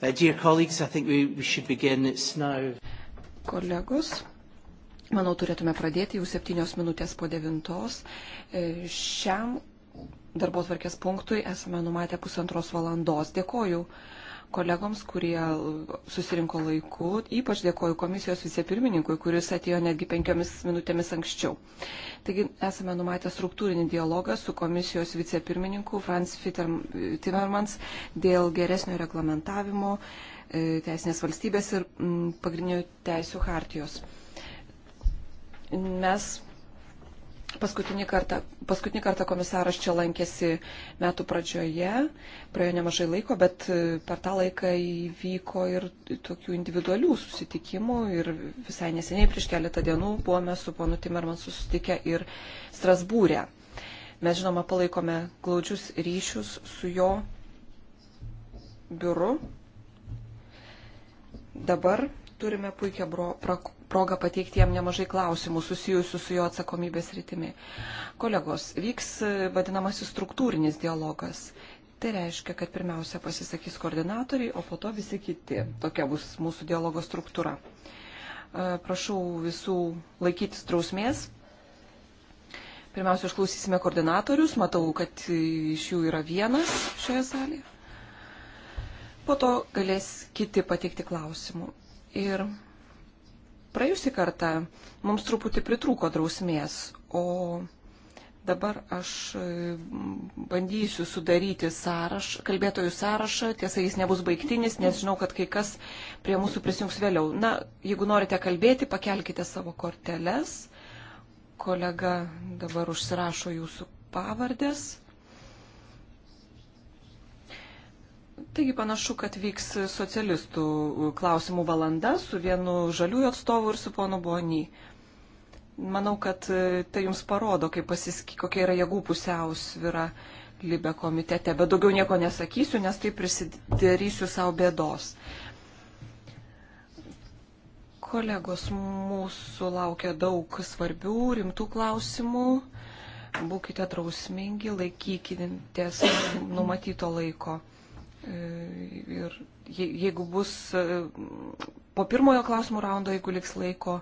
Uh, dear colleagues, I think we, we should begin. It's now. Kolegos, manau, turėtume pradėti jau septynios minutės po devintos. E, šiam darbo tvarkės punktui esame numatę pusantros valandos. Dėkoju kolegoms, kurie susirinko laiku. Ypač dėkoju komisijos vicepirmininkui, kuris atėjo netgi penkiomis minutėmis anksčiau. Taigi esame numatę struktūrinį dialogą su komisijos vicepirmininku Franz Timmermans dėl geresnio reglamentavimo e, teisinės valstybės ir pagrindinių teisų hartijos. Mes Paskutinį kartą, paskutinį kartą komisaras čia lankėsi metų pradžioje, praėjo nemažai laiko, bet e, per tą laiką įvyko ir tokių individualių susitikimų ir visai neseniai prieš keletą dienų buvome su ponu Timermansu susitikę ir Strasbūrė. Mes žinoma palaikome glaudžius ryšius su jo biuru. Dabar turime puikią bro, pra, progą pateikti jam nemažai klausimų susijusių su jo atsakomybės rytimi. Kolegos, vyks e, vadinamasis struktūrinis dialogas. Tai reiškia, kad pirmiausia pasisakys koordinatoriai, o po to visi kiti. Tokia bus mūsų dialogo struktūra. E, prašau visų laikytis drausmės. Pirmiausia, išklausysime koordinatorius. Matau, kad iš jų yra vienas šioje salėje. Po to galės kiti pateikti klausimų. Ir Praėjusį kartą mums truputį pritrūko drausmės, o dabar aš e, bandysiu sudaryti sąrašą, kalbėtojų sąrašą, tiesa jis nebus baigtinis, nes žinau, kad kai kas prie mūsų prisijungs vėliau. Na, jeigu norite kalbėti, pakelkite savo korteles. Kolega dabar užsirašo jūsų pavardės. Taigi panašu, kad vyks socialistų klausimų valanda su vienu žaliųjų atstovu ir su ponu Bony. Manau, kad e, tai jums parodo, pasiski, kokia yra jėgų pusiausvyra Libe komitete, bet daugiau nieko nesakysiu, nes tai prisidarysiu savo bėdos. Kolegos, mūsų laukia daug svarbių, rimtų klausimų. Būkite drausmingi, laikykitės numatyto laiko. E, ir jeigu bus e, po pirmojo klausimų raundo, jeigu liks laiko,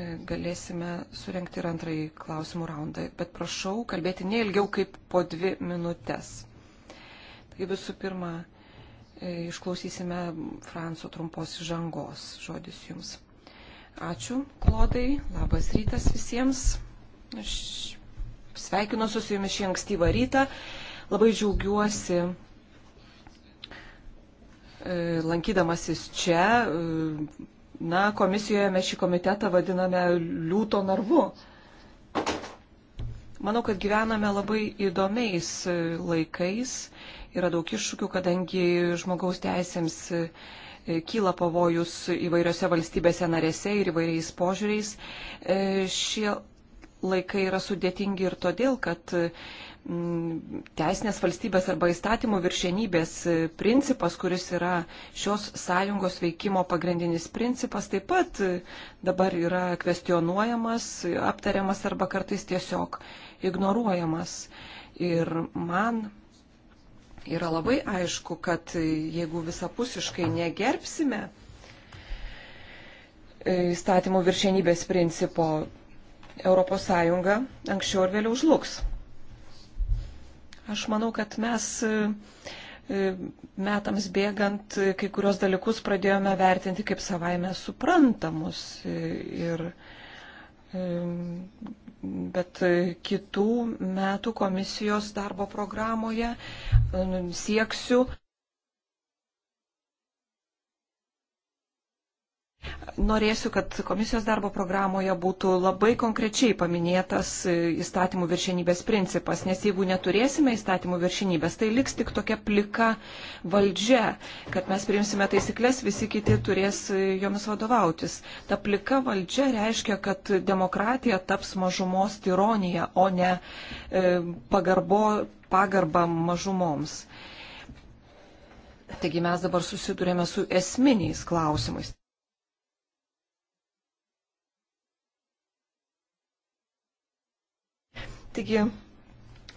e, galėsime surenkti ir antrąjį klausimų raundą. Bet prašau kalbėti ne ilgiau kaip po dvi minutės. Taigi visų pirma, išklausysime Franco trumpos žangos. Žodis jums. Ačiū, Klodai. Labas rytas visiems. Aš sveikinuosi su jumis šį ankstyvą rytą. Labai džiaugiuosi E, lankydamasis čia, e, na, komisijoje mes šį komitetą vadiname liūto narvu. Manau, kad gyvename labai įdomiais e, laikais, yra daug iššūkių, kadangi žmogaus teisėms kyla pavojus įvairiose valstybėse narėse ir įvairiais požiūriais. Šie laikai yra sudėtingi ir todėl, kad Mm, teisinės valstybės arba įstatymų viršenybės e, principas, kuris yra šios sąjungos veikimo pagrindinis principas, taip pat e, dabar yra kvestionuojamas, aptariamas arba kartais tiesiog ignoruojamas. Ir man yra labai aišku, kad jeigu visapusiškai negerbsime e, įstatymų viršenybės principo, ES anksčiau ir vėliau žlugs. Aš manau, kad mes e, e, metams bėgant e, kai kurios dalykus pradėjome vertinti kaip savaime suprantamus. Ir, bet kitų metų komisijos darbo programoje nu, sieksiu Norėsiu, kad komisijos darbo programoje būtų labai konkrečiai paminėtas e, įstatymų viršenybės principas, nes jeigu neturėsime įstatymų viršenybės, tai liks tik tokia plika valdžia, kad mes priimsime taisyklės, visi kiti turės e, jomis vadovautis. Ta plika valdžia reiškia, kad demokratija taps mažumos tyronija, o ne e, pagarbo, pagarba mažumoms. Taigi mes dabar susidurėme su esminiais klausimais. Taigi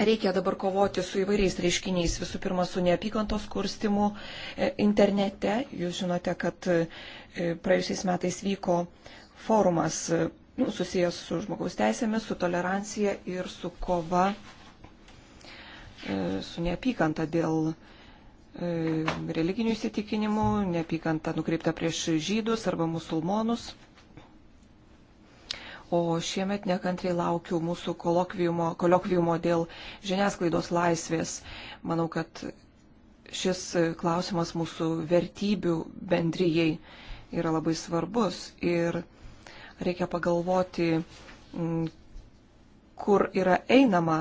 reikia dabar kovoti su įvairiais reiškiniais. Visų pirma, su neapykantos kurstimu e, internete. Jūs žinote, kad e, praėjusiais metais vyko forumas e, nu, susijęs su žmogaus teisėmis, su tolerancija ir su kova su neapykanta dėl religinių įsitikinimų, neapykanta nukreipta prieš žydus arba musulmonus. O šiemet nekantrai laukiu mūsų kolokviumo, kolokviumo dėl žiniasklaidos laisvės. Manau, kad šis klausimas mūsų vertybių bendryjei yra labai svarbus ir reikia pagalvoti, mm, kur yra einama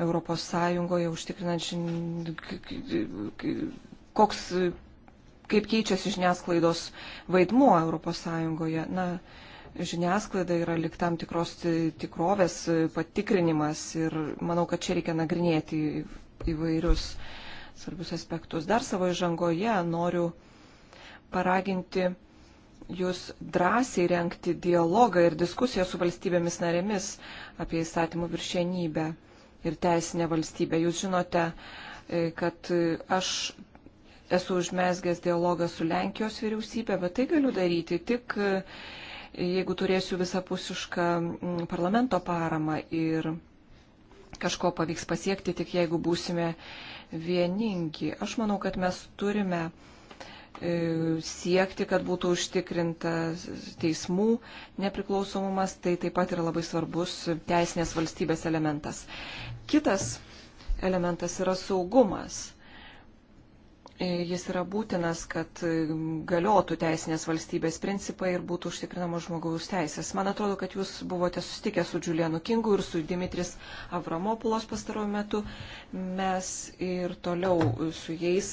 ES užtikrinant, koks, kaip keičiasi žiniasklaidos vaidmuo ES. Na, žiniasklaida yra lik tam tikros e, tikrovės e, patikrinimas ir manau, kad čia reikia nagrinėti įvairius svarbius aspektus. Dar savo įžangoje noriu paraginti jūs drąsiai renkti dialogą ir diskusiją su valstybėmis narėmis apie įstatymų viršienybę ir teisinę valstybę. Jūs žinote, e, kad aš esu užmesgęs dialogą su Lenkijos vyriausybė, bet tai galiu daryti tik jeigu turėsiu visapusišką mm, parlamento paramą ir kažko pavyks pasiekti, tik jeigu būsime vieningi. Aš manau, kad mes turime e, siekti, kad būtų užtikrintas teismų nepriklausomumas, tai taip pat yra labai svarbus teisinės valstybės elementas. Kitas elementas yra saugumas. E, jis yra būtinas, kad e, galiotų teisinės valstybės principai ir būtų užtikrinamos žmogaus teisės. Man atrodo, kad jūs buvote sustikę su Julianu Kingu ir su Dimitris Avramopulos pastaruoju metu. Mes ir toliau su jais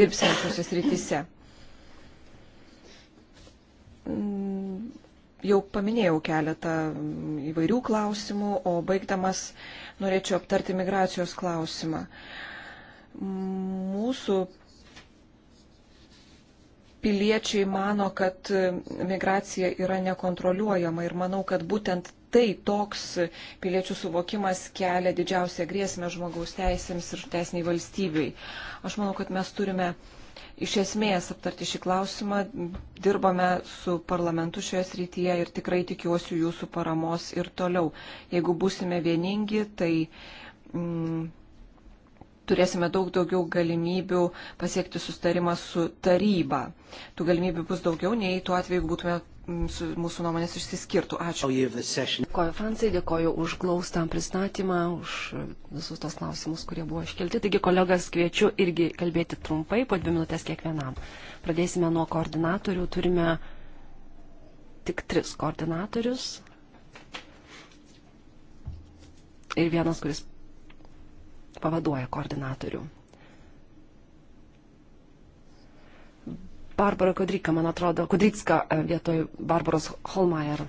dirbsime šiuose srityse. Mm, jau paminėjau keletą įvairių klausimų, o baigdamas norėčiau aptarti migracijos klausimą. Uh, Mūsų piliečiai mano, kad migracija yra nekontroliuojama ir manau, kad būtent tai toks piliečių suvokimas kelia didžiausią grėsmę žmogaus teisėms ir teisiniai valstybei. Aš manau, kad mes turime iš esmės aptarti šį klausimą, dirbame su parlamentu šioje srityje ir tikrai tikiuosi jūsų paramos ir toliau. Jeigu būsime vieningi, tai. Mm, turėsime daug daugiau galimybių pasiekti sustarimą su taryba. Tų galimybių bus daugiau, nei tuo atveju būtume mm, mūsų nuomonės išsiskirtų. Ačiū. Dėkoju Fransai, dėkoju už glaustą pristatymą, už visus tos klausimus, kurie buvo iškelti. Taigi, kolegas, kviečiu irgi kalbėti trumpai, po dvi minutės kiekvienam. Pradėsime nuo koordinatorių. Turime tik tris koordinatorius. Ir vienas, kuris pavaduoja koordinatorių. Barbara Kodrika, man atrodo, Kodricka e, vietoj Barbaros Holmeier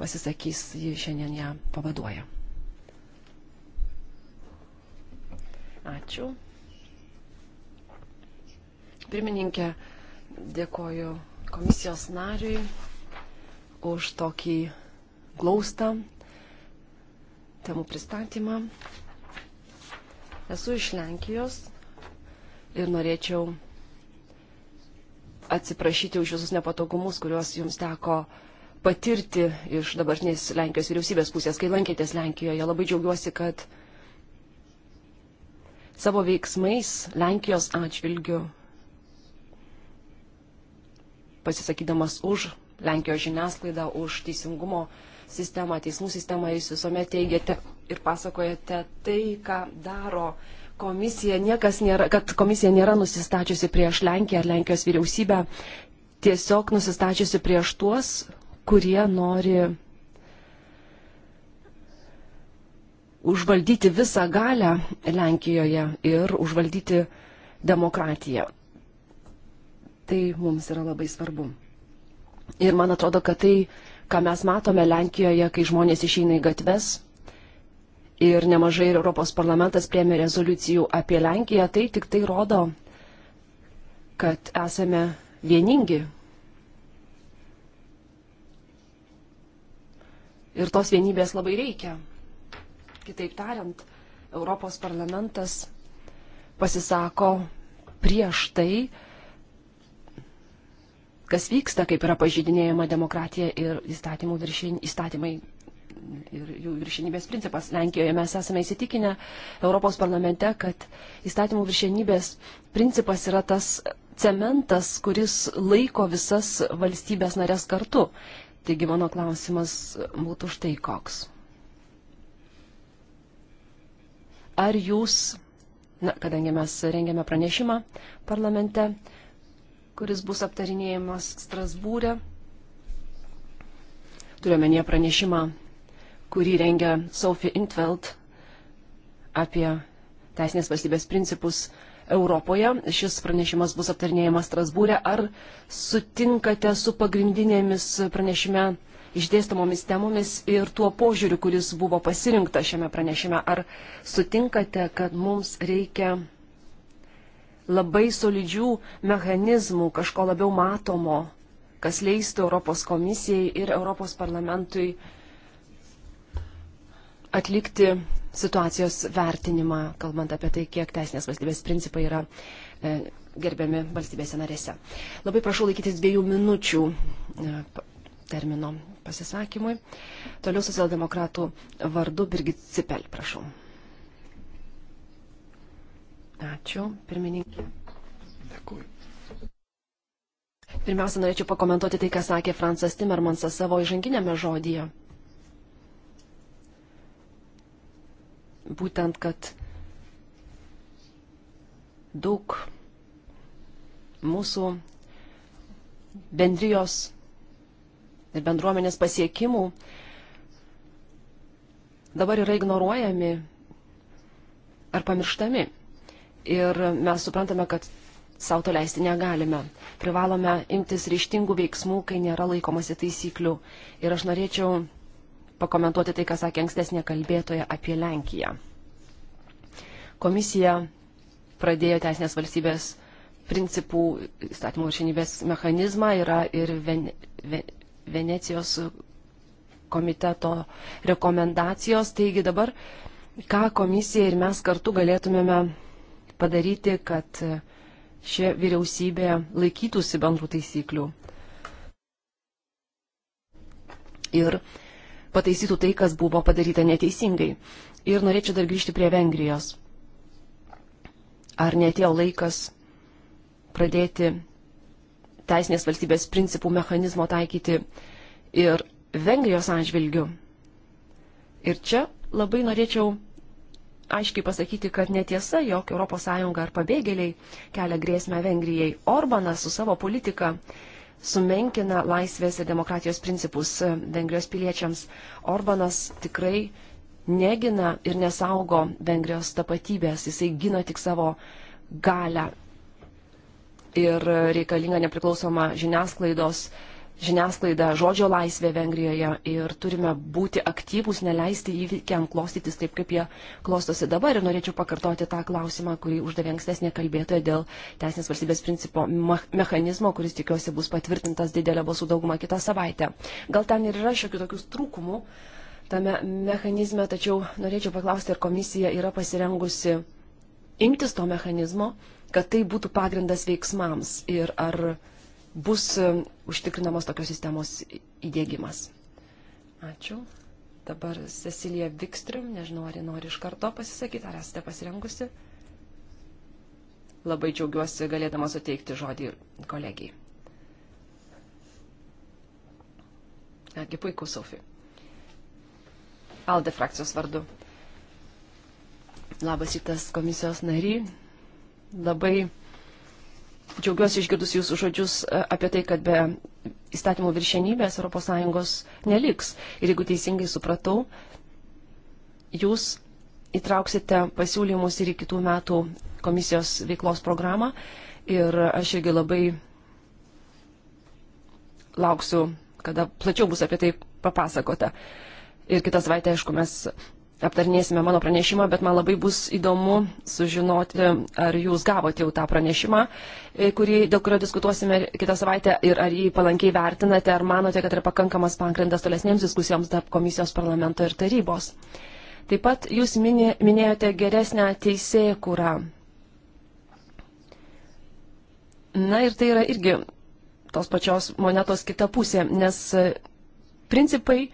pasisakys, ji šiandien ją pavaduoja. Ačiū. Pirmininkė, dėkoju komisijos nariui už tokį glaustą temų pristatymą. Esu iš Lenkijos ir norėčiau atsiprašyti už visus nepatogumus, kuriuos jums teko patirti iš dabartinės Lenkijos vyriausybės pusės, kai lankėtės Lenkijoje. Labai džiaugiuosi, kad savo veiksmais Lenkijos atžvilgiu pasisakydamas už Lenkijos žiniasklaidą, už teisingumo uh, sistemą, teismų sistemą, jūs visuomet teigiate ir pasakojate tai, ką daro komisija, niekas nėra, kad komisija nėra nusistačiusi prieš Lenkiją ar Lenkijos vyriausybę, tiesiog nusistačiusi prieš tuos, kurie nori užvaldyti visą galę Lenkijoje ir užvaldyti demokratiją. Tai mums yra labai svarbu. Ir man atrodo, kad tai ką mes matome Lenkijoje, kai žmonės išeina į gatves. Ir nemažai ir Europos parlamentas priemė rezoliucijų apie Lenkiją, tai tik tai rodo, kad esame vieningi. Ir tos vienybės labai reikia. Kitaip tariant, Europos parlamentas pasisako prieš tai, kas vyksta, kaip yra pažydinėjama demokratija ir įstatymų viršin, įstatymai ir jų viršinybės principas. Lenkijoje mes esame įsitikinę Europos parlamente, kad įstatymų viršinybės principas yra tas cementas, kuris laiko visas valstybės narės kartu. Taigi mano klausimas būtų štai koks. Ar jūs, na, kadangi mes rengiame pranešimą parlamente, kuris bus aptarinėjimas Strasbūrė. Turiuomenėje pranešimą, kurį rengia Sophie Intveld apie teisinės valstybės principus Europoje. Šis pranešimas bus aptarinėjimas Strasbūrė. Ar sutinkate su pagrindinėmis pranešime išdėstomomis temomis ir tuo požiūriu, kuris buvo pasirinkta šiame pranešime? Ar sutinkate, kad mums reikia labai solidžių mechanizmų, kažko labiau matomo, kas leistų Europos komisijai ir Europos parlamentui atlikti situacijos vertinimą, kalbant apie tai, kiek teisinės valstybės principai yra e, gerbiami valstybėse narėse. Labai prašau laikytis dviejų minučių e, termino pasisakymui. Toliau socialdemokratų vardu Birgit Cipel, prašau. Ačiū, pirmininkė. Dėkui. Pirmiausia, norėčiau pakomentuoti tai, ką sakė Fransas Timmermansas savo įžanginėme žodyje. Būtent, kad daug mūsų bendrijos ir bendruomenės pasiekimų dabar yra ignoruojami ar pamirštami ir mes suprantame, kad savo to leisti negalime. Privalome imtis ryštingų veiksmų, kai nėra laikomasi taisyklių. Ir aš norėčiau pakomentuoti tai, ką sakė ankstesnė kalbėtoja apie Lenkiją. Komisija pradėjo teisinės valstybės principų įstatymų viršinybės mechanizmą, yra ir Ven Ve Venecijos komiteto rekomendacijos. Taigi dabar, ką komisija ir mes kartu galėtumėme padaryti, kad ši vyriausybė laikytųsi bendrų taisyklių ir pataisytų tai, kas buvo padaryta neteisingai. Ir norėčiau dar grįžti prie Vengrijos. Ar netėjo laikas pradėti teisinės valstybės principų mechanizmo taikyti ir Vengrijos atžvilgių? Ir čia labai norėčiau aiškiai pasakyti, kad netiesa, jog ES ar pabėgėliai kelia grėsmę Vengrijai. Orbanas su savo politika sumenkina laisvės ir demokratijos principus e, Vengrijos piliečiams. Orbanas tikrai negina ir nesaugo Vengrijos tapatybės, jisai gina tik savo galę ir e, reikalinga nepriklausoma žiniasklaidos uh, žiniasklaida, žodžio laisvė Vengrijoje ir turime būti aktyvūs, neleisti įvykiam klostytis taip, kaip jie klostosi dabar. Ir norėčiau pakartoti tą klausimą, kurį uždavė ankstesnė kalbėtoja dėl teisinės valstybės principo mechanizmo, kuris tikiuosi bus patvirtintas didelė balsų dauguma kitą savaitę. Gal ten ir yra šiokių tokių trūkumų tame mechanizme, tačiau norėčiau paklausti, ar komisija yra pasirengusi imtis to mechanizmo, kad tai būtų pagrindas veiksmams ir ar bus e, užtikrinamas tokios sistemos įdėgymas. Ačiū. Dabar Cecilija Vikstrim, nežinau, ar nori iš karto pasisakyti, ar esate pasirengusi. Labai džiaugiuosi galėdama suteikti žodį kolegijai. Nagi puiku, Sofi. Alde frakcijos vardu. Labas rytas komisijos nary. Labai džiaugiuosi išgirdus jūsų žodžius e, apie tai, kad be įstatymų viršenybės ES neliks. Ir jeigu teisingai supratau, jūs įtrauksite pasiūlymus ir į kitų metų komisijos veiklos programą. Ir aš irgi labai lauksiu, kada plačiau bus apie tai papasakota. Ir kitą savaitę, aišku, mes aptarnėsime mano pranešimą, bet man labai bus įdomu sužinoti, ar jūs gavote jau tą pranešimą, e, kurį, dėl kurio diskutuosime kitą savaitę ir ar jį palankiai vertinate, ar manote, kad yra pakankamas pagrindas tolesnėms diskusijoms tarp komisijos parlamento ir tarybos. Taip pat jūs minėjote geresnę teisėjų kūrą. Na ir tai yra irgi tos pačios monetos kita pusė, nes e, principai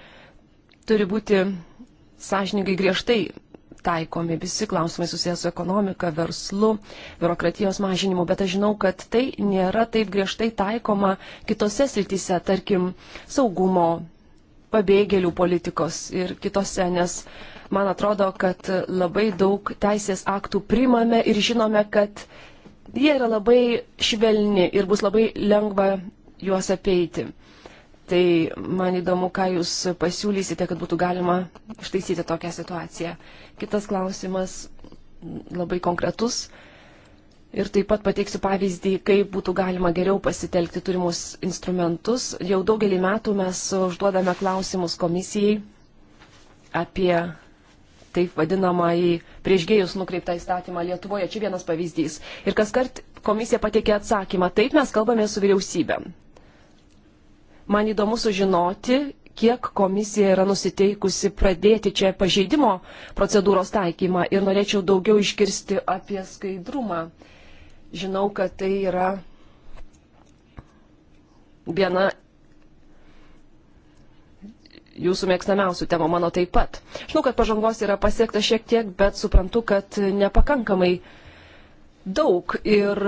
turi būti sąžiningai griežtai taikomi visi klausimai susijęs su ekonomika, verslu, biurokratijos mažinimu, bet aš žinau, kad tai nėra taip griežtai taikoma kitose srityse, tarkim, saugumo, pabėgėlių politikos ir kitose, nes man atrodo, kad labai daug teisės aktų primame ir žinome, kad jie yra labai švelni ir bus labai lengva juos apeiti. Tai man įdomu, ką jūs pasiūlysite, kad būtų galima ištaisyti tokią situaciją. Kitas klausimas labai konkretus. Ir taip pat pateiksiu pavyzdį, kaip būtų galima geriau pasitelkti turimus instrumentus. Jau daugelį metų mes užduodame klausimus komisijai apie taip vadinamą į prieš gėjus nukreiptą įstatymą Lietuvoje. Čia vienas pavyzdys. Ir kas kart komisija pateikė atsakymą, taip mes kalbame su vyriausybė. Man įdomu sužinoti, kiek komisija yra nusiteikusi pradėti čia pažeidimo procedūros taikymą ir norėčiau daugiau išgirsti apie skaidrumą. Žinau, kad tai yra viena jūsų mėgstamiausių temų, mano taip pat. Žinau, kad pažangos yra pasiekta šiek tiek, bet suprantu, kad nepakankamai daug ir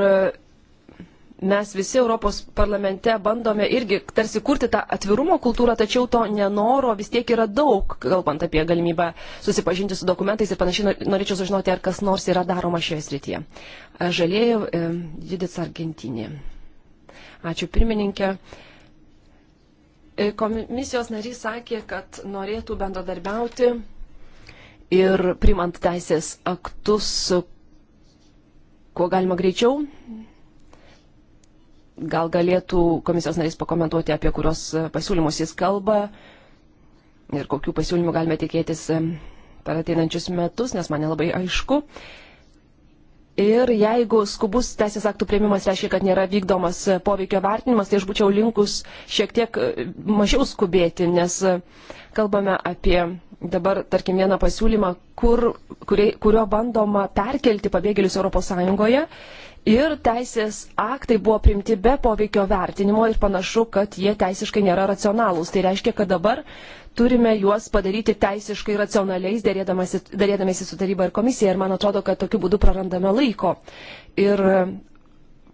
mes visi Europos parlamente bandome irgi tarsi kurti tą atvirumo kultūrą, tačiau to nenoro vis tiek yra daug, kalbant apie galimybę susipažinti su dokumentais ir panašiai. Norėčiau sužinoti, ar kas nors yra daroma šioje srityje. Žalėjau, e, Judith Argentinė. Ačiū pirmininkė. E, komisijos narys sakė, kad norėtų bendradarbiauti ir primant teisės aktus, kuo galima greičiau Gal galėtų komisijos narys pakomentuoti, apie kurios e, pasiūlymus jis kalba ir kokių pasiūlymų galime tikėtis e, per ateinančius metus, nes man nelabai aišku. Ir jeigu skubus teisės aktų prieimimas reiškia, kad nėra vykdomas e, poveikio vertinimas, tai aš būčiau linkus šiek tiek mažiau skubėti, nes kalbame apie dabar, tarkim, vieną pasiūlymą, kur, kurie, kurio bandoma perkelti pabėgėlius ES ir teisės aktai buvo primti be poveikio vertinimo ir panašu, kad jie teisiškai nėra racionalūs. Tai reiškia, kad dabar turime juos padaryti teisiškai racionaliais, dėrėdamėsi su taryba ir komisija. Ir man atrodo, kad tokiu būdu prarandame laiko. Ir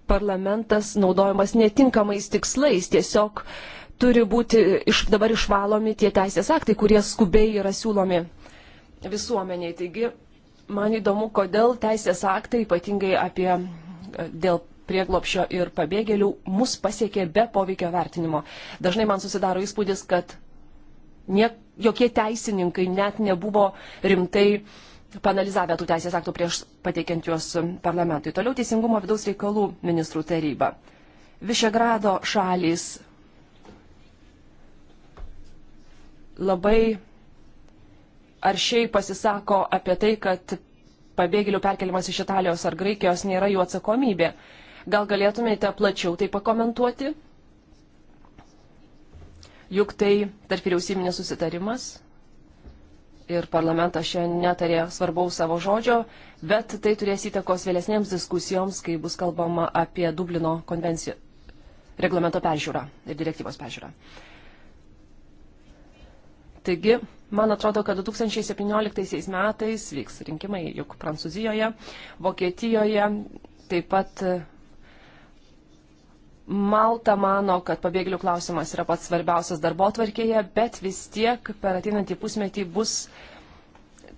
parlamentas naudojamas netinkamais tikslais, tiesiog turi būti iš, dabar išvalomi tie teisės aktai, kurie skubiai yra siūlomi visuomeniai. Taigi, man įdomu, kodėl teisės aktai, ypatingai apie dėl prieglopšio ir pabėgėlių mus pasiekė be poveikio vertinimo. Dažnai man susidaro įspūdis, kad nie, jokie teisininkai net nebuvo rimtai panalizavę tų teisės aktų prieš pateikiant juos parlamentui. Toliau Teisingumo vidaus reikalų ministrų taryba. Višegrado šalys labai aršiai pasisako apie tai, kad pabėgėlių perkelimas iš Italijos ar Graikijos nėra jų atsakomybė. Gal galėtumėte plačiau tai pakomentuoti? Juk tai tarp vyriausybinės susitarimas ir parlamentas šiandien netarė svarbaus savo žodžio, bet tai turės įtakos vėlesnėms diskusijoms, kai bus kalbama apie Dublino konvenciją reglamento peržiūrą ir direktyvos peržiūrą. Taigi, Man atrodo, kad 2017 metais vyks rinkimai juk Prancūzijoje, Vokietijoje, taip pat e, Malta mano, kad pabėgėlių klausimas yra pats svarbiausias darbo tvarkėje, bet vis tiek per ateinantį pusmetį bus uh,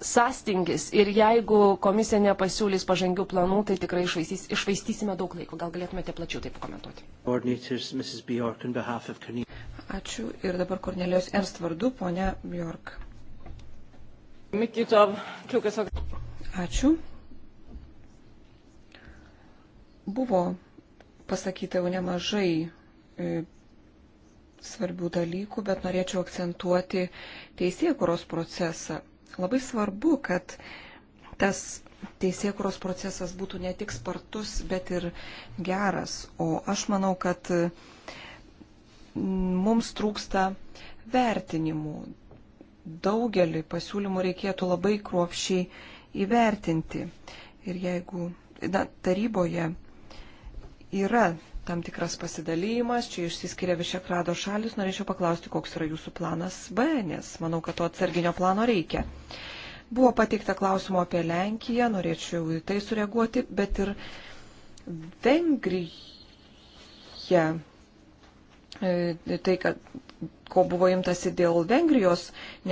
sąstingis ir jeigu komisija nepasiūlys pažangių planų, tai tikrai išvaistys, išvaistysime daug laiko. Gal galėtumėte plačiau taip komentuoti. Ačiū ir dabar Kornelijos Ernst vardu, ponia Bjork. Ačiū. Buvo pasakyta jau nemažai e, svarbių dalykų, bet norėčiau akcentuoti teisėkuros procesą. Labai svarbu, kad tas teisėkuros procesas būtų ne tik spartus, bet ir geras. O aš manau, kad mm, mums trūksta vertinimų. Daugelį pasiūlymų reikėtų labai kruopšiai įvertinti. Ir jeigu na, taryboje yra tam tikras pasidalymas, čia išsiskiria Višekrado šalis, norėčiau paklausti, koks yra jūsų planas B, nes manau, kad to atsarginio plano reikia. Buvo pateikta klausimų apie Lenkiją, norėčiau į tai sureaguoti, bet ir Vengrija, e, tai, kad, ko buvo imtasi dėl Vengrijos,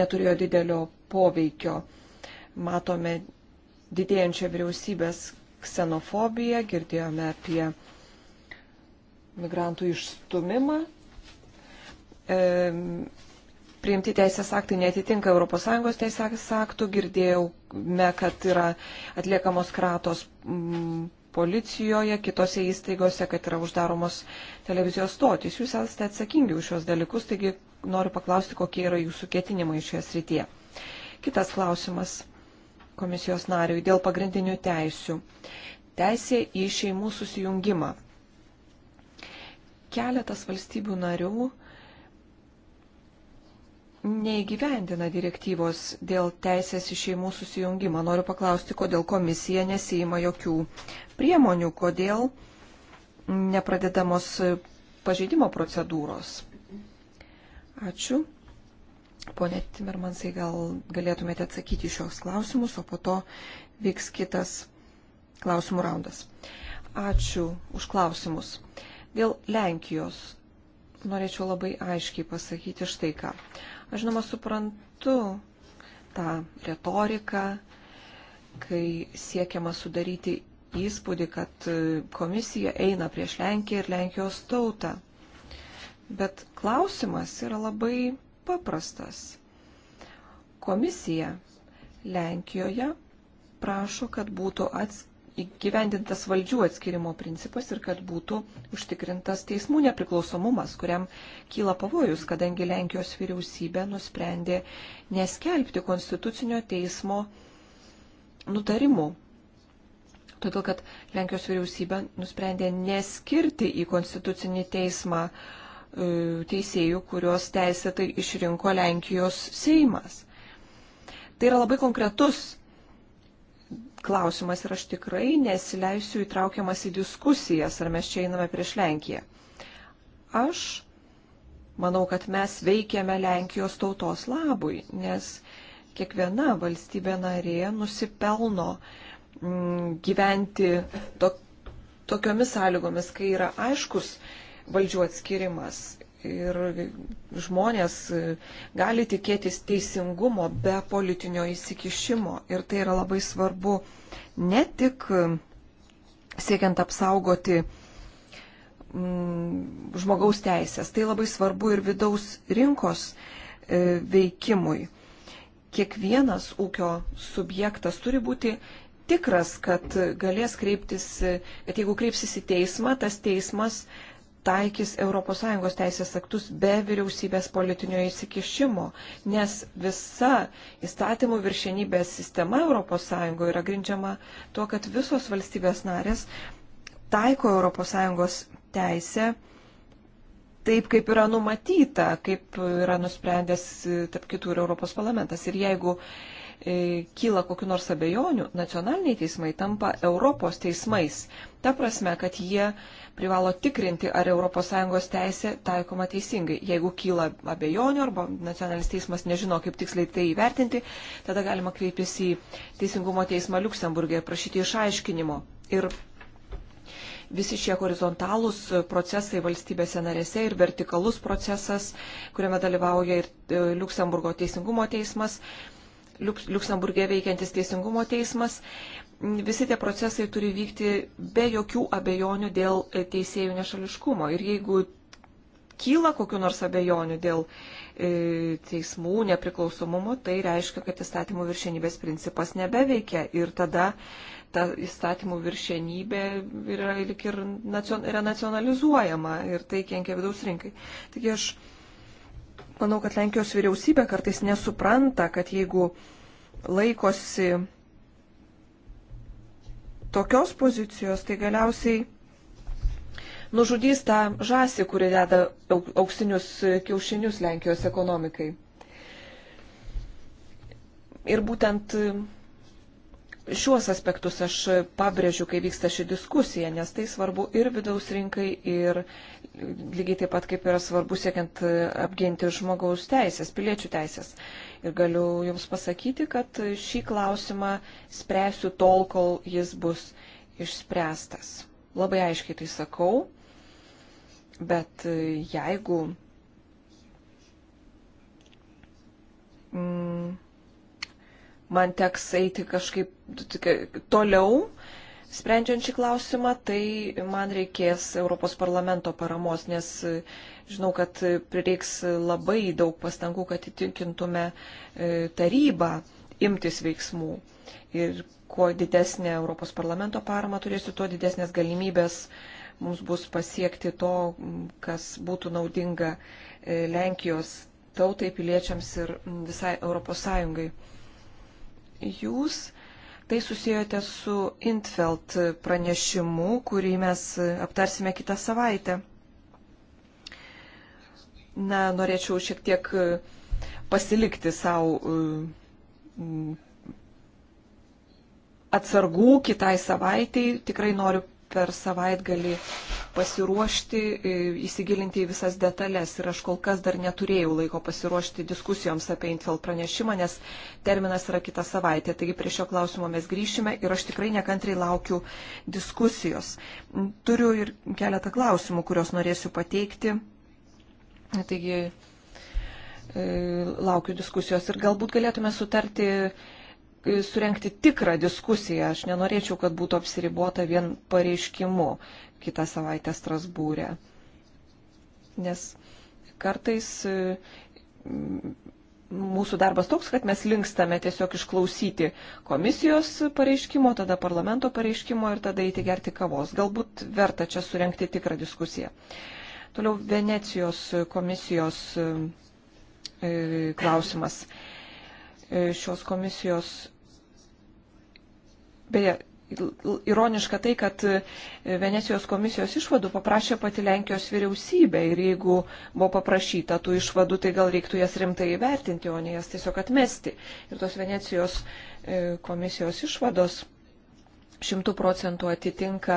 neturėjo didelio poveikio. Matome didėjančią vyriausybės ksenofobiją, girdėjome apie migrantų išstumimą. E, priimti teisės aktai netitinka ES teisės aktų. Girdėjome, kad yra atliekamos kratos m, mm, policijoje, kitose įstaigose, kad yra uždaromos televizijos stotys. Jūs esate atsakingi už šios dalykus, taigi noriu paklausti, kokie yra jūsų ketinimai šioje srityje. Kitas klausimas komisijos nariui dėl pagrindinių teisių. Teisė į šeimų susijungimą keletas valstybių narių neįgyvendina direktyvos dėl teisės į šeimų susijungimą. Noriu paklausti, kodėl komisija nesijima jokių priemonių, kodėl nepradedamos pažeidimo procedūros. Ačiū. Pone Timermansai, gal galėtumėte atsakyti šios klausimus, o po to vyks kitas klausimų raundas. Ačiū už klausimus. Uh, Dėl Lenkijos norėčiau labai aiškiai pasakyti štai ką. Aš žinoma suprantu tą retoriką, kai siekiama sudaryti įspūdį, kad komisija eina prieš Lenkiją ir Lenkijos tautą. Bet klausimas yra labai paprastas. Komisija Lenkijoje prašo, kad būtų ats, įgyvendintas valdžių atskirimo principas ir kad būtų užtikrintas teismų nepriklausomumas, kuriam kyla pavojus, kadangi Lenkijos vyriausybė nusprendė neskelbti konstitucinio teismo nutarimų. Todėl, kad Lenkijos vyriausybė nusprendė neskirti į konstitucinį teismą e, teisėjų, kuriuos teisėtai išrinko Lenkijos Seimas. Tai yra labai konkretus klausimas ir aš tikrai nesileisiu įtraukiamas į diskusijas, ar mes čia einame prieš Lenkiją. Aš manau, kad mes veikiame Lenkijos tautos labui, nes kiekviena valstybė narė nusipelno mm, gyventi to, tokiomis sąlygomis, kai yra aiškus valdžių atskirimas ir žmonės e, gali tikėtis teisingumo be politinio įsikišimo. Ir tai yra labai svarbu ne tik e, siekiant apsaugoti mm, žmogaus teisės, tai labai svarbu ir vidaus rinkos e, veikimui. Kiekvienas ūkio subjektas turi būti tikras, kad galės kreiptis, e, kad jeigu kreipsis į teismą, tas teismas e, taikys ES teisės aktus be vyriausybės politinio įsikišimo, nes visa įstatymų viršenybės sistema ES yra grindžiama tuo, kad visos valstybės narės taiko ES teisę taip, kaip yra numatyta, kaip yra nusprendęs e, tarp kitų ir Europos parlamentas. Ir jeigu E, kyla kokiu nors abejonių, nacionaliniai teismai tampa Europos teismais. Ta prasme, kad jie privalo tikrinti, ar ES teisė taikoma teisingai. Jeigu kyla abejonių arba nacionalinis teismas nežino, kaip tiksliai tai įvertinti, tada galima kreiptis į Teisingumo teismą Luksemburgė ir prašyti išaiškinimo. Ir visi šie horizontalūs procesai valstybėse narėse ir vertikalus procesas, kuriame dalyvauja ir e, Luksemburgo teisingumo teismas, Liuksemburgė veikiantis teisingumo teismas. Visi tie procesai turi vykti be jokių abejonių dėl e, teisėjų nešališkumo. Ir jeigu kyla kokiu nors abejonių dėl e, teismų nepriklausomumo, tai reiškia, kad įstatymų viršenybės principas nebeveikia. Ir tada ta įstatymų viršenybė yra, yra nacionalizuojama ir tai kenkia vidaus rinkai. Taigi aš manau, kad Lenkijos vyriausybė kartais nesupranta, kad jeigu laikosi tokios pozicijos, tai galiausiai nužudys tą žąsį, kuri deda auksinius kiaušinius Lenkijos ekonomikai. Ir būtent šiuos aspektus aš pabrėžiu, kai vyksta ši diskusija, nes tai svarbu ir vidaus rinkai, ir lygiai taip pat kaip yra svarbu siekiant e, apginti žmogaus teisės, piliečių teisės. Ir galiu Jums pasakyti, kad šį klausimą spręsiu tol, kol jis bus išspręstas. Labai aiškiai tai sakau, bet e, jeigu mm, man teks eiti kažkaip toliau, Sprendžiant šį klausimą, tai man reikės Europos parlamento paramos, nes e, žinau, kad prireiks labai daug pastangų, kad įtikintume e, tarybą imtis veiksmų. Ir kuo didesnė Europos parlamento parama turėsiu, tuo didesnės galimybės mums bus pasiekti to, kas būtų naudinga e, Lenkijos tautai, piliečiams ir visai Europos Sąjungai. Jūs Tai susijote su Intfeld pranešimu, kurį mes aptarsime kitą savaitę. Na, norėčiau šiek tiek e, pasilikti savo e, atsargų kitai savaitėjai. Tikrai noriu per savaitgalį pasiruošti, e, įsigilinti į visas detalės ir aš kol kas dar neturėjau laiko pasiruošti diskusijoms apie Intel pranešimą, nes terminas yra kita savaitė, taigi prie šio klausimo mes grįšime ir aš tikrai nekantriai laukiu diskusijos. Turiu ir keletą klausimų, kuriuos norėsiu pateikti. Taigi e, laukiu diskusijos ir galbūt galėtume sutarti surenkti tikrą diskusiją. Aš nenorėčiau, kad būtų apsiribota vien pareiškimu kitą savaitę Strasbūrė. Nes kartais e, mūsų darbas toks, kad mes linkstame tiesiog išklausyti komisijos pareiškimo, tada parlamento pareiškimo ir tada įtigerti kavos. Galbūt verta čia surenkti tikrą diskusiją. Toliau Venecijos komisijos e, klausimas. E, E, šios komisijos. Beje, ironiška tai, kad e, Venecijos komisijos išvadų paprašė pati Lenkijos vyriausybė ir jeigu buvo paprašyta tų išvadų, tai gal reiktų jas rimtai įvertinti, o ne jas tiesiog atmesti. Ir tos Venecijos e, komisijos išvados šimtų procentų atitinka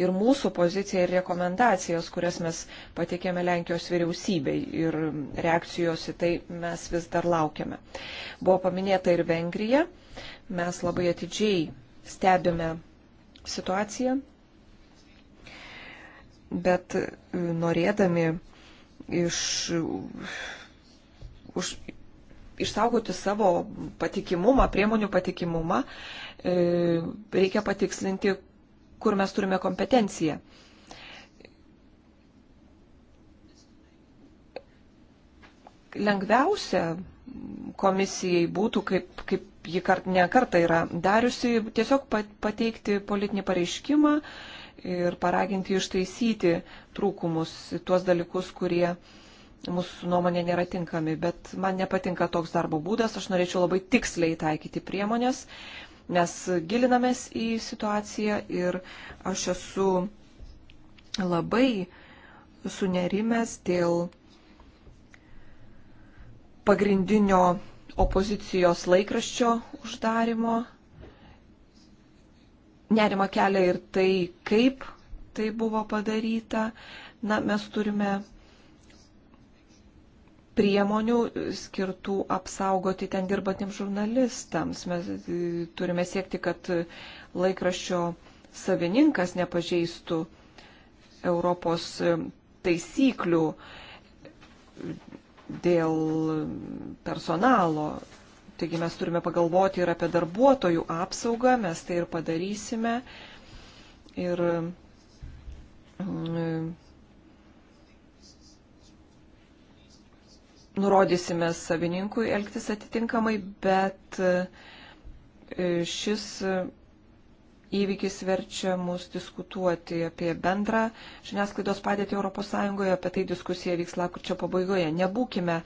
ir mūsų poziciją ir rekomendacijas, kurias mes patikėme Lenkijos vyriausybei ir reakcijos į tai mes vis dar laukiame. Buvo paminėta ir Vengrija. Mes labai atidžiai stebime situaciją, bet e, norėdami iš, už, išsaugoti savo patikimumą, priemonių patikimumą, E, reikia patikslinti, kur mes turime kompetenciją. Lengviausia komisijai būtų, kaip, kaip ji kart, ne kartą yra dariusi, tiesiog pateikti politinį pareiškimą ir paraginti ištaisyti trūkumus, tuos dalykus, kurie mūsų nuomonė nėra tinkami. Bet man nepatinka toks darbo būdas, aš norėčiau labai tiksliai taikyti priemonės Mes gilinamės į situaciją ir aš esu labai sunerimęs dėl pagrindinio opozicijos laikraščio uždarimo. Nerima kelia ir tai, kaip tai buvo padaryta. Na, mes turime priemonių skirtų apsaugoti ten dirbantiems žurnalistams. Mes e, turime siekti, kad laikraščio savininkas nepažeistų Europos e, taisyklių dėl personalo. Taigi mes turime pagalvoti ir apie darbuotojų apsaugą, mes tai ir padarysime. Ir mm, nurodysime savininkui elgtis atitinkamai, bet e, šis e, įvykis verčia mus diskutuoti apie bendrą žiniasklaidos padėtį ES, apie tai diskusija vyks lakurčio pabaigoje. Nebūkime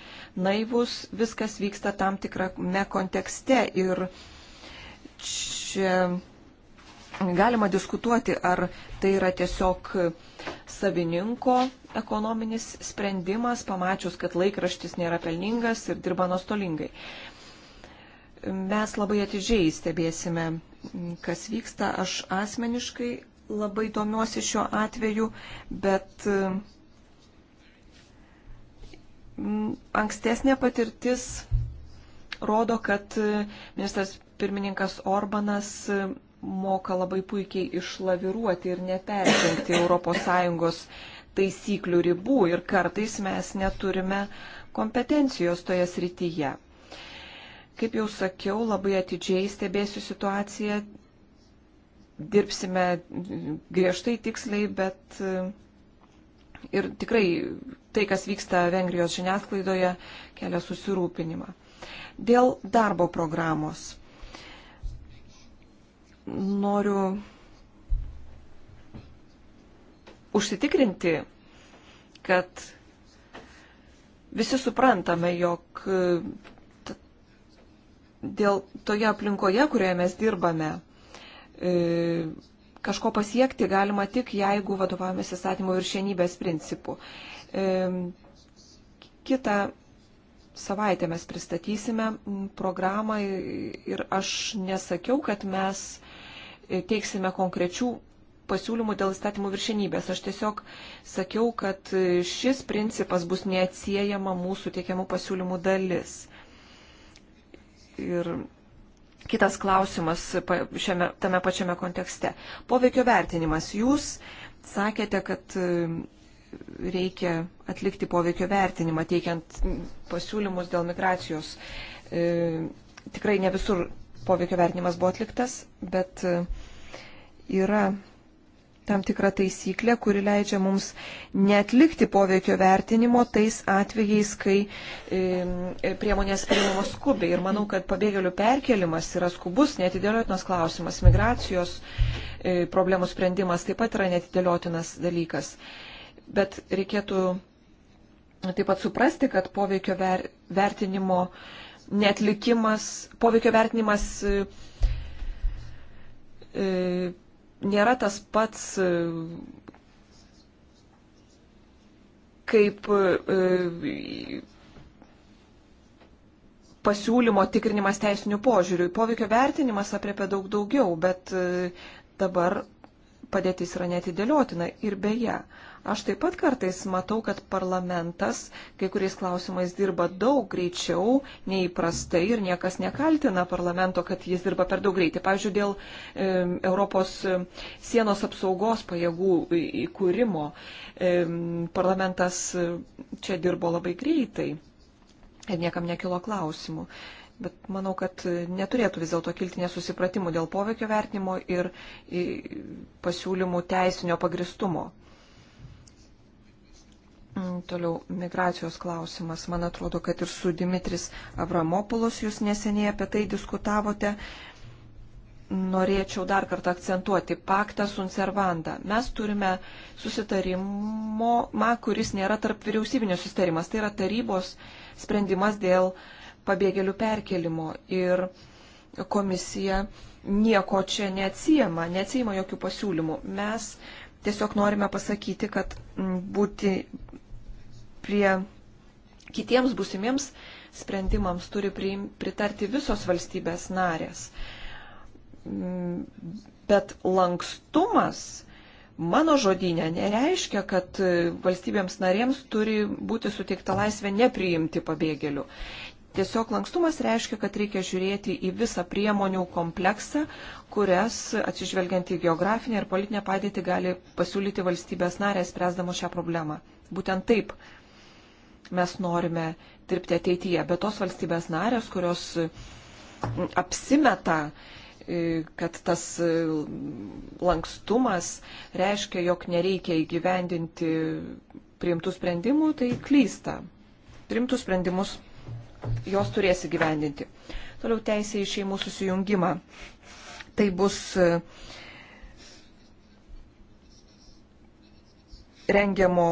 naivus, viskas vyksta tam tikrame kontekste ir čia Galima diskutuoti, ar tai yra tiesiog savininko ekonominis sprendimas, pamačius, kad laikraštis nėra pelningas ir dirba nuostolingai. Mes labai atidžiai stebėsime, kas vyksta. Aš asmeniškai labai domiuosi šiuo atveju, bet mm, ankstesnė patirtis rodo, kad ministras pirmininkas Orbanas moka labai puikiai išlaviruoti ir neperžengti ES taisyklių ribų ir kartais mes neturime kompetencijos toje srityje. Kaip jau sakiau, labai atidžiai stebėsiu situaciją, dirbsime griežtai, tiksliai, bet e, ir tikrai tai, kas vyksta Vengrijos žiniasklaidoje, kelia susirūpinimą. Dėl darbo programos noriu užsitikrinti, kad visi suprantame, jog dėl toje aplinkoje, kurioje mes dirbame, e, kažko pasiekti galima tik, jeigu vadovavomės įstatymo viršienybės principu. E, Kita savaitę mes pristatysime programą ir aš nesakiau, kad mes teiksime konkrečių pasiūlymų dėl įstatymų viršenybės. Aš tiesiog sakiau, kad šis principas bus neatsiejama mūsų teikiamų pasiūlymų dalis. Ir kitas klausimas šiame, tame pačiame kontekste. Poveikio vertinimas. Jūs sakėte, kad e, reikia atlikti poveikio vertinimą, teikiant pasiūlymus dėl migracijos. E, tikrai ne visur poveikio vertinimas buvo atliktas, bet e, yra tam tikra taisyklė, kuri leidžia mums netlikti poveikio vertinimo tais atvejais, kai e, priemonės priimamos skubiai. Ir manau, kad pabėgėlių perkelimas yra skubus, netidėliotinas klausimas. Migracijos e, problemų sprendimas taip pat yra netidėliotinas dalykas. Bet reikėtų taip pat suprasti, kad poveikio ver, vertinimo netlikimas, poveikio vertinimas. E, e nėra tas pats e, kaip e, pasiūlymo tikrinimas teisinių požiūrių. Poveikio vertinimas apriepia daug daugiau, bet e, dabar padėtis yra netidėliotina. Ir beje, Aš taip pat kartais matau, kad parlamentas kai kuriais klausimais dirba daug greičiau neįprastai ir niekas nekaltina parlamento, kad jis dirba per daug greitai. Pavyzdžiui, dėl e, Europos sienos apsaugos pajėgų įkūrimo e, parlamentas čia dirbo labai greitai ir niekam nekilo klausimų. Bet manau, kad neturėtų vis dėlto kilti nesusipratimų dėl poveikio vertinimo ir pasiūlymų teisinio pagristumo. Mm, toliau migracijos klausimas. Man atrodo, kad ir su Dimitris Avramopulos jūs neseniai apie tai diskutavote. Norėčiau dar kartą akcentuoti paktą sunt servanda. Mes turime susitarimo, ma, kuris nėra tarp vyriausybinio susitarimas. Tai yra tarybos sprendimas dėl pabėgėlių perkelimo. Ir komisija nieko čia neatsijama, neatsijama jokių pasiūlymų. Mes tiesiog norime pasakyti, kad būti, prie kitiems būsimiems sprendimams turi pritarti visos valstybės narės. Mm, bet lankstumas mano žodinė nereiškia, kad valstybėms narėms turi būti suteikta laisvė nepriimti pabėgėlių. Tiesiog lankstumas reiškia, kad reikia žiūrėti į visą priemonių kompleksą, kurias, atsižvelgiant į geografinę ir politinę padėtį, gali pasiūlyti valstybės narės, spręsdamo šią problemą. Būtent taip mes norime dirbti ateityje. Bet tos valstybės narės, kurios e, apsimeta, e, kad tas e, lankstumas reiškia, jog nereikia įgyvendinti priimtų sprendimų, tai klysta. Priimtų sprendimus jos turės įgyvendinti. Toliau teisė į šeimų susijungimą. Tai bus rengiamo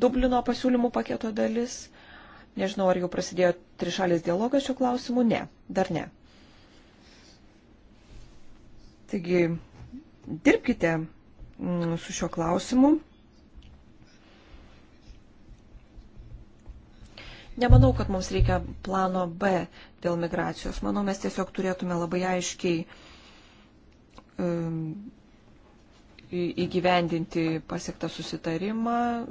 Dublino pasiūlymų paketo dalis. Nežinau, ar jau prasidėjo trišalės dialogas šiuo klausimu. Ne, dar ne. Taigi, dirbkite mm, su šiuo klausimu. Nemanau, kad mums reikia plano B dėl migracijos. Manau, mes tiesiog turėtume labai aiškiai um, įgyvendinti pasiektą susitarimą, e,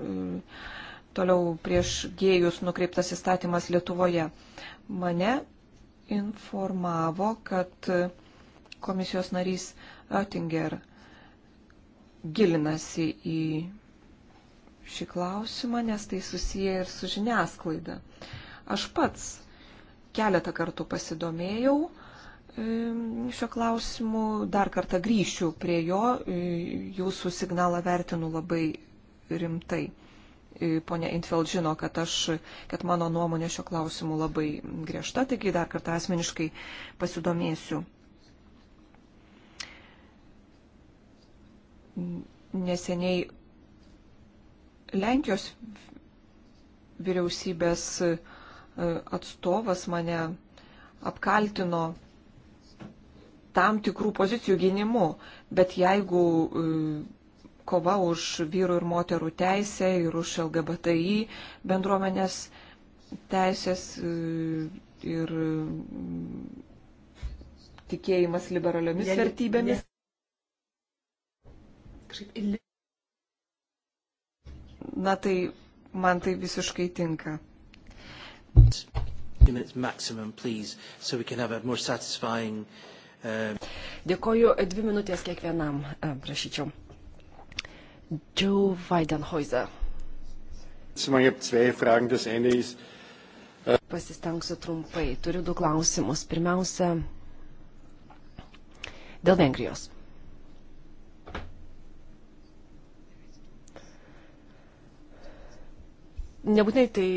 toliau prieš gėjus nukreiptas įstatymas Lietuvoje. Mane informavo, kad komisijos narys Oettinger gilinasi į šį klausimą, nes tai susiję ir su žiniasklaida. Aš pats keletą kartų pasidomėjau šio klausimu, dar kartą grįšiu prie jo, jūsų signalą vertinu labai rimtai. Pone Intfeld žino, kad, aš, kad mano nuomonė šio klausimu labai griežta, taigi dar kartą asmeniškai pasidomėsiu. Neseniai Lenkijos vyriausybės e, atstovas mane apkaltino tam tikrų pozicijų gynimu, bet jeigu e, kova už vyrų ir moterų teisę ir už LGBTI bendruomenės teisės e, ir mm, tikėjimas liberaliomis ne, vertybėmis. Ne. Na tai man tai visiškai tinka. Maximum, please, so we can have a more satisfying uh, Dėkoju dvi minutės kiekvienam, e, prašyčiau. Joe Weidenhäuser. Äh, Pasistengsiu trumpai. Turiu du klausimus. Pirmiausia, dėl Vengrijos. Nebūtinai tai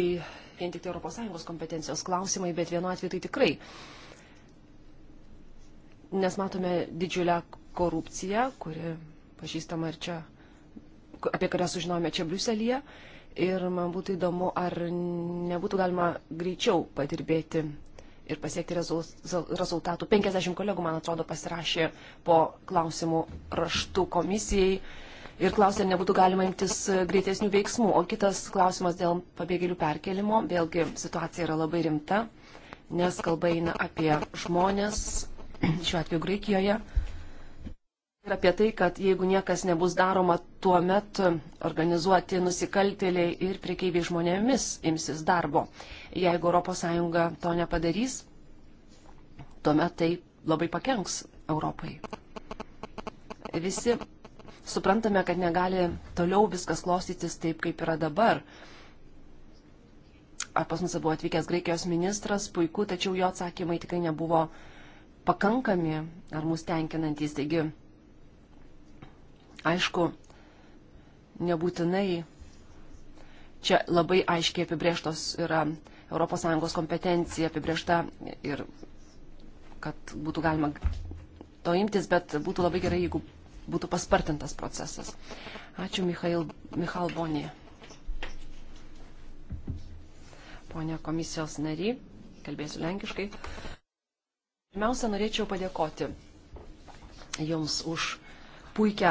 vien tik tai ES kompetencijos klausimai, bet vienu atveju tai tikrai nes matome didžiulę korupciją, kuri pažįstama ir čia, apie kurią sužinojome čia Briuselėje. Ir man būtų įdomu, ar nebūtų galima greičiau padirbėti ir pasiekti rezultatų. 50 kolegų, man atrodo, pasirašė po klausimų raštų komisijai ir klausė, ar nebūtų galima imtis greitesnių veiksmų. O kitas klausimas dėl pabėgėlių perkelimo. Vėlgi situacija yra labai rimta, nes kalba eina apie žmonės, šiuo atveju Graikijoje, ir apie tai, kad jeigu niekas nebus daroma, tuo metu organizuoti nusikaltėliai ir priekeiviai žmonėmis imsis darbo. Jeigu ES to nepadarys, tuomet tai labai pakenks Europai. Visi suprantame, kad negali toliau viskas klostytis taip, kaip yra dabar. Ar pas mus buvo atvykęs Graikijos ministras, puiku, tačiau jo atsakymai tikrai nebuvo uh, pakankami ar mus tenkinantys. Taigi, aišku, nebūtinai čia labai aiškiai apibrieštos yra ES kompetencija apibriešta ir kad būtų galima to imtis, bet būtų labai gerai, jeigu būtų paspartintas procesas. Ačiū Michail, Michal Bonė. Pone komisijos nary, kalbėsiu lenkiškai. Pirmiausia, norėčiau padėkoti Jums už puikią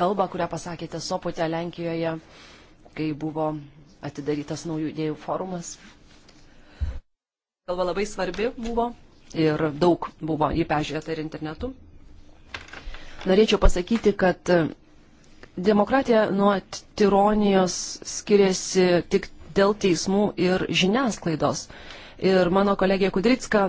kalbą, kurią pasakėte Sopote Lenkijoje, kai buvo atidarytas naujų idėjų forumas. Kalba labai svarbi buvo ir daug buvo jį peržiūrėta ir internetu. Norėčiau pasakyti, kad demokratija nuo tironijos skiriasi tik dėl teismų ir žiniasklaidos. Ir mano kolegė Kudricka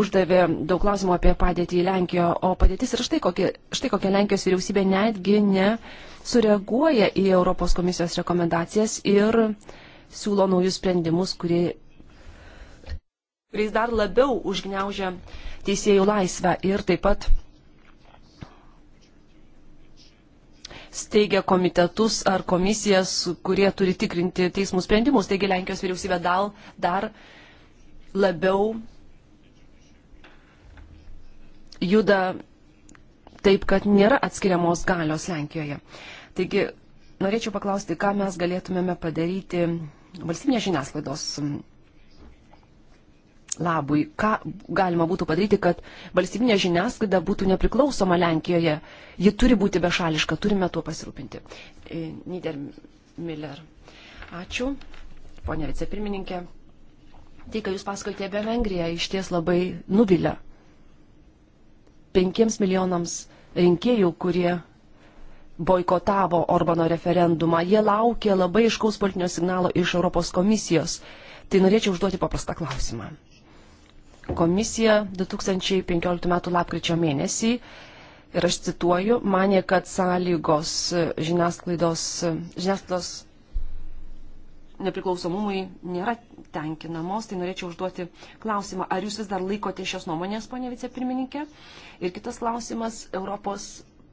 uždavė daug klausimų apie padėtį Lenkijoje, o padėtis yra štai kokia, štai kokia Lenkijos vyriausybė netgi nesureaguoja į Europos komisijos rekomendacijas ir siūlo naujus sprendimus, kurie, kuriais dar labiau užgneužia teisėjų laisvę ir taip pat steigia komitetus ar komisijas, kurie turi tikrinti teismų sprendimus. Taigi Lenkijos vyriausybė dal, dar labiau juda taip, kad nėra atskiriamos galios Lenkijoje. Taigi, norėčiau paklausti, ką mes galėtumėme padaryti valstybinės žiniasklaidos labui, ką galima būtų padaryti, kad valstybinė žiniasklaida būtų nepriklausoma Lenkijoje. Ji turi būti bešališka, turime tuo pasirūpinti. E, Niedermiller. Ačiū, ponė vicepirmininkė. Tai, ką Jūs pasakote apie Vengriją, iš ties labai nuvilia penkiems milijonams rinkėjų, kurie boikotavo Orbano referendumą. Jie laukė labai iškaus politinio signalo iš Europos komisijos. Tai norėčiau užduoti paprastą klausimą. Komisija 2015 m. lapkričio mėnesį ir aš cituoju, manė, kad sąlygos žiniasklaidos, žiniasklaidos nepriklausomumui nėra tenkinamos, tai norėčiau užduoti klausimą, ar jūs vis dar laikote šios nuomonės, ponė vicepirmininkė? Ir kitas klausimas, Europos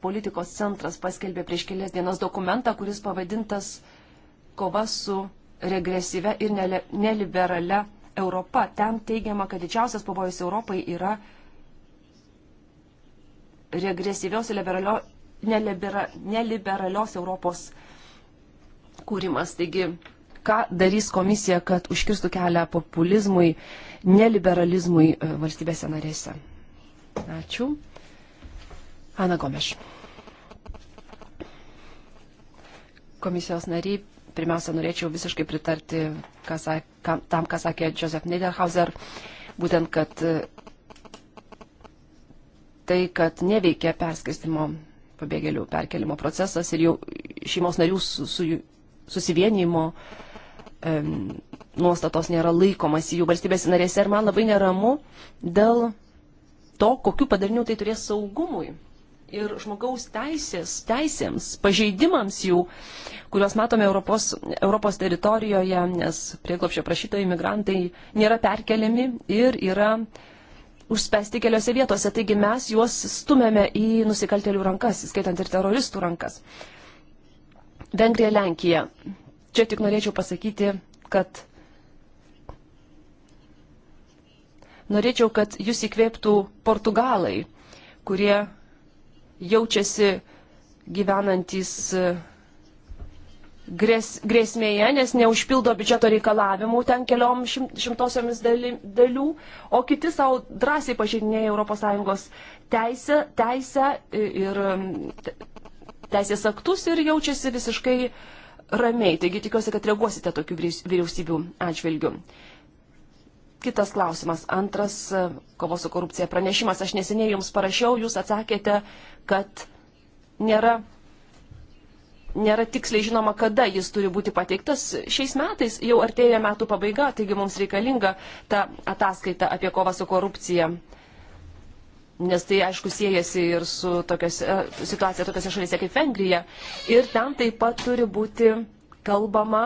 politikos centras paskelbė prieš kelias dienas dokumentą, kuris pavadintas kova su regresyve ir neliberale Europa. Ten teigiama, kad didžiausias pavojus Europai yra regresyvios liberalio, nelibera, neliberalios Europos kūrimas. Taigi ką darys komisija, kad užkirstų kelią populizmui, neliberalizmui e, valstybėse narėse. Ačiū. Ana Gomeš. Komisijos nariai, pirmiausia, norėčiau visiškai pritarti ką, ką, tam, ką sakė Josef Niederhauser, būtent, kad e, tai, kad neveikia perskirstimo pabėgėlių perkelimo procesas ir jau šeimos narių su, su, susivienimo uh, um, nuostatos nėra laikomas jų valstybės narėse ir man labai neramu dėl to, kokiu padariniu tai turės saugumui ir žmogaus teisės, teisėms, pažeidimams jų, kuriuos matome Europos, Europos teritorijoje, nes prieglopšio prašytojai migrantai nėra perkeliami ir yra užspęsti keliose vietose, taigi mes juos stumėme į nusikaltelių rankas, įskaitant ir teroristų rankas. Vengrija, Lenkija. Čia tik norėčiau pasakyti, kad norėčiau, kad jūs įkvėptų portugalai, kurie jaučiasi gyvenantis e, grės, grėsmėje, nes neužpildo biudžeto reikalavimų ten keliom šimtosiomis daly, dalių, o kiti savo drąsiai pažinėja ES teisę, teisę ir e, teisės aktus ir jaučiasi visiškai uh, ramiai. Taigi tikiuosi, kad reaguosite tokių vyriausybių atžvilgių. Kitas klausimas. Antras kovos su korupcija pranešimas. Aš neseniai jums parašiau, jūs atsakėte, kad nėra, nėra tiksliai žinoma, kada jis turi būti pateiktas. Šiais metais jau artėja metų pabaiga, taigi mums reikalinga ta ataskaita apie kovą su korupcija. Uh, nes tai aišku siejasi ir su tokios, e, situacija tokiose šalyse kaip Vengrija. Ir ten taip pat turi būti kalbama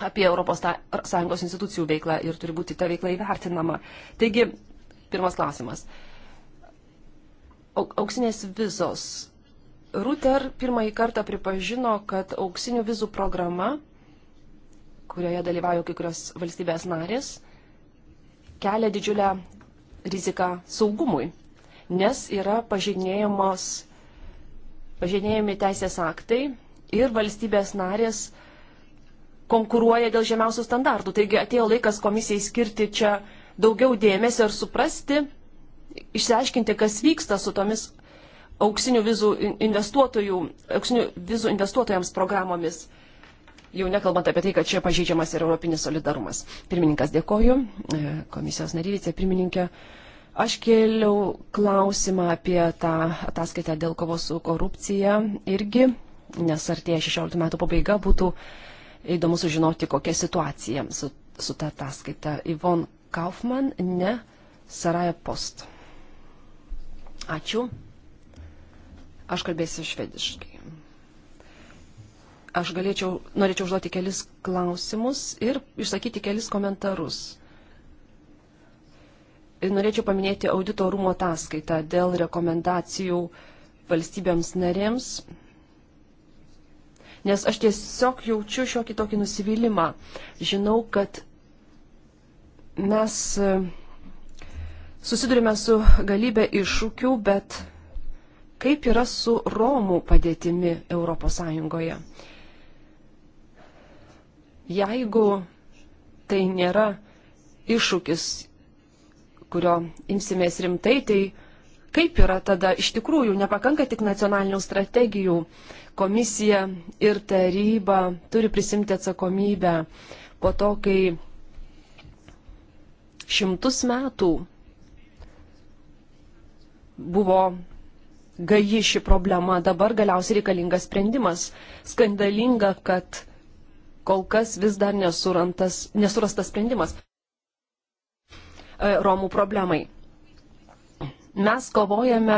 apie ES institucijų veiklą ir turi būti ta veikla įvertinama. Taigi, pirmas klausimas. Auksinės vizos. Ruter pirmąjį kartą pripažino, kad auksinių vizų programa, kurioje dalyvauja kai kurios valstybės narės, kelia didžiulę rizika saugumui, nes yra pažinėjami teisės aktai ir valstybės narės konkuruoja dėl žemiausių standartų. Taigi atėjo laikas komisijai skirti čia daugiau dėmesio ir suprasti, išsiaiškinti, kas vyksta su tomis auksinių vizų, investuotojų, auksinių vizų investuotojams programomis jau nekalbant apie tai, kad čia pažeidžiamas ir europinis solidarumas. Pirmininkas dėkoju, e, komisijos narys, vicepirmininkė. Aš kėliau klausimą apie tą ataskaitą dėl kovos su korupcija irgi, nes artėja 16 metų pabaiga, būtų įdomu sužinoti, kokia situacija su, su ta ataskaita. Ivon Kaufman, ne Saraja Post. Ačiū. Aš kalbėsiu švediškai. Aš galėčiau, norėčiau užduoti kelis klausimus ir išsakyti kelis komentarus. Ir norėčiau paminėti audito rūmo ataskaitą dėl rekomendacijų valstybėms narėms, nes aš tiesiog jaučiu šiokį tokį nusivylimą. Žinau, kad mes e, susidurime su galybė iššūkių, bet kaip yra su Romų padėtimi ES? Jeigu tai nėra iššūkis, kurio imsimės rimtai, tai kaip yra tada iš tikrųjų, nepakanka tik nacionalinių strategijų. Komisija ir taryba turi prisimti atsakomybę po to, kai šimtus metų buvo gaji ši problema, dabar galiausiai reikalingas sprendimas. Skandalinga, kad kol kas vis dar nesurastas sprendimas e, Romų problemai. Mes kovojame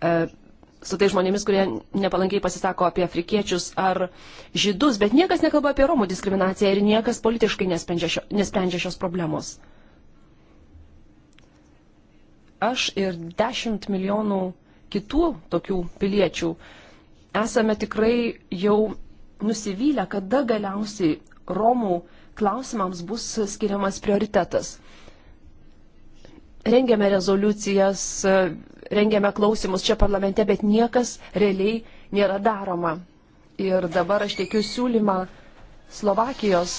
e, su tai žmonėmis, kurie nepalankiai pasisako apie afrikiečius ar žydus, bet niekas nekalba apie Romų diskriminaciją ir niekas politiškai nesprendžia, šio, nesprendžia šios problemos. Aš ir dešimt milijonų kitų tokių piliečių esame tikrai jau nusivylę, kada galiausiai Romų klausimams bus skiriamas prioritetas. Rengiame rezoliucijas, rengiame klausimus čia parlamente, bet niekas realiai nėra daroma. Ir dabar aš teikiu siūlymą Slovakijos,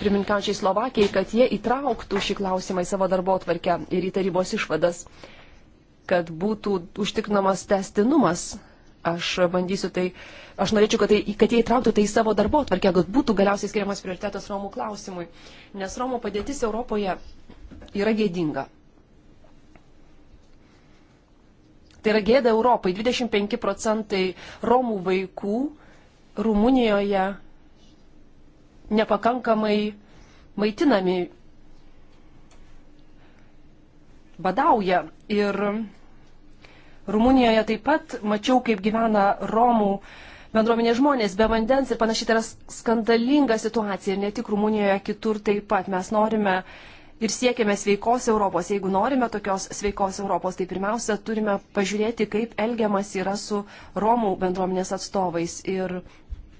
priminkančiai Slovakijai, kad jie įtrauktų šį klausimą į savo darbo atvarkę ir į tarybos išvadas, kad būtų užtikrinamas testinumas Aš bandysiu tai, aš norėčiau, kad, tai, kad jie įtrauktų tai į savo darbo atvarkę, kad būtų galiausiai skiriamas prioritetas Romų klausimui, nes Romų padėtis Europoje yra gėdinga. Tai yra gėda Europai. 25 procentai Romų vaikų Rumunijoje nepakankamai maitinami, badauja. Ir Rumunijoje taip pat mačiau, kaip gyvena Romų bendruomenės žmonės be vandens ir panašiai tai yra skandalinga situacija ir ne tik Rumunijoje, kitur taip pat. Mes norime ir siekiame sveikos Europos. Jeigu norime tokios sveikos Europos, tai pirmiausia turime pažiūrėti, kaip elgiamas yra su Romų bendruomenės atstovais. Ir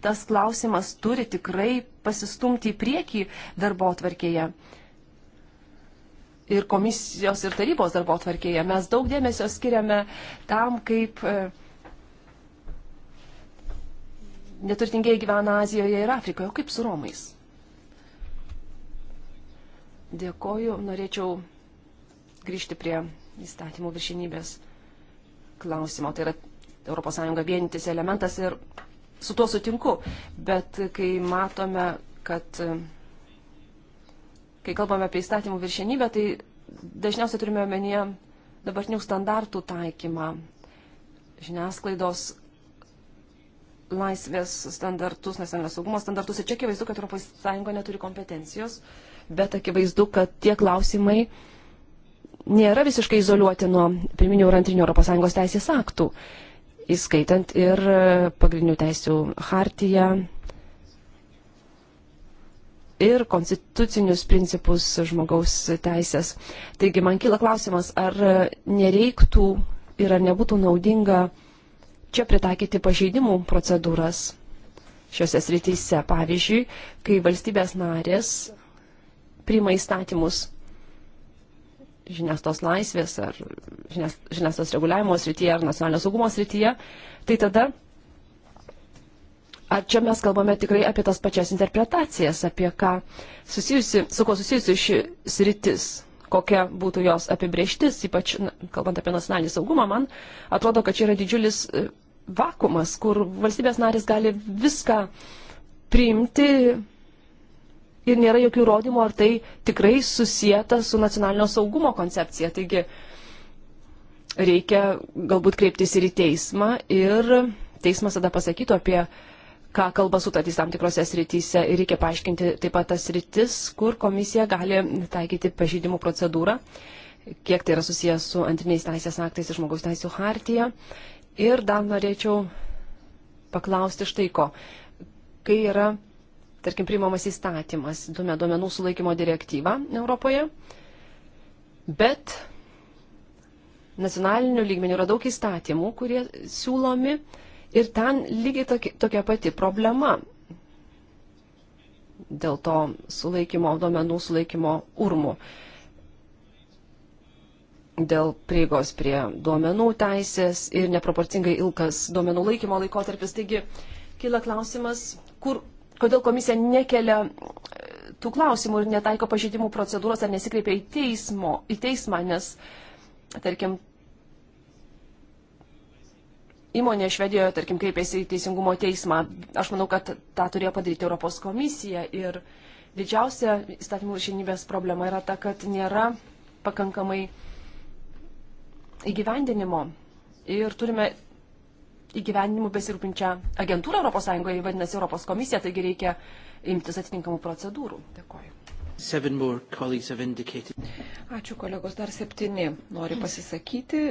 tas klausimas turi tikrai pasistumti į priekį darbo atvarkėje ir komisijos ir tarybos darbo tvarkėje. Mes daug dėmesio skiriame tam, kaip e, neturtingieji gyvena Azijoje ir Afrikoje, o kaip su Romais. Dėkoju, norėčiau grįžti prie įstatymų viršinybės klausimo. Tai yra ES vienintis elementas ir su tuo sutinku. Bet kai matome, kad e, kai kalbame apie įstatymų viršenybę, tai dažniausiai turime omenyje dabartinių standartų taikymą, žiniasklaidos laisvės standartus, nacionalinio saugumo standartus. Ir čia akivaizdu, kad ES neturi kompetencijos, bet akivaizdu, kad tie klausimai nėra visiškai izoliuoti nuo pirminių ir antrinių ES teisės aktų, įskaitant ir pagrindinių teisių hartiją ir konstitucinius principus žmogaus teisės. Taigi man kyla klausimas, ar nereiktų ir ar nebūtų naudinga čia pritaikyti pažeidimų procedūras šiuose srityse. Pavyzdžiui, kai valstybės narės priima įstatymus žiniastos laisvės ar žiniastos reguliavimo srityje ar nacionalinio saugumo srityje, tai tada Ar čia mes kalbame tikrai apie tas pačias interpretacijas, apie ką susijusi, su kuo susijusi ši sritis, kokia būtų jos apibrieštis, ypač na, kalbant apie nacionalinį saugumą, man atrodo, kad čia yra didžiulis e, vakumas, kur valstybės narės gali viską priimti ir nėra jokių įrodymų, ar tai tikrai susijęta su nacionalinio saugumo koncepcija. Taigi reikia galbūt kreiptis ir į teismą ir teismas tada pasakytų apie ką kalba sutartys tam tikrose srityse ir reikia paaiškinti taip pat tas sritis, kur komisija gali taikyti pažydimų procedūrą, kiek tai yra susijęs su antriniais teisės aktais ir žmogaus teisų hartija. Ir dar norėčiau paklausti štai ko. Kai yra, tarkim, priimamas įstatymas, duome duomenų sulaikymo direktyvą Europoje, bet nacionaliniu lygmeniu yra daug įstatymų, kurie siūlomi, Ir ten lygiai tokia, tokia pati problema. Dėl to sulaikymo duomenų, sulaikymo urmų. Dėl prieigos prie duomenų teisės ir neproporcingai ilgas duomenų laikymo laikotarpis. Taigi kyla klausimas, kur, kodėl komisija nekelia e, tų klausimų ir netaiko pažeidimų procedūros ar nesikreipia į, teismo, į teismą, nes, tarkim, įmonė Švedijoje, tarkim, kreipėsi į Teisingumo teismą. Aš manau, kad tą turėjo padaryti Europos komisija. Ir didžiausia įstatymų viršinybės problema yra ta, kad nėra pakankamai įgyvendinimo. Ir turime įgyvendinimu besirūpinčią agentūrą Europos Sąjungoje, vadinasi Europos komisija, taigi reikia imtis atitinkamų procedūrų. Dėkoju. Ačiū kolegos, dar septyni nori pasisakyti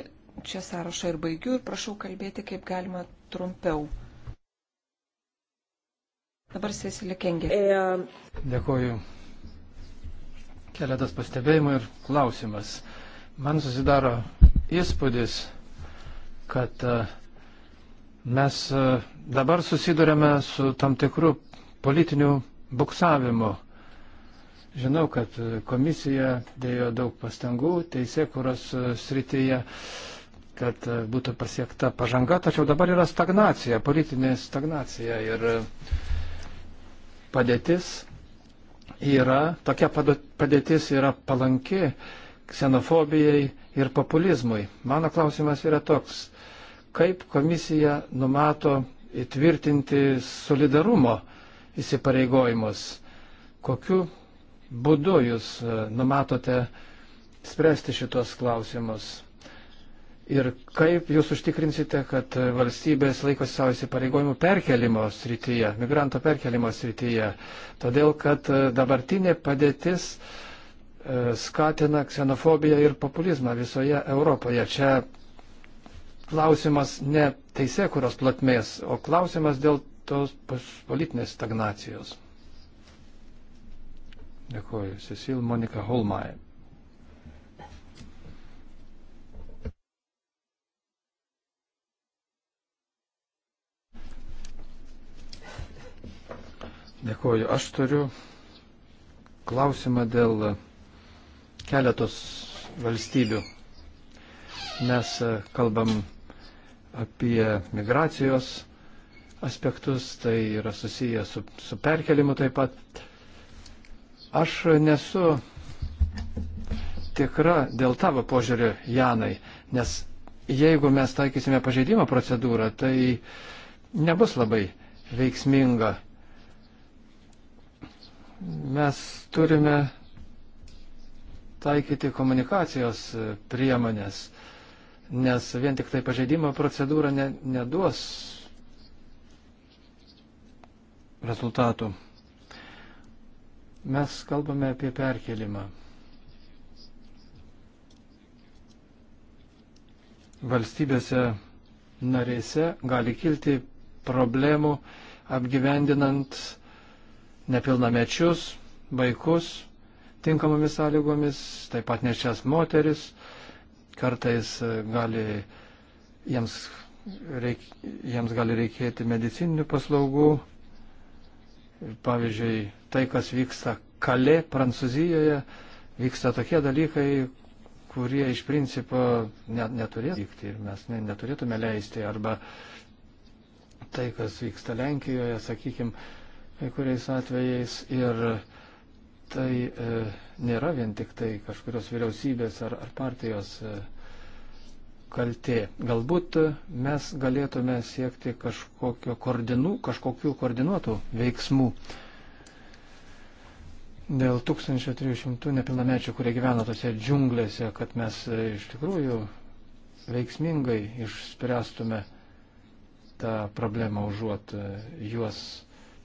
čia sąrašą ir baigiu ir prašau kalbėti kaip galima trumpiau. Dabar Sesilė Kengė. E, Dėkuoju. Keletas pastebėjimų ir klausimas. Man susidaro įspūdis, kad e, mes e, dabar susidurėme su tam tikru politiniu buksavimu. Žinau, kad komisija dėjo daug pastangų teisėkuros srityje, kad būtų pasiekta pažanga, tačiau dabar yra stagnacija, politinė stagnacija ir padėtis yra, tokia padėtis yra palanki ksenofobijai ir populizmui. Mano klausimas yra toks, kaip komisija numato įtvirtinti solidarumo įsipareigojimus, kokiu būdu jūs e, numatote spręsti šitos klausimus. Ir kaip jūs užtikrinsite, kad valstybės laikosi savo įsipareigojimų perkelimo srityje, migranto perkelimo srityje? Todėl, kad e, dabartinė padėtis e, skatina ksenofobiją ir populizmą visoje Europoje. Čia klausimas ne teisė, kurios platmės, o klausimas dėl tos politinės stagnacijos. Dėkuoju. Cecil Monika Holmaja. Dėkuoju. Aš turiu klausimą dėl keletos valstybių. Mes e, kalbam apie migracijos aspektus, tai yra susiję su, su perkelimu taip pat. Aš nesu tikra dėl tavo požiūrio, Janai, nes jeigu mes taikysime pažeidimo procedūrą, tai nebus labai veiksminga Mes turime taikyti komunikacijos priemonės, nes vien tik tai pažeidimo procedūra ne, neduos rezultatų. Mes kalbame apie perkelimą. Valstybėse narėse gali kilti problemų apgyvendinant nepilnamečius, vaikus tinkamomis sąlygomis, taip pat nešias moteris, kartais e, gali jiems, reik, jiems gali reikėti medicininių paslaugų. Pavyzdžiui, tai, kas vyksta Kale, Prancūzijoje, vyksta tokie dalykai, kurie iš principo net neturėtų vykti ir mes ne, neturėtume leisti. Arba tai, kas vyksta Lenkijoje, sakykime, kai kuriais atvejais ir tai e, nėra vien tik tai kažkurios vyriausybės ar, ar partijos e, kaltė. Galbūt e, mes galėtume siekti koordinu, kažkokių koordinuotų veiksmų dėl 1300 nepilnamečių, kurie gyvena tose džiunglėse, kad mes e, iš tikrųjų veiksmingai išspręstume tą problemą užuot e, juos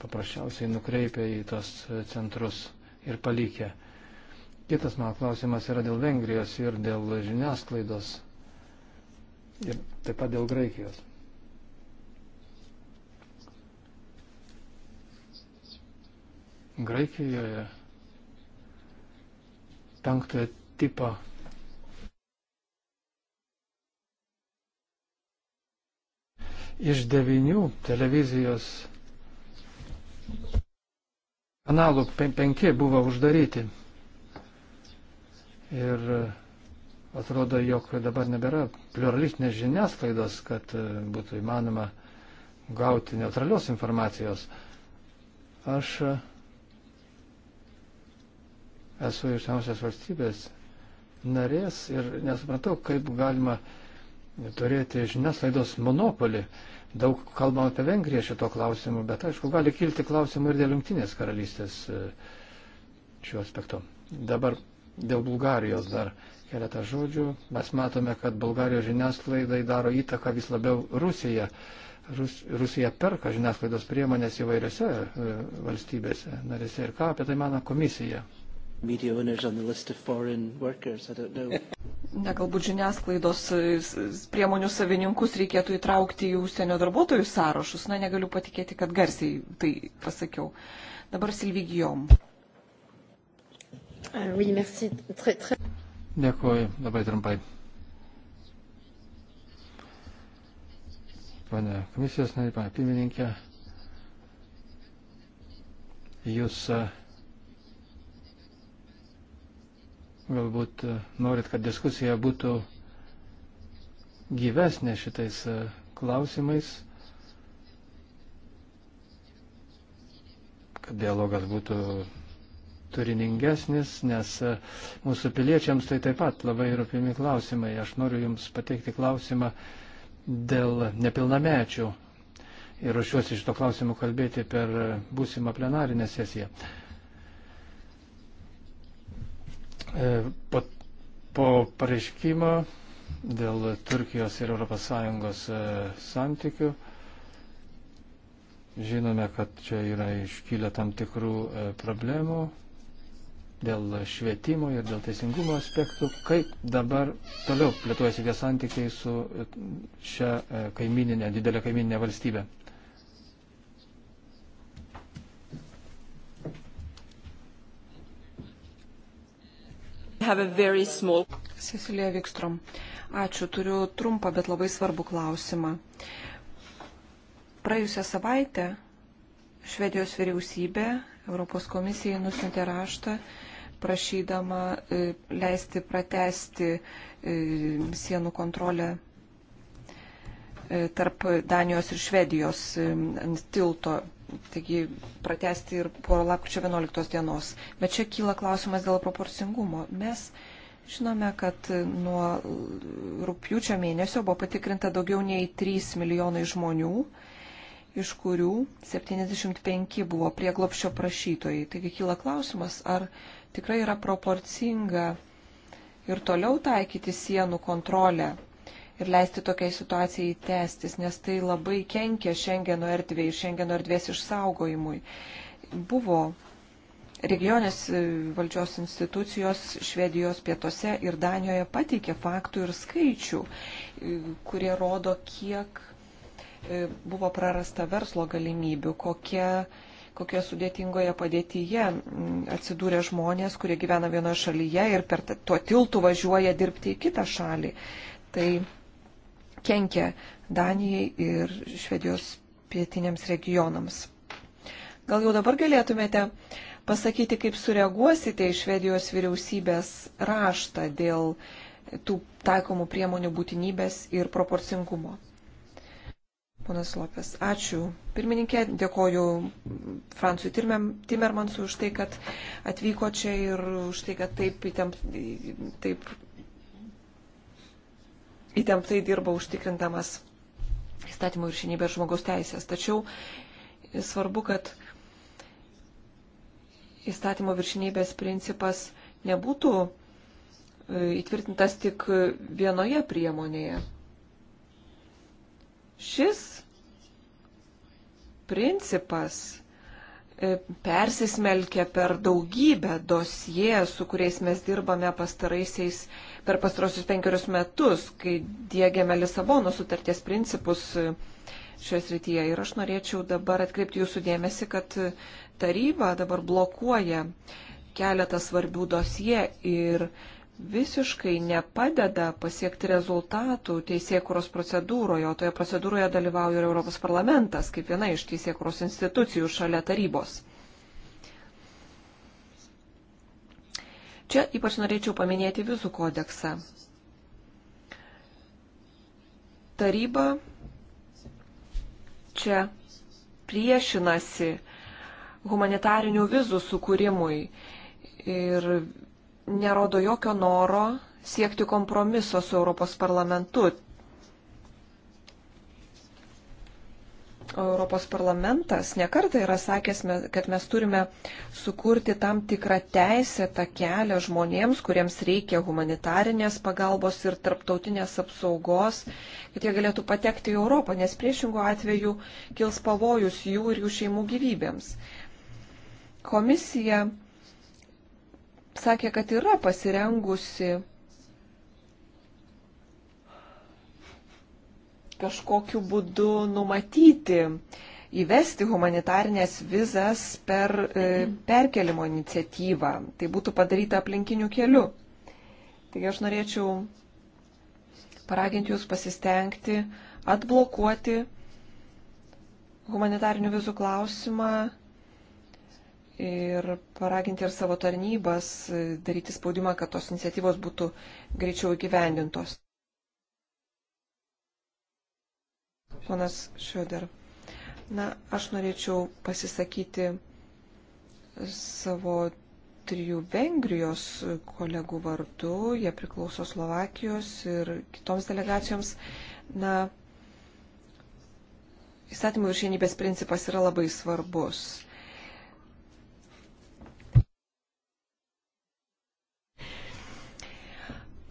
paprasčiausiai nukreipia į tos centrus ir palikę. Kitas mano klausimas yra dėl Vengrijos ir dėl žiniasklaidos ir taip pat dėl Graikijos. Graikijoje penktojo tipo iš devinių televizijos kanalų penki buvo uždaryti. Ir e, atrodo, jog dabar nebėra pluralistinės žiniasklaidos, kad e, būtų įmanoma gauti neutralios informacijos. Aš e, esu iš senosios valstybės narės ir nesupratau, kaip galima turėti žiniasklaidos monopolį. Uh, Daug kalbama apie Vengriją šito klausimu, bet aišku, gali kilti klausimų ir dėl jungtinės karalystės e, šiuo aspektu. Dabar dėl Bulgarijos dar keletą žodžių. Mes matome, kad Bulgarijos žiniasklaidai daro įtaką vis labiau Rusija. Rus, Rusija perka žiniasklaidos priemonės įvairiose e, valstybėse narėse. Ir ką apie tai mano komisija? media owners on the list of foreign workers, I don't know. Na, galbūt žiniasklaidos e, priemonių savininkus reikėtų įtraukti į užsienio darbuotojų sąrašus. Na, negaliu patikėti, kad garsiai tai pasakiau. Dabar Silvigijom. Ah, oui, merci. Très, très... Dėkuoju, labai trumpai. Pane komisijos nariai, pane pirmininkė, jūs. Uh, Galbūt e, norit, kad diskusija būtų gyvesnė šitais e, klausimais, kad dialogas būtų turiningesnis, nes e, mūsų piliečiams tai taip pat labai rūpimi klausimai. Aš noriu Jums pateikti klausimą dėl nepilnamečių ir ruošiuosi šito klausimu kalbėti per būsimą plenarinę sesiją. E, po, po pareiškimo dėl Turkijos ir ES e, santykių žinome, kad čia yra iškilę tam tikrų e, problemų dėl švietimo ir dėl teisingumo aspektų, kaip dabar toliau plėtojasi tie santykiai su šia kaimininė, didelė kaimininė valstybė. Small... Cecilija Vikstrom. Ačiū, turiu trumpą, bet labai svarbų klausimą. Praėjusią savaitę Švedijos vyriausybė Europos komisijai nusintė raštą prašydama e, leisti pratesti e, sienų kontrolę e, tarp Danijos ir Švedijos tilto taigi pratesti ir po lapkričio 11 dienos. Bet čia kyla klausimas dėl proporcingumo. Mes žinome, kad nuo rūpjūčio mėnesio buvo patikrinta daugiau nei 3 milijonai žmonių, iš kurių 75 buvo prieglopščio prašytojai. Taigi kyla klausimas, ar tikrai yra proporcinga ir toliau taikyti sienų kontrolę ir leisti tokiai situacijai tęstis, nes tai labai kenkia Šengeno erdvė ir Šengeno erdvės išsaugojimui. Buvo regionės e, valdžios institucijos Švedijos pietose ir Danijoje pateikė faktų ir skaičių, e, kurie rodo, kiek e, buvo prarasta verslo galimybių, kokia kokioje sudėtingoje padėtyje atsidūrė žmonės, kurie gyvena vienoje šalyje ir per tuo tiltu važiuoja dirbti į kitą šalį. Tai kenkia Danijai ir Švedijos pietiniams regionams. Gal jau dabar galėtumėte pasakyti, kaip sureaguosite į Švedijos vyriausybės raštą dėl tų taikomų priemonių būtinybės ir proporcingumo. Ponas Lopės, ačiū. Pirmininkė, dėkoju Francui Timermansui už tai, kad atvyko čia ir už tai, kad taip, įtemp, taip įtemptai dirba užtikrindamas įstatymų viršinybės žmogaus teisės. Tačiau svarbu, kad įstatymų viršinybės principas nebūtų e, įtvirtintas tik vienoje priemonėje. Šis principas E, persismelkia per daugybę dosie, su kuriais mes dirbame pastaraisiais per pastarosius penkerius metus, kai dėgiame Lisabono sutarties principus e, šioje srityje. Ir aš norėčiau dabar atkreipti jūsų dėmesį, kad taryba dabar blokuoja keletą svarbių dosie ir visiškai nepadeda pasiekti rezultatų teisėkuros procedūroje, o toje procedūroje dalyvauja ir Europos parlamentas kaip viena iš teisėkuros institucijų šalia tarybos. Čia ypač norėčiau paminėti vizų kodeksą. Taryba čia priešinasi humanitarinių vizų sukūrimui ir nerodo jokio noro siekti kompromiso su Europos parlamentu. Europos parlamentas nekartą yra sakęs, kad mes turime sukurti tam tikrą teisę tą kelią žmonėms, kuriems reikia humanitarinės pagalbos ir tarptautinės apsaugos, kad jie galėtų patekti į Europą, nes priešingų atveju kils pavojus jų ir jų šeimų gyvybėms. Komisija sakė, kad yra pasirengusi kažkokiu būdu numatyti, įvesti humanitarnės vizas per e, perkelimo iniciatyvą. Tai būtų padaryta aplinkiniu keliu. Taigi aš norėčiau paraginti jūs pasistengti, atblokuoti humanitarnių vizų klausimą ir paraginti ir savo tarnybas daryti spaudimą, kad tos iniciatyvos būtų greičiau įgyvendintos. Ponas Šioder. Na, aš norėčiau pasisakyti savo trijų Vengrijos kolegų vardu, jie priklauso Slovakijos ir kitoms delegacijoms. Na, įstatymų viršienybės principas yra labai svarbus.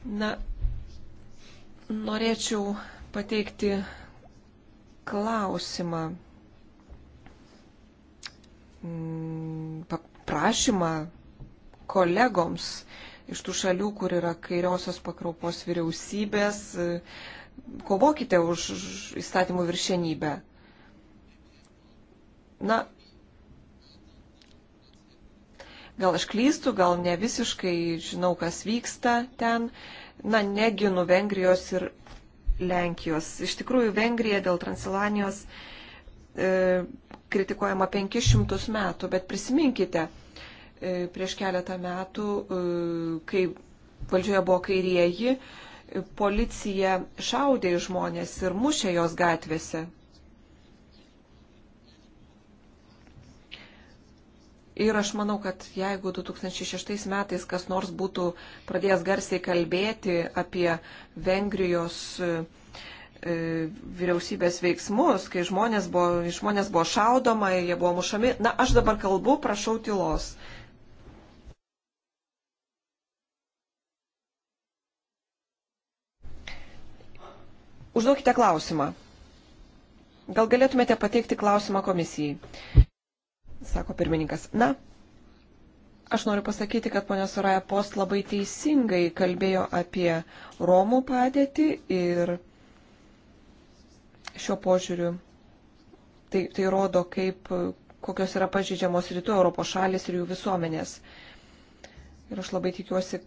Na, norėčiau pateikti klausimą, mm, paprašymą kolegoms iš tų šalių, kur yra kairiosios pakraupos vyriausybės, kovokite už įstatymų viršenybę. Na, Gal aš klystu, gal ne visiškai žinau, kas vyksta ten. Na, neginu Vengrijos ir Lenkijos. Iš tikrųjų, Vengrija dėl Transilvanijos e, kritikuojama 500 metų, bet prisiminkite, e, prieš keletą metų, e, kai valdžioje buvo kairieji, e, policija šaudė į žmonės ir mušė jos gatvėse. Ir aš manau, kad jeigu 2006 metais kas nors būtų pradėjęs garsiai kalbėti apie Vengrijos e, e, vyriausybės veiksmus, kai žmonės buvo, žmonės buvo šaudoma, jie buvo mušami. Na, aš dabar kalbu, prašau tylos. Užduokite klausimą. Gal galėtumėte pateikti klausimą komisijai? sako pirmininkas. Na, aš noriu pasakyti, kad ponia Soraja Post labai teisingai kalbėjo apie Romų padėtį ir šiuo požiūriu tai, tai rodo, kaip, kokios yra pažydžiamos rytų Europos šalis ir jų visuomenės. Ir aš labai tikiuosi,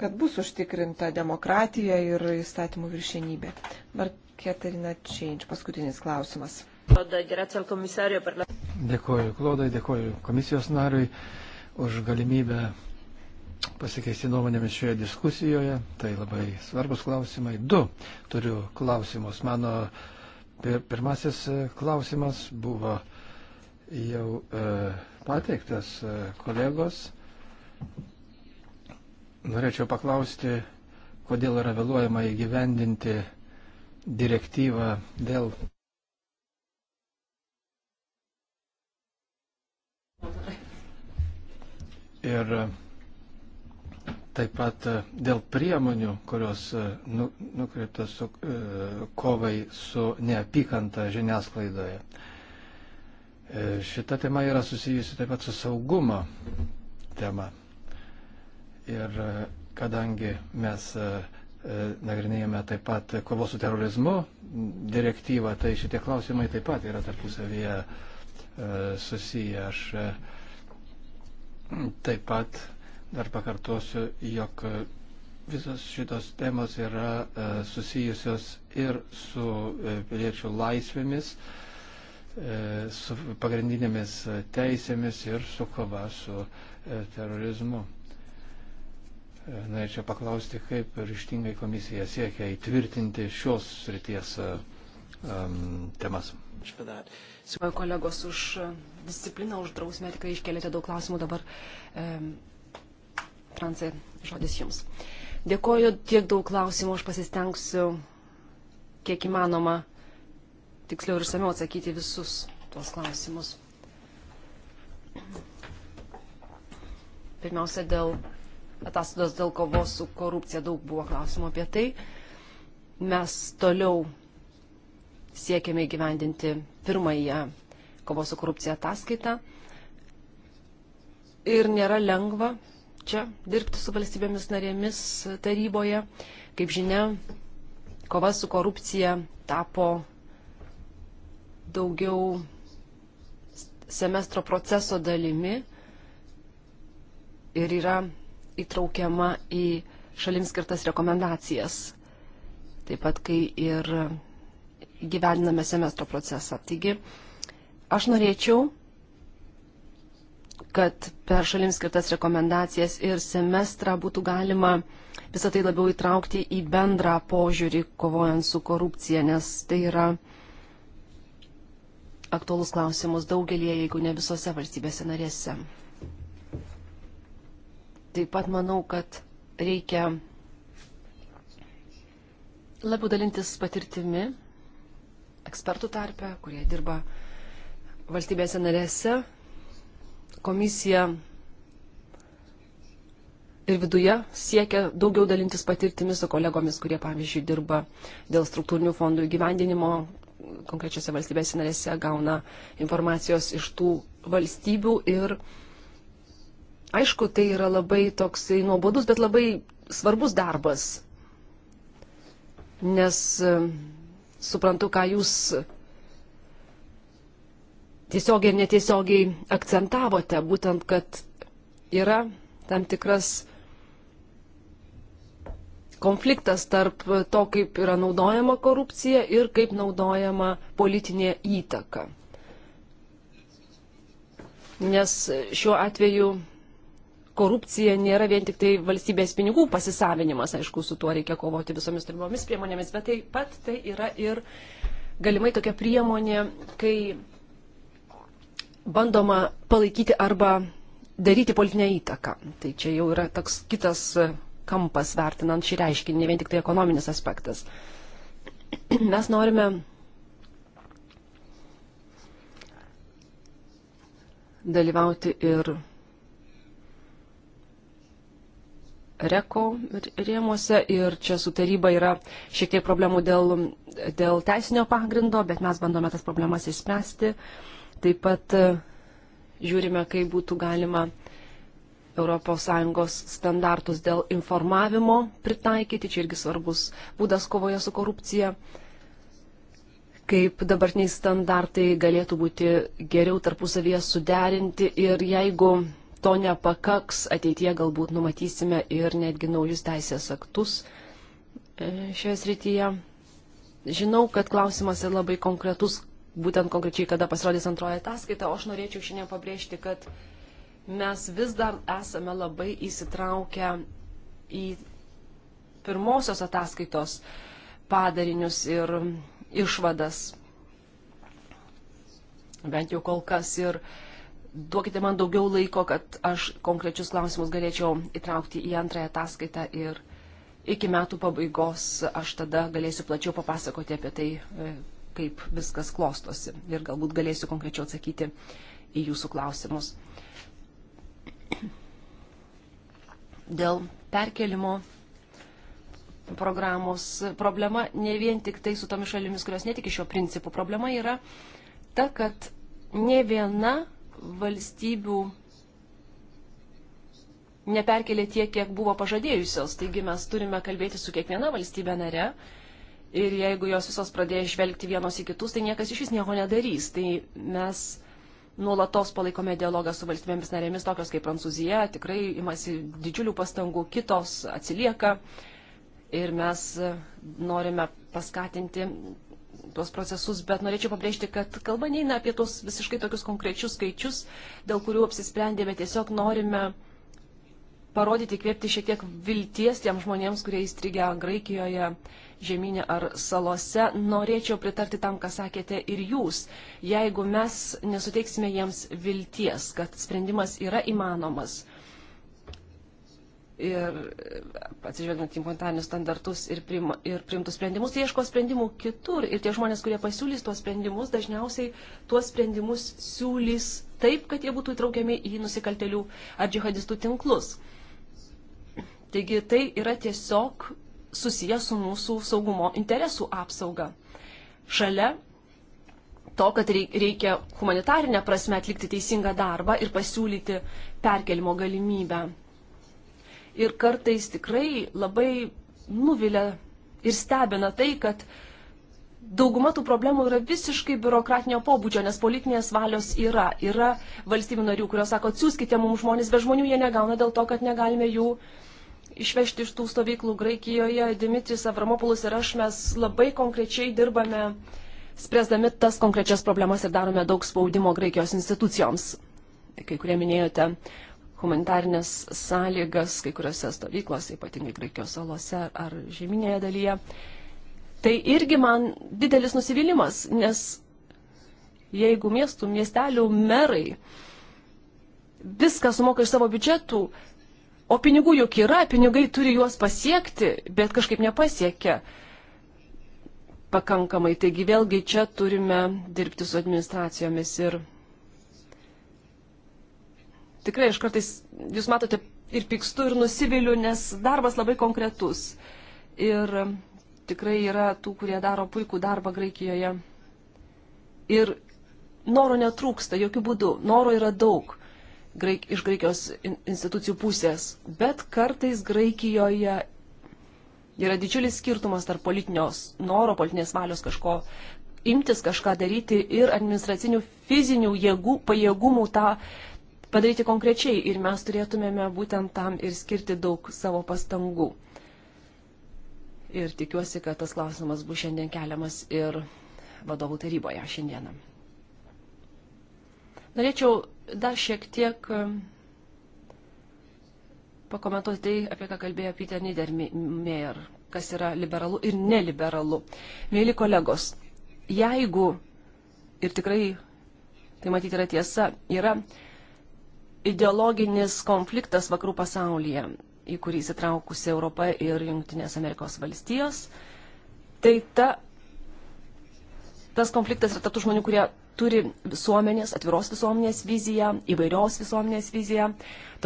kad bus užtikrinta demokratija ir įstatymų viršenybė. Mart Katerina Činč, paskutinis klausimas. Dėkuoju Klodai, dėkuoju komisijos nariui už galimybę pasikeisti nuomonėmis šioje diskusijoje. Tai labai svarbus klausimai. Du turiu klausimus. Mano pirmasis e, klausimas buvo jau e, pateiktas e, kolegos. Norėčiau paklausti, kodėl yra vėluojama įgyvendinti direktyvą dėl. Ir taip pat dėl priemonių, kurios e, nu, nukreiptas su, e, kovai su neapykanta žiniasklaidoje. E, šita tema yra susijusi taip pat su saugumo tema. Ir kadangi mes uh, E, nagrinėjame taip pat kovos su terorizmu direktyvą, tai šitie klausimai taip pat yra tarpusavyje e, susiję. Aš e, taip pat dar pakartosiu, jog visos šitos temos yra susijusios ir su piliečių laisvėmis, su pagrindinėmis teisėmis ir su kova su terorizmu. Norėčiau paklausti, kaip ryštingai komisija siekia įtvirtinti šios srities um, temas. Savo kolegos už e, discipliną, už drausmę tikrai iškelėte daug klausimų dabar. Um, e, Francai, žodis jums. Dėkoju tiek daug klausimų, aš pasistengsiu kiek įmanoma tiksliau ir samiau atsakyti visus tuos klausimus. Pirmiausia, dėl ataskaitos dėl kovos su korupcija, daug buvo klausimų apie tai. Mes toliau siekiame įgyvendinti pirmąją kovos su korupcija ataskaitą. Ir nėra lengva čia dirbti su valstybėmis narėmis taryboje. Kaip žinia, kova su korupcija tapo daugiau semestro proceso dalimi ir yra įtraukiama į šalims skirtas rekomendacijas. Taip pat, kai ir gyvendiname semestro procesą. Taigi, aš norėčiau, kad per šalims skirtas rekomendacijas ir semestrą būtų galima visą tai labiau įtraukti į bendrą požiūrį kovojant su korupcija, nes tai yra aktuolus klausimus daugelie, jeigu ne visose valstybėse narėse. Taip pat manau, kad reikia labiau dalintis patirtimi ekspertų tarpe, kurie dirba valstybėse narėse, komisija ir viduje siekia daugiau dalintis patirtimis su kolegomis, kurie, pavyzdžiui, dirba dėl struktūrinių fondų įgyvendinimo konkrečiose valstybėse narėse, gauna informacijos iš tų valstybių ir uh, Aišku, tai yra labai toksai nuobodus, bet labai svarbus darbas. Nes e, suprantu, ką jūs tiesiogiai ir netiesiogiai akcentavote, būtent, kad yra tam tikras konfliktas tarp to, kaip yra naudojama korupcija ir kaip naudojama politinė įtaka. Nes šiuo atveju korupcija nėra vien tik tai valstybės pinigų pasisavinimas, aišku, su tuo reikia kovoti visomis turimomis priemonėmis, bet taip pat tai yra ir galimai tokia priemonė, kai bandoma palaikyti arba daryti politinę įtaką. Tai čia jau yra toks kitas kampas vertinant šį reiškinį, ne vien tik tai ekonominis aspektas. Mes norime dalyvauti ir reko rėmuose ir čia su taryba yra šiek tiek problemų dėl, dėl teisinio pagrindo, bet mes bandome tas problemas išspręsti. Taip pat e, žiūrime, kaip būtų galima ES standartus dėl informavimo pritaikyti, čia irgi svarbus būdas kovoje su korupcija, kaip dabartiniai standartai galėtų būti geriau tarpusavyje suderinti ir jeigu to nepakaks, ateitie galbūt numatysime ir netgi naujus teisės aktus e, šioje srityje. Žinau, kad klausimas yra labai konkretus, būtent konkrečiai, kada pasirodys antroji ataskaita, o aš norėčiau šiandien pabrėžti, kad mes vis dar esame labai įsitraukę į pirmosios ataskaitos padarinius ir išvadas. Bent jau kol kas ir uh, duokite man daugiau laiko, kad aš konkrečius klausimus galėčiau įtraukti į antrąją ataskaitą ir iki metų pabaigos aš tada galėsiu plačiau papasakoti apie tai, e, kaip viskas klostosi ir galbūt galėsiu konkrečiau atsakyti į jūsų klausimus. Dėl perkelimo programos problema ne vien tik tai su tomis šalimis, kurios netiki šio principu. Problema yra ta, kad ne viena valstybių neperkelė tiek, kiek buvo pažadėjusios. Taigi mes turime kalbėti su kiekviena valstybė nare. Ir jeigu jos visos pradėjo žvelgti vienos į kitus, tai niekas iš vis nieko nedarys. Tai mes nuolatos palaikome dialogą su valstybėmis narėmis, tokios kaip Prancūzija, tikrai imasi didžiulių pastangų, kitos atsilieka. Ir mes norime paskatinti tuos procesus, bet norėčiau pabrėžti, kad kalba neina apie tuos visiškai tokius konkrečius skaičius, dėl kurių apsisprendėme, tiesiog norime parodyti, kvėpti šiek tiek vilties tiem žmonėms, kurie įstrigę Graikijoje, žemynė ar salose. Norėčiau pritarti tam, ką sakėte ir jūs. Jeigu mes nesuteiksime jiems vilties, kad sprendimas yra įmanomas, ir e, atsižvelgiant į humanitarinius standartus ir, priima, ir priimtus sprendimus, jie ieško sprendimų kitur. Ir tie žmonės, kurie pasiūlys tuos sprendimus, dažniausiai tuos sprendimus siūlys taip, kad jie būtų įtraukiami į nusikaltelių ar džihadistų tinklus. Taigi tai yra tiesiog susijęs su mūsų saugumo interesų apsauga. Šalia to, kad reikia humanitarinę prasme atlikti teisingą darbą ir pasiūlyti perkelimo galimybę ir kartais tikrai labai nuvilia ir stebina tai, kad dauguma tų problemų yra visiškai biurokratinio pobūdžio, nes politinės valios yra. Yra valstybių narių, kurios sako, atsiųskite mums žmonės, be žmonių jie negauna dėl to, kad negalime jų išvežti iš tų stovyklų Graikijoje. Dimitris Avramopoulos ir aš mes labai konkrečiai dirbame, spręsdami tas konkrečias problemas ir darome daug spaudimo Graikijos institucijoms. Kai kurie minėjote humanitarinės sąlygas kai kuriuose stovyklose, ypatingai Graikijos salose ar žeminėje dalyje. Tai irgi man didelis nusivylimas, nes jeigu miestų, miestelių merai viską sumoka iš savo biudžetų, o pinigų juk yra, pinigai turi juos pasiekti, bet kažkaip nepasiekia pakankamai. Taigi vėlgi čia turime dirbti su administracijomis ir tikrai aš kartais, jūs matote, ir pykstu, ir nusiviliu, nes darbas labai konkretus. Ir um, tikrai yra tų, kurie daro puikų darbą Graikijoje. Ir noro netrūksta, jokių būdų. Noro yra daug graik, iš Graikijos institucijų pusės. Bet kartais Graikijoje yra didžiulis skirtumas tarp politinios noro, politinės valios kažko imtis kažką daryti ir administracinių fizinių jėgų, pajėgumų tą padaryti konkrečiai ir mes turėtumėme būtent tam ir skirti daug savo pastangų. Ir tikiuosi, kad tas klausimas bus šiandien keliamas ir vadovų taryboje šiandieną. Norėčiau dar šiek tiek um, pakomentuoti tai, apie ką kalbėjo Peter Niedermeyer, kas yra liberalu ir neliberalu. Mėly kolegos, jeigu, ir tikrai tai matyti yra tiesa, yra ideologinis konfliktas vakarų pasaulyje, į kurį įsitraukusi Europa ir Junktinės Amerikos valstijos. Tai ta, tas konfliktas yra tarp tų žmonių, kurie turi visuomenės, atviros visuomenės viziją, įvairios visuomenės viziją,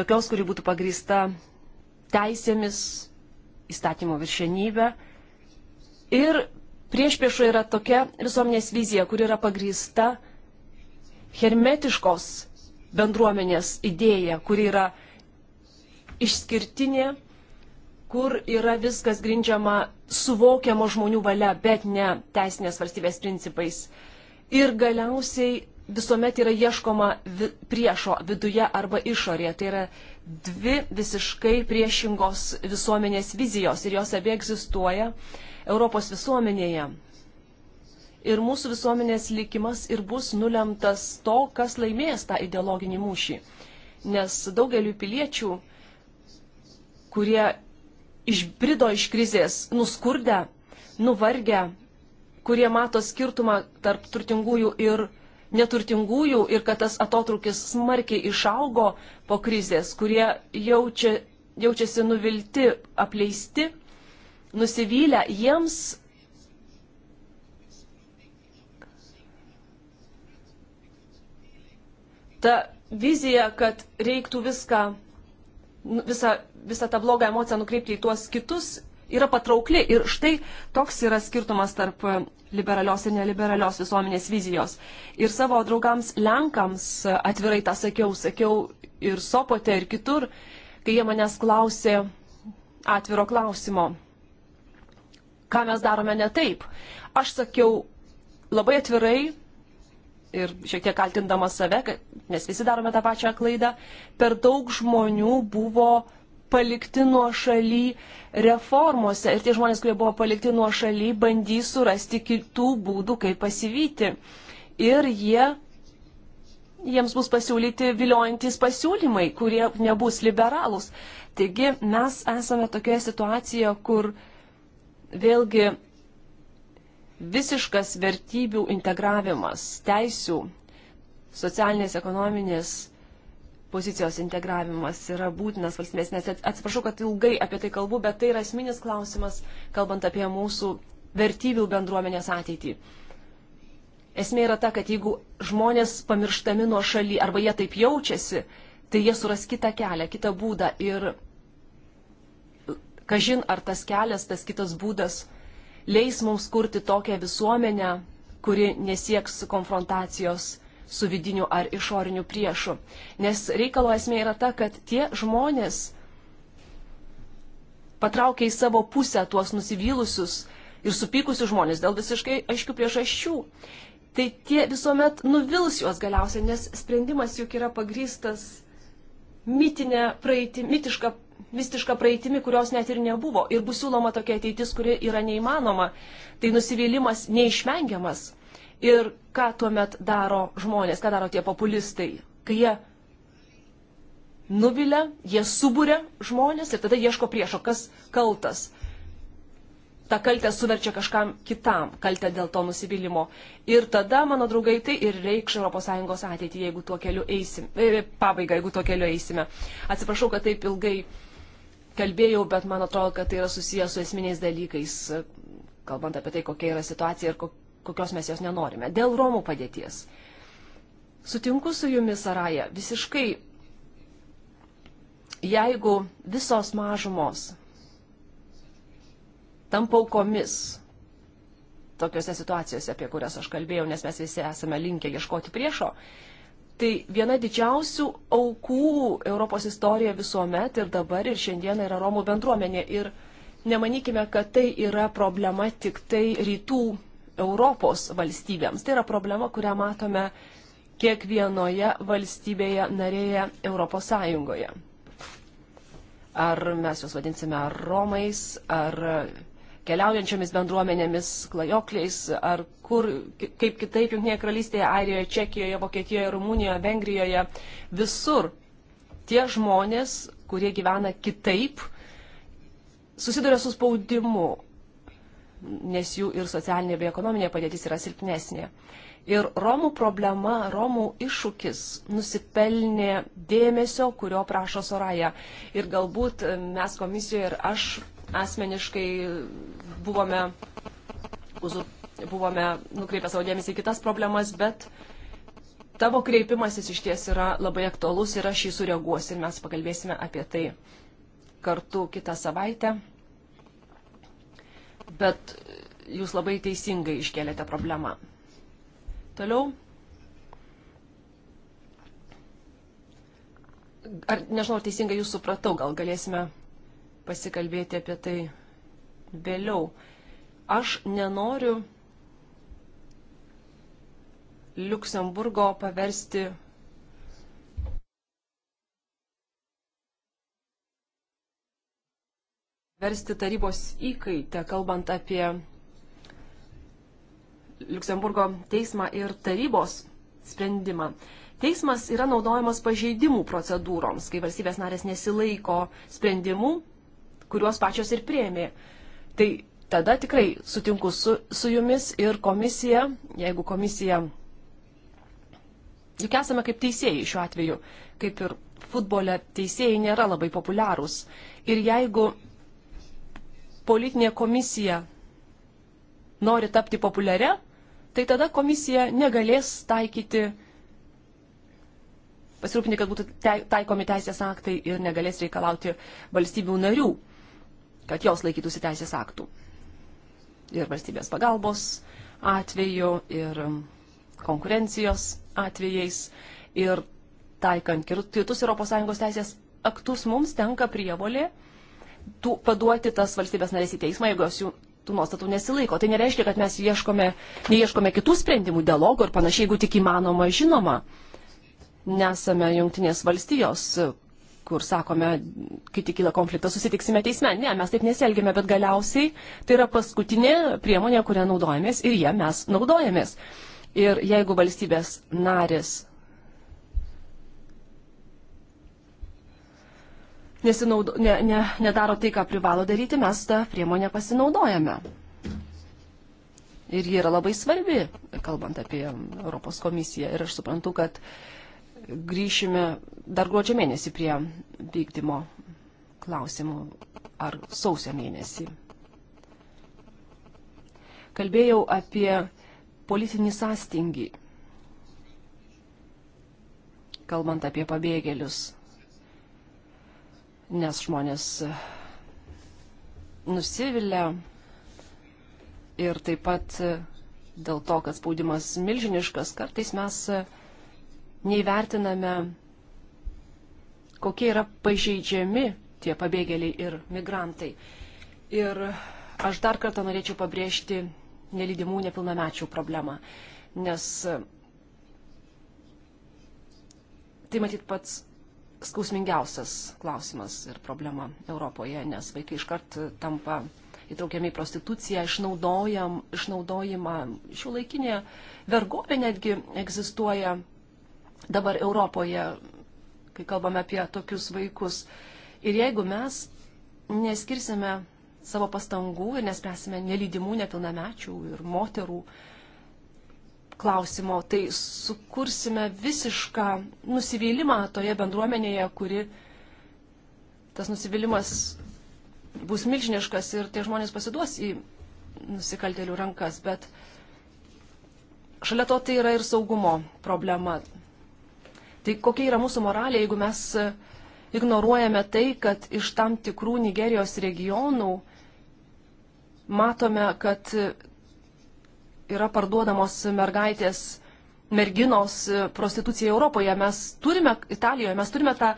tokios, kuri būtų pagrįsta teisėmis, įstatymo viršenybė. Ir prieš priešo yra tokia visuomenės vizija, kuri yra pagrįsta hermetiškos bendruomenės idėja, kuri yra išskirtinė, kur yra viskas grindžiama suvokiamo žmonių valia, bet ne teisinės valstybės principais. Ir galiausiai visuomet yra ieškoma vi priešo viduje arba išorėje. Tai yra dvi visiškai priešingos visuomenės vizijos ir jos abie egzistuoja Europos visuomenėje ir mūsų visuomenės likimas ir bus nulemtas to, kas laimės tą ideologinį mūšį. Nes daugeliu piliečių, kurie išbrido iš krizės, nuskurdę, nuvargę, kurie mato skirtumą tarp turtingųjų ir neturtingųjų ir kad tas atotrukis smarkiai išaugo po krizės, kurie jaučia, jaučiasi nuvilti, apleisti, nusivylę, jiems ta vizija, kad reiktų viską, nu, visą, visą tą blogą emociją nukreipti į tuos kitus, yra patraukli. Ir štai toks yra skirtumas tarp e, liberalios ir neliberalios visuomenės vizijos. Ir savo draugams Lenkams e, atvirai tą sakiau, sakiau ir Sopote, ir kitur, kai jie manęs klausė atviro klausimo, ką mes darome ne taip. Aš sakiau labai atvirai, ir šiek tiek kaltindamas save, nes visi darome tą pačią klaidą, per daug žmonių buvo palikti nuo šaly reformose ir tie žmonės, kurie buvo palikti nuo šaly, bandys surasti kitų būdų, kaip pasivyti. Ir jie, jiems bus pasiūlyti viliojantis pasiūlymai, kurie nebus liberalūs. Taigi mes esame tokioje situacijoje, kur vėlgi visiškas vertybių integravimas, teisių, socialinės, ekonominės pozicijos integravimas yra būtinas valstybės, nes atsiprašau, kad ilgai apie tai kalbu, bet tai yra esminis klausimas, kalbant apie mūsų vertybių bendruomenės ateitį. Esmė yra ta, kad jeigu žmonės pamirštami nuo šaly arba jie taip jaučiasi, tai jie suras kitą kelią, kitą būdą ir e, kažin ar tas kelias, tas kitas būdas leis mums kurti tokią visuomenę, kuri nesieks konfrontacijos su vidiniu ar išoriniu priešu. Nes reikalo esmė yra ta, kad tie žmonės patraukia į savo pusę tuos nusivylusius ir supykusius žmonės dėl visiškai aiškių priežasčių. Tai tie visuomet nuvils juos galiausiai, nes sprendimas juk yra pagrystas mitinė praeitį, mitiška mistišką praeitimi, kurios net ir nebuvo. Ir bus siūloma tokia ateitis, kuri yra neįmanoma. Tai nusivylimas neišvengiamas. Ir ką tuomet daro žmonės, ką daro tie populistai, kai jie nuvilia, jie suburia žmonės ir tada ieško priešo, kas kaltas. Ta kaltė suverčia kažkam kitam, kaltę dėl to nusivylimo. Ir tada, mano draugai, tai ir reikš ES ateitį, jeigu tuo keliu eisime. E, Pabaiga, jeigu tuo keliu eisime. Atsiprašau, kad taip ilgai kalbėjau, bet man atrodo, kad tai yra susijęs su esminiais dalykais, kalbant apie tai, kokia yra situacija ir kokios mes jos nenorime. Dėl Romų padėties. Sutinku su jumis, Saraja, visiškai, jeigu visos mažumos tampa aukomis tokiuose situacijose, apie kurias aš kalbėjau, nes mes visi esame linkę ieškoti priešo, uh, Tai viena didžiausių aukų Europos istorijoje visuomet ir dabar ir šiandien yra Romų bendruomenė. Ir nemanykime, kad tai yra problema tik tai rytų Europos valstybėms. Tai yra problema, kurią matome kiekvienoje valstybėje narėje Europos Sąjungoje. Ar mes juos vadinsime romais, ar keliaujančiomis bendruomenėmis, klajokliais, ar kur, kaip kitaip, Junktinėje karalystėje, Airijoje, Čekijoje, Vokietijoje, Rumunijoje, Vengrijoje, visur tie žmonės, kurie gyvena kitaip, susiduria su spaudimu, nes jų ir socialinė bei ekonominė padėtis yra silpnesnė. Ir Romų problema, Romų iššūkis nusipelnė dėmesio, kurio prašo Soraja. Ir galbūt e, mes komisijoje ir aš asmeniškai buvome, uzur, buvome nukreipę savo dėmesį į kitas problemas, bet tavo kreipimasis iš ties yra labai aktualus ir aš jį sureaguosiu ir mes pakalbėsime apie tai kartu kitą savaitę. Bet jūs labai teisingai iškėlėte problemą. Toliau. Ar nežinau, ar teisingai jūs supratau, gal galėsime pasikalbėti apie tai vėliau. Aš nenoriu Luksemburgo paversti versti tarybos įkaitę, kalbant apie Luksemburgo teismą ir tarybos sprendimą. Teismas yra naudojamas pažeidimų procedūroms, kai valstybės narės nesilaiko sprendimų, kuriuos pačios ir prieimė. Tai tada tikrai sutinku su, su jumis ir komisija, jeigu komisija. Juk esame kaip teisėjai šiuo atveju, kaip ir futbole teisėjai nėra labai populiarūs. Ir jeigu politinė komisija nori tapti populiaria, tai tada komisija negalės taikyti, pasirūpinti, kad būtų taikomi teisės aktai ir negalės reikalauti valstybių narių kad jos laikytųsi teisės aktų. Ir valstybės pagalbos atveju, ir konkurencijos atvejais, ir taikant kitus ES teisės aktus mums tenka prievolė tų, paduoti tas valstybės narės į teismą, jeigu jos jų tų nuostatų nesilaiko. Tai nereiškia, kad mes ieškome, neieškome kitų sprendimų, dialogų ir panašiai, jeigu tik įmanoma, žinoma. Nesame jungtinės valstijos, kur sakome, kai tik kyla konfliktas, susitiksime teisme. Ne, mes taip nesielgime, bet galiausiai tai yra paskutinė priemonė, kurią naudojamės ir ją mes naudojamės. Ir jeigu valstybės narės nesinaudo, ne, ne, nedaro tai, ką privalo daryti, mes tą priemonę pasinaudojame. Ir ji yra labai svarbi, kalbant apie Europos komisiją. Ir aš suprantu, kad uh, grįšime dar gruodžio mėnesį prie vykdymo klausimų ar sausio mėnesį. Kalbėjau apie politinį sąstingį, kalbant apie pabėgėlius, nes žmonės nusivilia ir taip pat dėl to, kad spaudimas milžiniškas, kartais mes neįvertiname, kokie yra pažeidžiami tie pabėgėliai ir migrantai. Ir aš dar kartą norėčiau pabrėžti nelydimų nepilnamečių problemą, nes tai matyt pats skausmingiausias klausimas ir problema Europoje, nes vaikai iškart tampa įtraukiami į prostituciją, išnaudojam, išnaudojimą. Šių laikinė vergovė netgi egzistuoja dabar Europoje, kai kalbame apie tokius vaikus. Ir jeigu mes neskirsime savo pastangų ir nespręsime nelydimų nepilnamečių ir moterų klausimo, tai sukursime visišką nusivylimą toje bendruomenėje, kuri tas nusivylimas bus milžiniškas ir tie žmonės pasiduos į nusikaltelių rankas, bet šalia to tai yra ir saugumo problema. Tai kokia yra mūsų moralė, jeigu mes e, ignoruojame tai, kad iš tam tikrų Nigerijos regionų matome, kad e, yra parduodamos mergaitės, merginos e, prostitucija Europoje. Mes turime, Italijoje, mes turime tą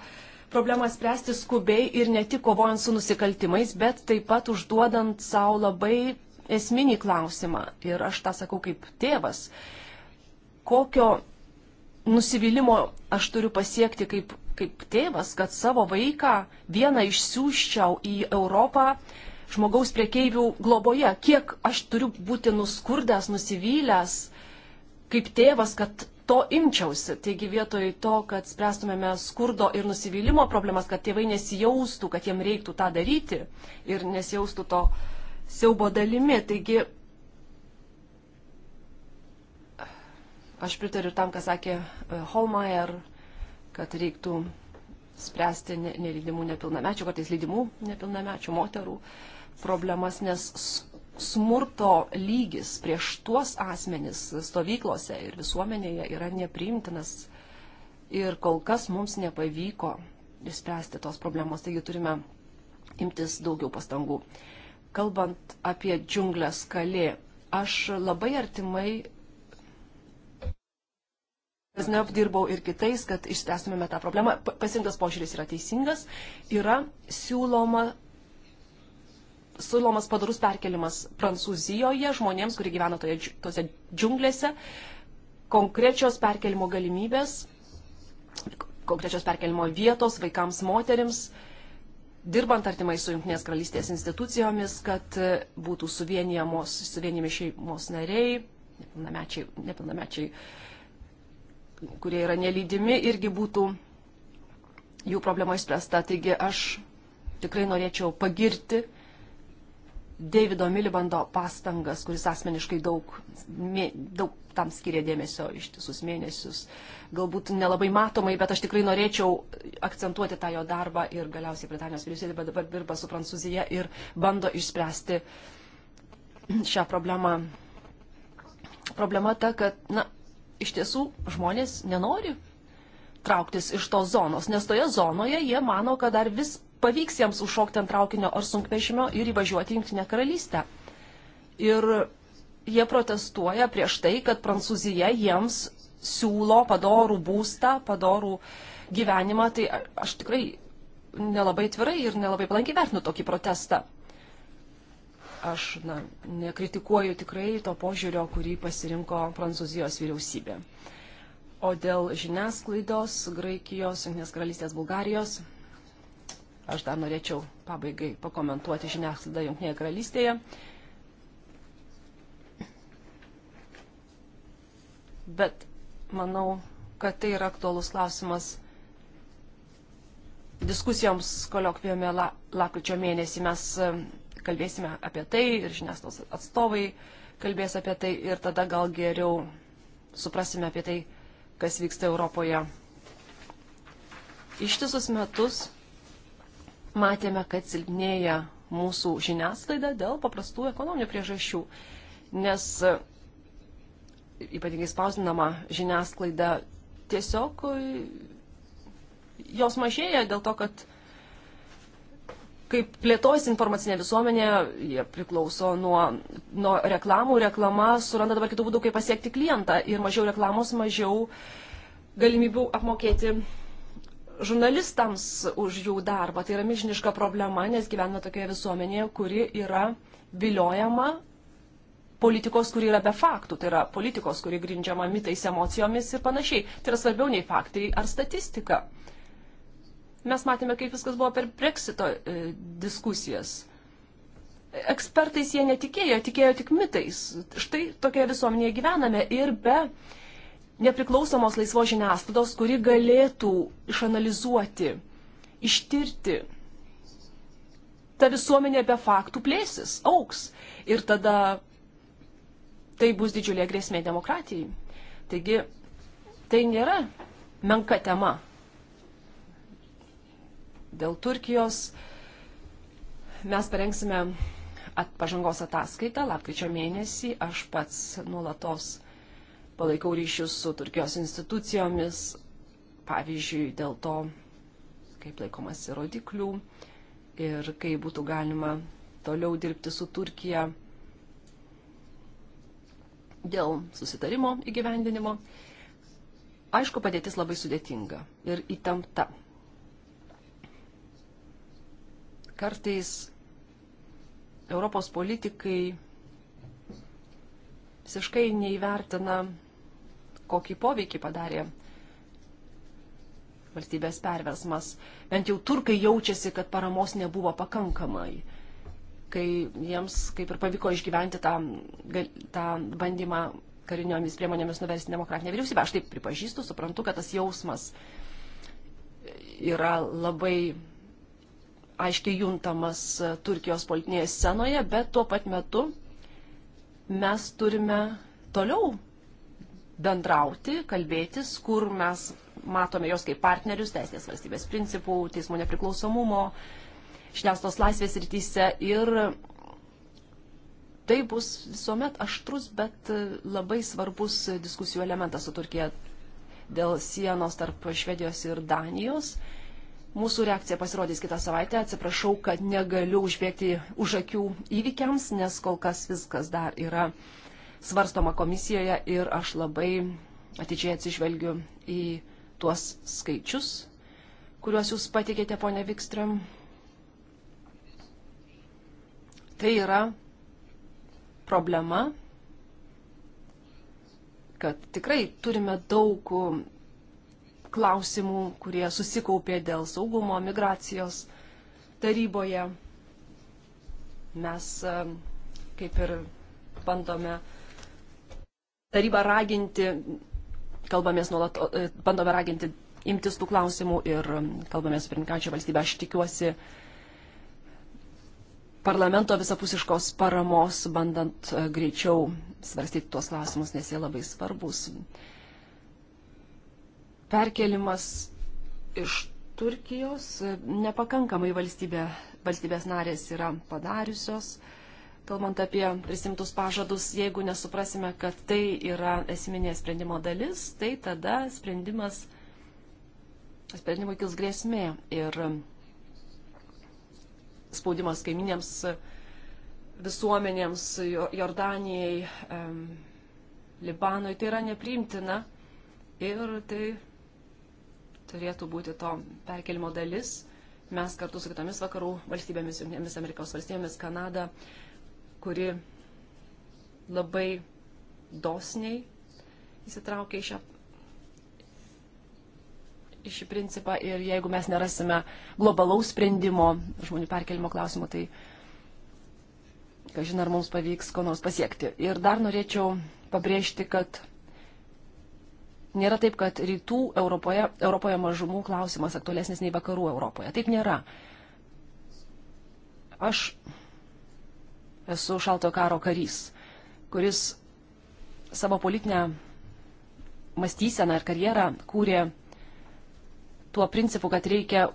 problemą spręsti skubiai ir ne tik kovojant su nusikaltimais, bet taip pat užduodant savo labai esminį klausimą. Ir aš tą sakau kaip tėvas. Kokio nusivylimo aš turiu pasiekti kaip, kaip tėvas, kad savo vaiką vieną išsiųščiau į Europą žmogaus priekeivių globoje. Kiek aš turiu būti nuskurdęs, nusivylęs kaip tėvas, kad to imčiausi. Taigi vietoj to, kad spręstumėme skurdo ir nusivylimų problemas, kad tėvai nesijaustų, kad jiem reiktų tą daryti ir nesijaustų to siaubo dalimi. Taigi Aš pritariu tam, ką sakė e, Holmeier, kad reiktų spręsti nelydimų nepilnamečių, kartais lydimų nepilnamečių moterų problemas, nes smurto lygis prieš tuos asmenis stovyklose ir visuomenėje yra nepriimtinas ir kol kas mums nepavyko išspręsti tos problemos, taigi turime imtis daugiau pastangų. Kalbant apie džiunglę skalė, aš labai artimai Znev dirbau ir kitais, kad išspręstumėme tą problemą. Pasirinktas požiūris yra teisingas. Yra siūloma, siūlomas padarus perkelimas Prancūzijoje žmonėms, kurie gyvena toje, tose džiunglėse, konkrečios perkelimo galimybės, konkrečios perkelimo vietos vaikams, moterims, dirbant artimai su Junktinės karalystės institucijomis, kad e, būtų suvienijami šeimos nariai, nepilnamečiai, nepilnamečiai kurie yra nelydimi, irgi būtų jų problema išspręsta. Taigi aš tikrai norėčiau pagirti Davido Milibando pastangas, kuris asmeniškai daug, mė, daug tam skiria dėmesio ištisus mėnesius. Galbūt nelabai matomai, bet aš tikrai norėčiau akcentuoti tą jo darbą ir galiausiai Britanijos vyriausybė dabar dirba su Prancūzija ir bando išspręsti šią problemą. Problema ta, kad, na, iš tiesų žmonės nenori trauktis iš tos zonos, nes toje zonoje jie mano, kad dar vis pavyks jiems užšokti ant traukinio ar sunkvežimio ir įvažiuoti į Junktinę karalystę. Ir jie protestuoja prieš tai, kad Prancūzija jiems siūlo padorų būstą, padorų gyvenimą. Tai aš tikrai nelabai tvirai ir nelabai palankiai vertinu tokį protestą aš na, nekritikuoju tikrai to požiūrio, kurį pasirinko Prancūzijos vyriausybė. O dėl žiniasklaidos, Graikijos, Junktinės karalystės, Bulgarijos, aš dar norėčiau pabaigai pakomentuoti žiniasklaidą Junktinėje karalystėje. Bet manau, kad tai yra aktuolus klausimas diskusijoms kolokvijume la, lakryčio mėnesį. Mes kalbėsime apie tai ir žiniasklaidos atstovai kalbės apie tai ir tada gal geriau suprasime apie tai, kas vyksta Europoje. Ištisus metus matėme, kad silpnėja mūsų žiniasklaida dėl paprastų ekonominių priežasčių, nes ypatingai spausdinama žiniasklaida tiesiog jos mažėja dėl to, kad kaip plėtojasi informacinė visuomenė, jie priklauso nuo, nuo reklamų, reklama suranda dabar kitų būdų, kaip pasiekti klientą ir mažiau reklamos, mažiau galimybių apmokėti žurnalistams už jų darbą. Tai yra milžiniška problema, nes gyvename tokioje visuomenėje, kuri yra viliojama politikos, kuri yra be faktų, tai yra politikos, kuri grindžiama mitais, emocijomis ir panašiai. Tai yra svarbiau nei faktai ar statistika. Mes matėme, kaip viskas buvo per Brexito e, diskusijas. Ekspertais jie netikėjo, tikėjo tik mitais. Štai tokioje visuomenėje gyvename ir be nepriklausomos laisvos žiniasklaidos, kuri galėtų išanalizuoti, ištirti. Ta visuomenė be faktų plėsis, auks. Ir tada tai bus didžiulė grėsmė demokratijai. Taigi tai nėra menka tema dėl Turkijos. Mes parengsime pažangos ataskaitą lapkričio mėnesį. Aš pats nuolatos palaikau ryšius su Turkijos institucijomis, pavyzdžiui, dėl to, kaip laikomasi rodiklių ir kaip būtų galima toliau dirbti su Turkija dėl susitarimo įgyvendinimo. Aišku, padėtis labai sudėtinga ir įtempta. Kartais Europos politikai visiškai neįvertina, kokį poveikį padarė valstybės perversmas. Bent jau turkai jaučiasi, kad paramos nebuvo pakankamai, kai jiems kaip ir pavyko išgyventi tą, tą bandymą kariniomis priemonėmis nuversti demokratinę vyriausybę. Aš taip pripažįstu, suprantu, kad tas jausmas yra labai aiškiai juntamas e, Turkijos politinėje scenoje, bet tuo pat metu mes turime toliau bendrauti, kalbėtis, kur mes matome jos kaip partnerius teisinės valstybės principų, teismų nepriklausomumo, žiniasklaidos laisvės rytise ir tai bus visuomet aštrus, bet labai svarbus diskusijų elementas su Turkija dėl sienos tarp Švedijos ir Danijos. Mūsų reakcija pasirodys kitą savaitę. Atsiprašau, kad negaliu užbėgti už akių įvykiams, nes kol kas viskas dar yra svarstoma komisijoje ir aš labai atidžiai atsižvelgiu į tuos skaičius, kuriuos jūs patikėte, ponė Vikström. Tai yra problema, kad tikrai turime daug klausimų, kurie susikaupė dėl saugumo, migracijos taryboje. Mes e, kaip ir bandome tarybą raginti, kalbamės nuolat, e, bandome raginti imtis tų klausimų ir e, kalbamės pirinkančią valstybę. Aš tikiuosi parlamento visapusiškos paramos, bandant greičiau svarstyti tuos klausimus, nes jie labai svarbus perkelimas iš Turkijos nepakankamai valstybė, valstybės narės yra padariusios. Kalbant apie prisimtus pažadus, jeigu nesuprasime, kad tai yra esminė sprendimo dalis, tai tada sprendimas, sprendimui kils grėsmė ir spaudimas kaiminėms visuomenėms, Jordanijai, Libanui, tai yra nepriimtina ir tai turėtų būti to perkelimo dalis. Mes kartu su kitomis vakarų valstybėmis, Junktinėmis Amerikos valstybėmis, Kanada, kuri labai dosniai įsitraukia į šią į šį principą ir jeigu mes nerasime globalaus sprendimo žmonių perkelimo klausimų, tai kažin ar mums pavyks ko nors pasiekti. Ir dar norėčiau pabrėžti, kad nėra taip, kad rytų Europoje, Europoje mažumų klausimas aktualesnis nei vakarų Europoje. Taip nėra. Aš esu šalto karo karys, kuris savo politinę mąstyseną ir karjerą kūrė tuo principu, kad reikia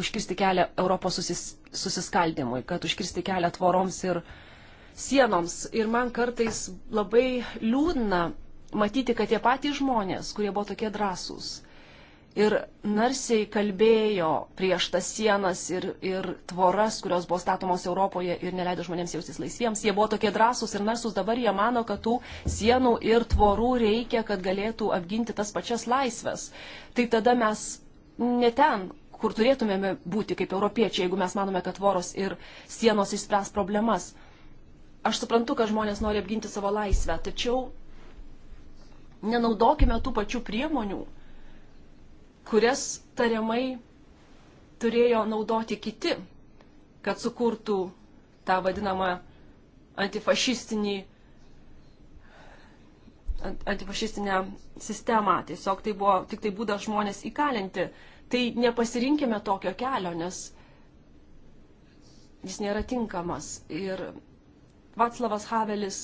užkirsti kelią Europos susis, susiskaldimui, kad užkirsti kelią tvoroms ir sienoms. Ir man kartais labai liūdna matyti, kad tie patys žmonės, kurie buvo tokie drąsūs ir narsiai kalbėjo prieš tas sienas ir, ir tvoras, kurios buvo statomos Europoje ir neleido žmonėms jaustis laisviems, jie buvo tokie drąsūs ir narsus, dabar jie mano, kad tų sienų ir tvorų reikia, kad galėtų apginti tas pačias laisvės. Tai tada mes ne ten, kur turėtumėme būti kaip europiečiai, jeigu mes manome, kad tvoros ir sienos išspręs problemas. Aš suprantu, kad žmonės nori apginti savo laisvę, tačiau nenaudokime tų pačių priemonių, kurias tariamai turėjo naudoti kiti, kad sukurtų tą vadinamą antifašistinį antifašistinę sistemą. Tiesiog tai buvo tik tai būdas žmonės įkalinti. Tai nepasirinkime tokio kelio, nes jis nėra tinkamas. Ir Vaclavas Havelis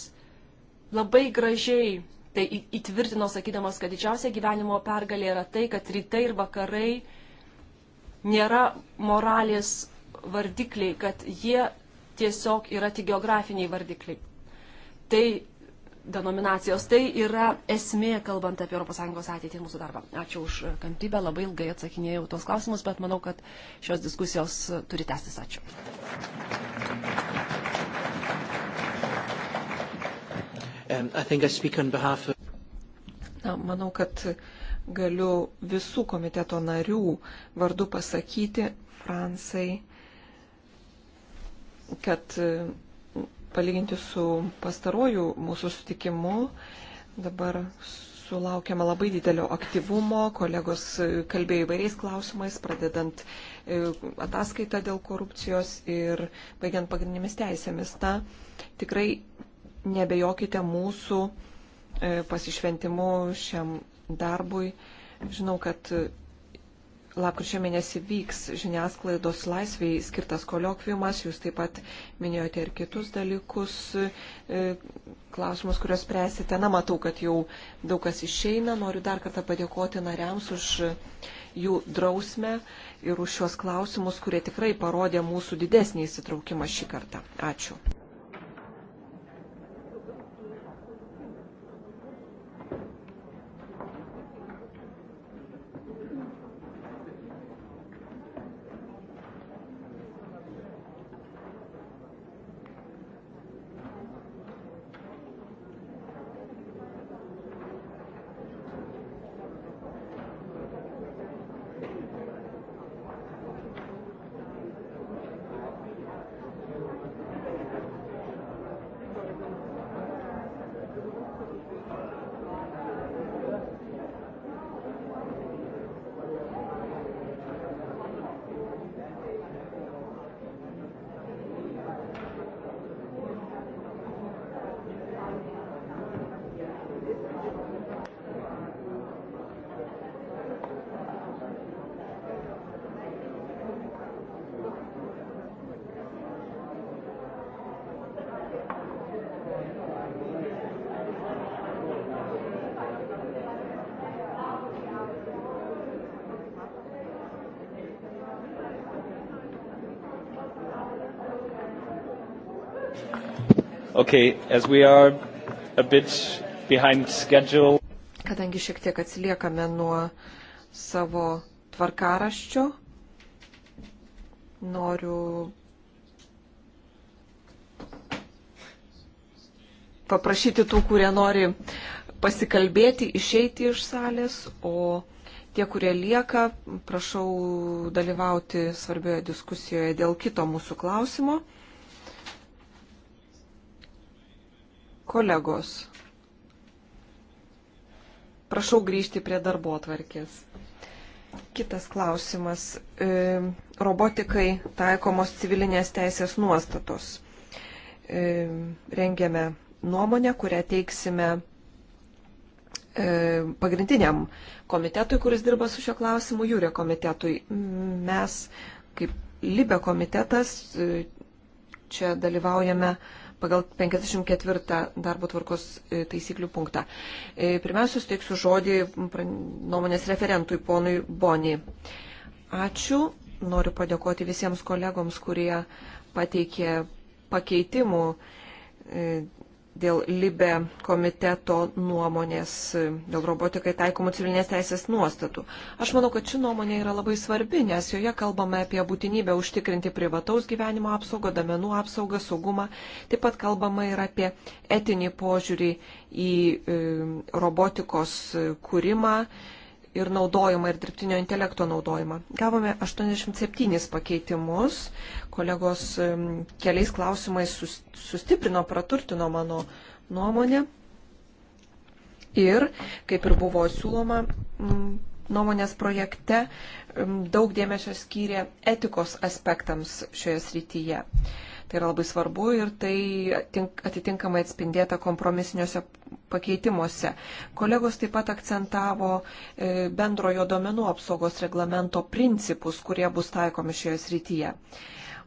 labai gražiai tai įtvirtino sakydamas, kad didžiausia gyvenimo pergalė yra tai, kad rytai ir vakarai nėra moralės vardikliai, kad jie tiesiog yra tik geografiniai vardikliai. Tai denominacijos, tai yra esmė, kalbant apie ES ateitį ir mūsų darbą. Ačiū už kantrybę, labai ilgai atsakinėjau tos klausimus, bet manau, kad šios diskusijos turi tęstis. Ačiū. Um, Na, manau, kad galiu visų komiteto narių vardu pasakyti Fransai, kad palyginti su pastaruoju mūsų sutikimu, dabar sulaukiama labai didelio aktyvumo, kolegos kalbėjo įvairiais klausimais, pradedant e, ataskaitą dėl korupcijos ir baigiant pagrindinėmis teisėmis. Ta tikrai nebejokite mūsų e, pasišventimu šiam darbui. Žinau, kad lapkričio mėnesį vyks žiniasklaidos laisviai skirtas kolokviumas, jūs taip pat minėjote ir kitus dalykus, e, klausimus, kuriuos spręsite. Na, matau, kad jau daug kas išeina. Noriu dar kartą padėkoti nariams už jų drausmę ir už šios klausimus, kurie tikrai parodė mūsų didesnį įsitraukimą šį kartą. Ačiū. Okay, as we are a bit behind schedule. Kadangi šiek tiek atsiliekame nuo savo tvarkaraščio, noriu paprašyti tų, kurie nori pasikalbėti, išeiti iš salės, o tie, kurie lieka, prašau dalyvauti svarbioje diskusijoje dėl kito mūsų klausimo. Kolegos, prašau grįžti prie darbo atvarkės. Kitas klausimas. E, robotikai taikomos civilinės teisės nuostatos. E, rengiame nuomonę, kurią teiksime e, pagrindiniam komitetui, kuris dirba su šio klausimu, jūrio komitetui. Mes kaip Libe komitetas čia dalyvaujame uh, pagal 54 darbo tvarkos e, taisyklių punktą. E, pirmiausia, suteiksiu žodį nuomonės referentui, ponui Boni. Ačiū. Noriu padėkoti visiems kolegoms, kurie pateikė pakeitimų e, dėl Libe komiteto nuomonės, dėl robotikai taikomų civilinės teisės nuostatų. Aš manau, kad ši nuomonė yra labai svarbi, nes joje kalbame apie būtinybę užtikrinti privataus gyvenimo apsaugą, domenų apsaugą, saugumą. Taip pat kalbama ir apie etinį požiūrį į e, robotikos kūrimą, ir naudojimą, ir dirbtinio intelekto naudojimą. Gavome 87 pakeitimus, kolegos keliais klausimais sustiprino, praturtino mano nuomonę. Ir, kaip ir buvo siūloma nuomonės projekte, daug dėmesio skyrė etikos aspektams šioje srityje. Tai yra labai svarbu ir tai atitinkamai atspindėta kompromisiniuose pakeitimuose. Kolegos taip pat akcentavo e, bendrojo domenų apsaugos reglamento principus, kurie bus taikomi šioje srityje.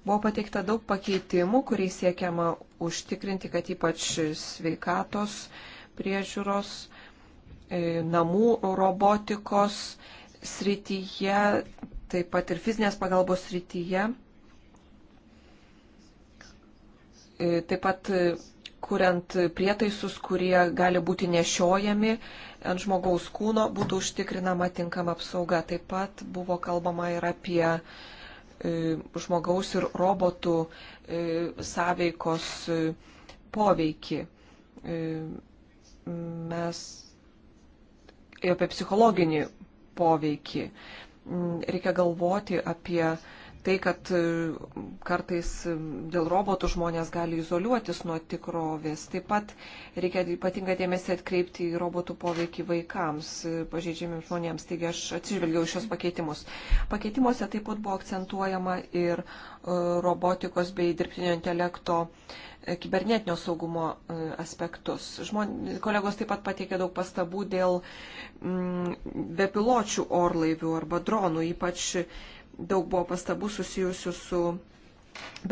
Buvo pateikta daug pakeitimų, kuriais siekiama užtikrinti, kad ypač sveikatos priežiūros, e, namų robotikos srityje, taip pat ir fizinės pagalbos srityje E, taip pat e, kuriant prietaisus, kurie gali būti nešiojami ant žmogaus kūno, būtų užtikrinama tinkama apsauga. Taip pat buvo kalbama ir apie e, žmogaus ir robotų sąveikos poveikį. Mes apie psichologinį poveikį. Mm, reikia galvoti apie tai, kad e, kartais e, dėl robotų žmonės gali izoliuotis nuo tikrovės. Taip pat reikia ypatingą dėmesį atkreipti į robotų poveikį vaikams, e, pažeidžiamiems žmonėms. Taigi aš atsižvelgiau šios pakeitimus. Pakeitimuose taip pat buvo akcentuojama ir robotikos bei dirbtinio intelekto kibernetinio saugumo aspektus. Žmon, kolegos taip pat pateikė daug pastabų dėl mm, bepiločių orlaivių arba dronų, ypač daug buvo pastabų susijusių su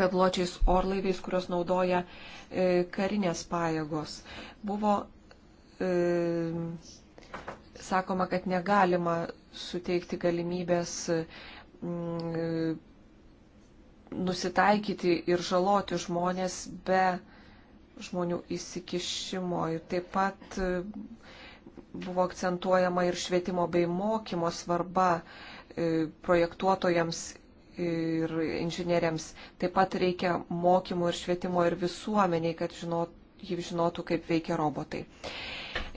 bepločiais orlaiviais, kurios naudoja e, karinės pajėgos. Buvo e, sakoma, kad negalima suteikti galimybės m, e, nusitaikyti ir žaloti žmonės be žmonių įsikišimo. Ir taip pat e, buvo akcentuojama ir švietimo bei mokymo svarba E, projektuotojams ir inžinieriams. Taip pat reikia mokymų ir švietimo ir visuomeniai, kad žinot, jį žinotų, kaip veikia robotai.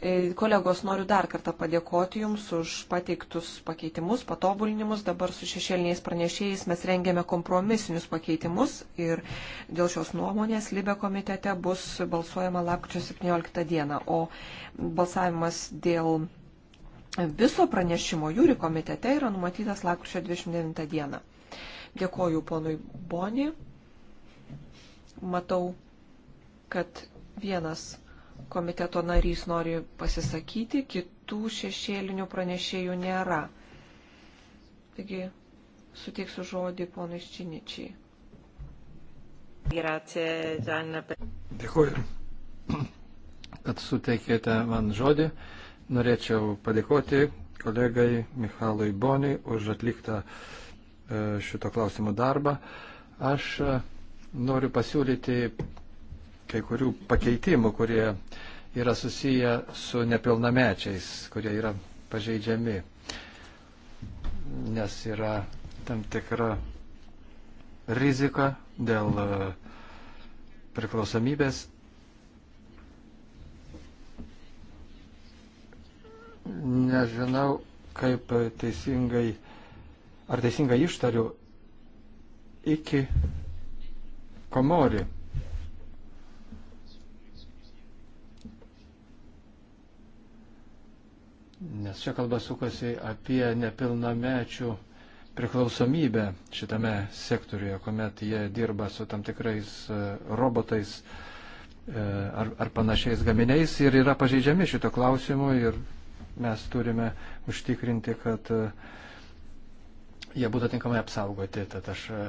E, kolegos, noriu dar kartą padėkoti Jums už pateiktus pakeitimus, patobulinimus. Dabar su šešėliniais pranešėjais mes rengėme kompromisinius pakeitimus ir dėl šios nuomonės Libe komitete bus balsuojama lapkričio 17 dieną, o balsavimas dėl viso pranešimo jūri komitete yra numatytas lakrūčio 29 dieną. Dėkoju ponui Boni. Matau, kad vienas komiteto narys nori pasisakyti, kitų šešėlinių pranešėjų nėra. Taigi suteiksiu žodį ponui Ščiničiai. Dėkuoju, kad suteikėte man žodį. Uh, Norėčiau padėkoti kolegai Michalui Boniui už atliktą e, šito klausimo darbą. Aš e, noriu pasiūlyti kai kurių pakeitimų, kurie yra susiję su nepilnamečiais, kurie yra pažeidžiami, nes yra tam tikra rizika dėl e, priklausomybės nežinau, kaip teisingai, ar teisingai ištariu, iki komori. Nes čia kalba sukasi apie nepilnamečių priklausomybę šitame sektoriuje, kuomet jie dirba su tam tikrais e, robotais e, ar, ar panašiais gaminiais ir yra pažeidžiami šito klausimu ir Mes turime užtikrinti, kad e, jie būtų tinkamai apsaugoti, tad aš e,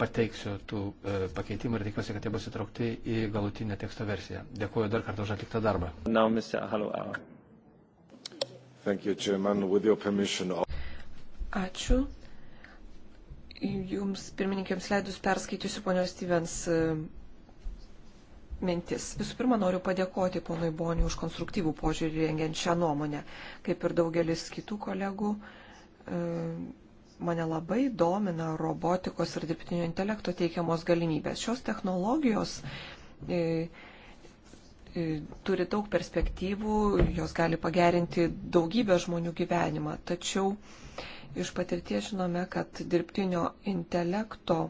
pateiksiu tų e, pakeitimų ir tikiuosi, kad jie bus įtraukti į galutinę teksto versiją. Dėkuoju dar kartą už atliktą darbą. Now, you, Chairman, Ačiū. Jums pirmininkėms leidus perskaitysiu ponios Stevens mintis. Visų pirma, noriu padėkoti ponui Boniui už konstruktyvų požiūrį rengiant šią nuomonę. Kaip ir daugelis kitų kolegų, e, mane labai domina robotikos ir dirbtinio intelekto teikiamos galimybės. Šios technologijos e, e, turi daug perspektyvų, jos gali pagerinti daugybę žmonių gyvenimą. Tačiau iš patirties žinome, kad dirbtinio intelekto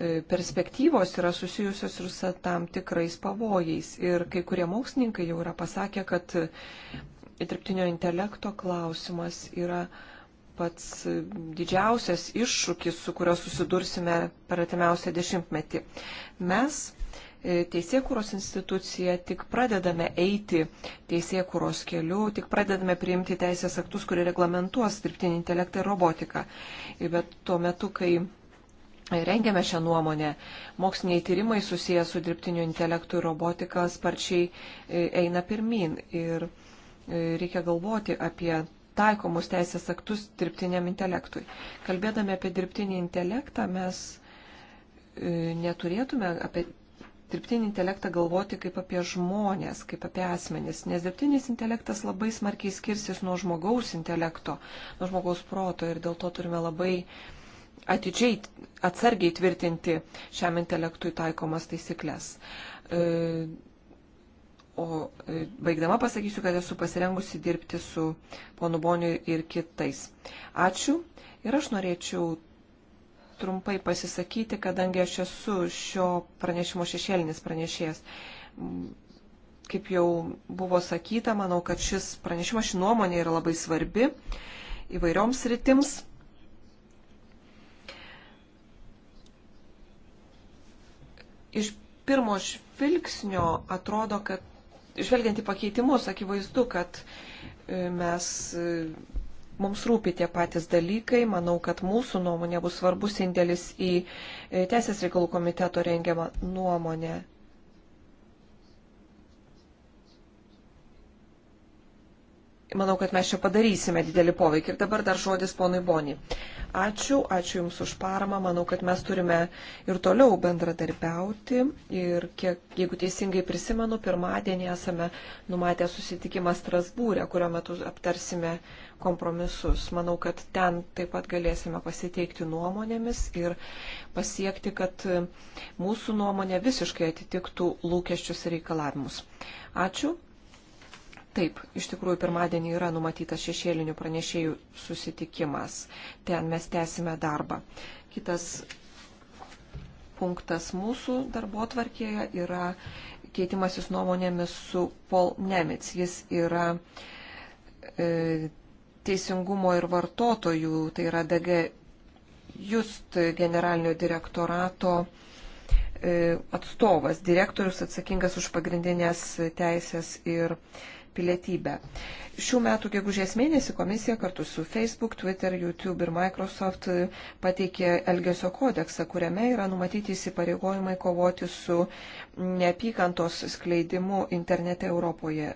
E, perspektyvos yra susijusios ir su tam tikrais pavojais. Ir kai kurie mokslininkai jau yra pasakę, kad dirbtinio intelekto klausimas yra pats didžiausias iššūkis, su kurio susidursime per atimiausią dešimtmetį. Mes e, Teisėkūros institucija tik pradedame eiti teisėkūros keliu, tik pradedame priimti teisės aktus, kurie reglamentuos dirbtinį intelektą ir robotiką. Bet tuo metu, kai Rengiame šią nuomonę. Moksliniai tyrimai susiję su dirbtiniu intelektu ir robotika sparčiai e, eina pirmin ir e, reikia galvoti apie taikomus teisės aktus dirbtiniam intelektui. Kalbėdami apie dirbtinį intelektą, mes e, neturėtume apie dirbtinį intelektą galvoti kaip apie žmonės, kaip apie asmenis, nes dirbtinis intelektas labai smarkiai skirsis nuo žmogaus intelekto, nuo žmogaus proto ir dėl to turime labai uh, atidžiai, atsargiai tvirtinti šiam intelektui taikomas taisyklės. E, o e, baigdama pasakysiu, kad esu pasirengusi dirbti su ponu Boniu ir kitais. Ačiū ir aš norėčiau trumpai pasisakyti, kadangi aš esu šio pranešimo šešėlinis pranešėjas. Kaip jau buvo sakyta, manau, kad šis pranešimas, ši nuomonė yra labai svarbi įvairioms rytims. iš pirmo žvilgsnio atrodo, kad žvelgiant į pakeitimus, akivaizdu, kad e, mes, e, mums rūpi tie patys dalykai. Manau, kad mūsų nuomonė bus svarbus indėlis į e, Teisės reikalų komiteto rengiamą nuomonę. manau, kad mes čia padarysime didelį poveikį. Ir dabar dar žodis ponui Boni. Ačiū, ačiū Jums už paramą. Manau, kad mes turime ir toliau bendradarbiauti. Ir kiek, jeigu teisingai prisimenu, pirmadienį esame numatę susitikimą Strasbūrę, kurio metu aptarsime kompromisus. Manau, kad ten taip pat galėsime pasiteikti nuomonėmis ir pasiekti, kad mūsų nuomonė visiškai atitiktų lūkesčius ir reikalavimus. Ačiū. Taip, iš tikrųjų pirmadienį yra numatytas šešėlinių pranešėjų susitikimas. Ten mes tęsime darbą. Kitas punktas mūsų darbo tvarkėje yra keitimasis nuomonėmis su Paul Nemitz. Jis yra e, teisingumo ir vartotojų, tai yra DG Just generalinio direktorato e, atstovas, direktorius atsakingas už pagrindinės teisės ir e, pilietybę. Šių metų gegužės mėnesį komisija kartu su Facebook, Twitter, YouTube ir Microsoft pateikė Elgesio kodeksą, kuriame yra numatyti įsipareigojimai kovoti su neapykantos skleidimu internete Europoje.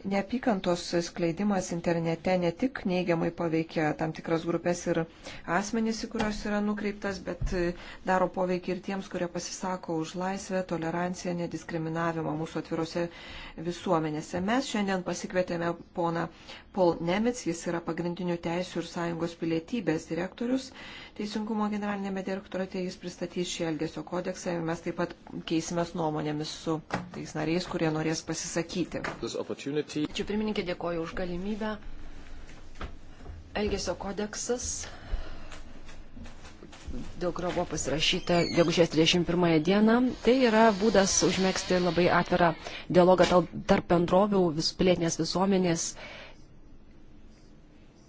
Neapykantos skleidimas internete ne tik neigiamai paveikia tam tikras grupės ir asmenys, į kurios yra nukreiptas, bet e, daro poveikį ir tiems, kurie pasisako už laisvę, toleranciją, nediskriminavimą mūsų atvirose visuomenėse. Mes šiandien pasikvietėme poną Paul Nemits, jis yra pagrindinių teisų ir sąjungos pilietybės direktorius. Teisingumo generalinėme direktorate jis pristatys šį Elgesio kodeksą ir mes taip pat keisimės nuomonėmis su tais nariais, kurie norės pasisakyti. Ačiū pirmininkė, dėkoju už galimybę. Elgesio kodeksas, dėl kurio buvo pasirašyta gegužės 31 dieną, tai yra būdas užmėgsti labai atvirą dialogą tarp bendrovių, vis, pilietinės visuomenės. visuomenės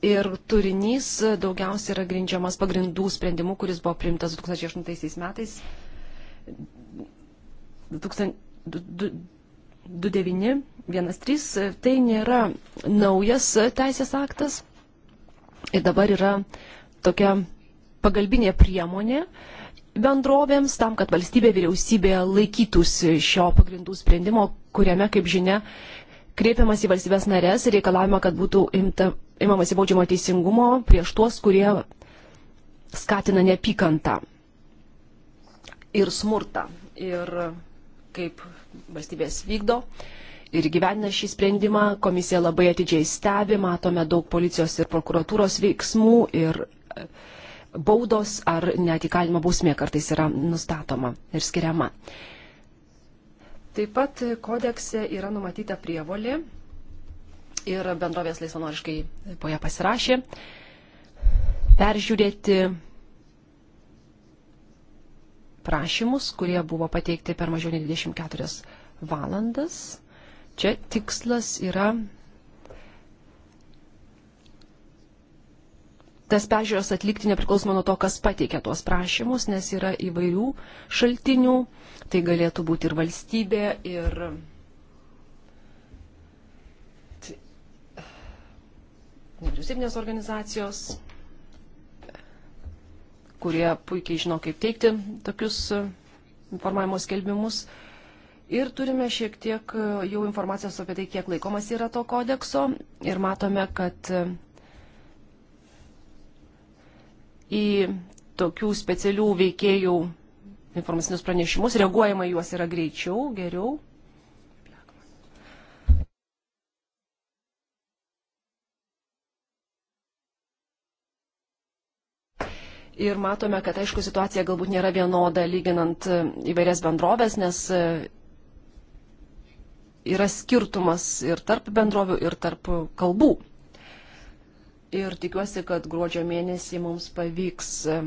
ir turinys daugiausia yra grindžiamas pagrindų sprendimu, kuris buvo priimtas 2008 metais 2913. Tai nėra naujas teisės aktas ir dabar yra tokia pagalbinė priemonė bendrovėms tam, kad valstybė vyriausybė laikytųsi šio pagrindų sprendimo, kuriame, kaip žinia, kreipiamas į valstybės narės ir reikalavimą, kad būtų imta imamasi baudžiamo teisingumo prieš tuos, kurie skatina neapykantą ir smurtą. Ir kaip valstybės vykdo ir gyvena šį sprendimą, komisija labai atidžiai stebi, matome daug policijos ir prokuratūros veiksmų ir e, baudos ar net įkalinimo bausmė kartais yra nustatoma ir skiriama. Taip pat kodekse yra numatyta prievolė ir bendrovės laisvanoriškai po ją pasirašė, peržiūrėti prašymus, kurie buvo pateikti per mažiau nei 24 valandas. Čia tikslas yra tas peržiūros atlikti nepriklausomai nuo to, kas pateikia tuos prašymus, nes yra įvairių šaltinių. Tai galėtų būti ir valstybė, ir nevyriausybinės organizacijos, kurie puikiai žino, kaip teikti tokius e, informavimo skelbimus. Ir turime šiek tiek e, jau informacijos apie tai, kiek laikomas yra to kodekso. Ir matome, kad e, į tokių specialių veikėjų informacinius pranešimus reaguojama juos yra greičiau, geriau. ir matome, kad aišku situacija galbūt nėra vienoda lyginant e, įvairias bendrovės, nes e, yra skirtumas ir tarp bendrovių, ir tarp kalbų. Ir tikiuosi, kad gruodžio mėnesį mums pavyks e,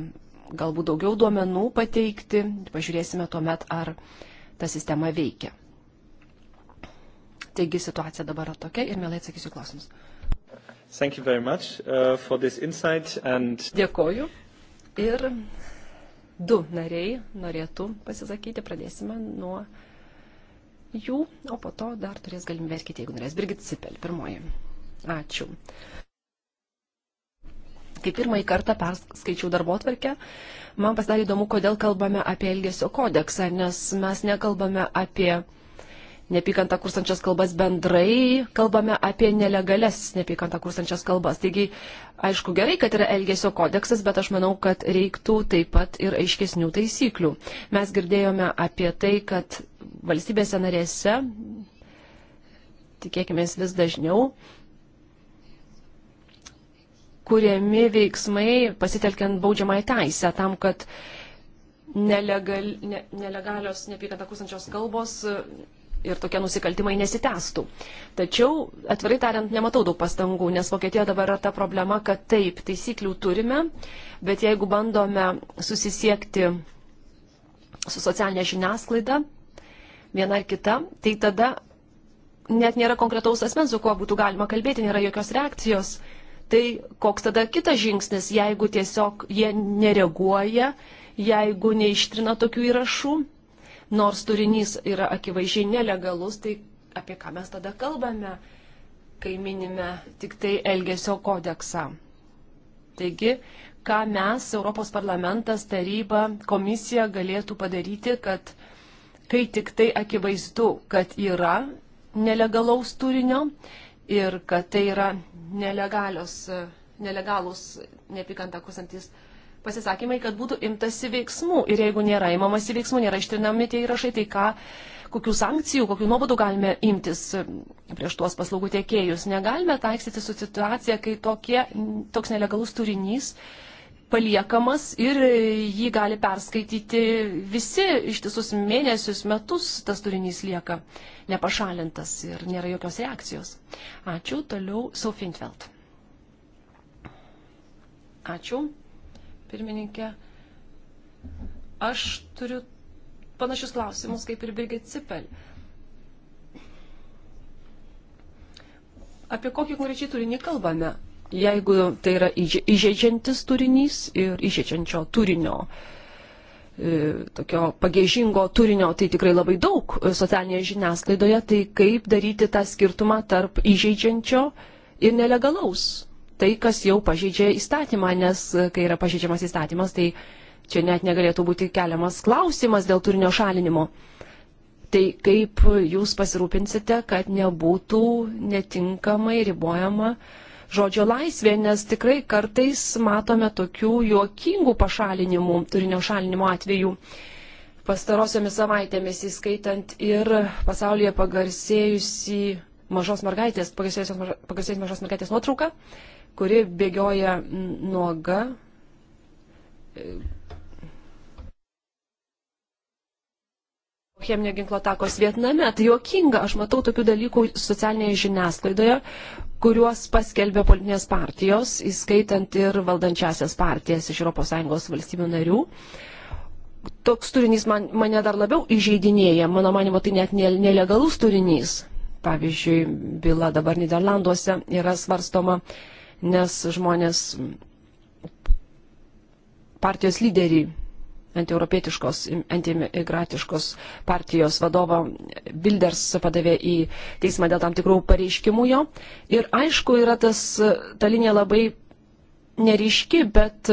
galbūt daugiau duomenų pateikti, pažiūrėsime tuomet, ar ta sistema veikia. Taigi situacija dabar yra tokia ir mielai atsakysiu klausimus. Uh, and... Dėkoju Ir du nariai norėtų pasisakyti, pradėsime nuo jų, o po to dar turės galimybę ir kiti, jeigu norės. Birgit Cipel, pirmoji. Ačiū. Kai pirmąjį kartą perskaičiau darbo atvarkę, man pasidarė įdomu, kodėl kalbame apie Elgesio kodeksą, nes mes nekalbame apie neapykantą kurstančias kalbas bendrai, kalbame apie nelegales neapykantą kurstančias kalbas. Taigi, aišku, gerai, kad yra Elgesio kodeksas, bet aš manau, kad reiktų taip pat ir aiškesnių taisyklių. Mes girdėjome apie tai, kad valstybėse narėse, tikėkime vis dažniau, kuriami veiksmai pasitelkiant baudžiamąją teisę tam, kad nelegal, ne, nelegalios neapykantą kurstančios kalbos ir tokie nusikaltimai nesitęstų. Tačiau, atvirai tariant, nematau daug pastangų, nes Vokietijoje dabar yra ta problema, kad taip, taisyklių turime, bet jeigu bandome susisiekti su socialinė žiniasklaida, viena ar kita, tai tada net nėra konkretaus asmens, su kuo būtų galima kalbėti, nėra jokios reakcijos. Tai koks tada kitas žingsnis, jeigu tiesiog jie nereaguoja, jeigu neištrina tokių įrašų, nors turinys yra akivaizdžiai nelegalus, tai apie ką mes tada kalbame, kai minime tik tai Elgesio kodeksą. Taigi, ką mes, Europos parlamentas, taryba, komisija galėtų padaryti, kad kai tik tai akivaizdu, kad yra nelegalaus turinio ir kad tai yra nelegalios, nelegalus neapykantą kusantis pasisakymai, kad būtų imtasi veiksmų. Ir jeigu nėra imamasi veiksmų, nėra ištrinami tie įrašai, tai ką, kokių sankcijų, kokių nuobodų galime imtis e, prieš tuos paslaugų tiekėjus. Negalime taikstyti su situacija, kai tokie, toks nelegalus turinys paliekamas ir jį gali perskaityti visi ištisus mėnesius, metus tas turinys lieka nepašalintas ir nėra jokios reakcijos. Ačiū, toliau Sofintveld. Ačiū pirmininkė. Aš turiu panašius klausimus kaip ir Birgit Cipel. Apie kokį konkrečiai turinį kalbame, jeigu tai yra įžeidžiantis turinys ir įžeidžiančio turinio, e, tokio pagėžingo turinio, tai tikrai labai daug e, socialinėje žiniasklaidoje, tai kaip daryti tą skirtumą tarp įžeidžiančio ir nelegalaus tai, kas jau pažeidžia įstatymą, nes e, kai yra pažeidžiamas įstatymas, tai čia net negalėtų būti keliamas klausimas dėl turinio šalinimo. Tai kaip jūs pasirūpinsite, kad nebūtų netinkamai ribojama žodžio laisvė, nes tikrai kartais matome tokių juokingų pašalinimų, turinio šalinimo atvejų pastarosiomis savaitėmis, įskaitant ir pasaulyje pagarsėjusi mažos mergaitės, pagarsėjusios mažos mergaitės nuotrauką, kuri bėgioja nuoga. Cheminio ginklo takos Vietname. Tai juokinga, aš matau tokių dalykų socialinėje žiniasklaidoje, kuriuos paskelbė politinės partijos, įskaitant ir valdančiasias partijas iš ES valstybių narių toks turinys man, mane dar labiau įžeidinėja, mano manimo, tai net nelegalus turinys. Pavyzdžiui, byla dabar Niderlanduose yra svarstoma nes žmonės partijos lyderį, antieuropietiškos, antiimigratiškos partijos vadovą Bilders padavė į teismą dėl tam tikrų pareiškimų jo. Ir aišku, yra tas, ta linija labai neriški, bet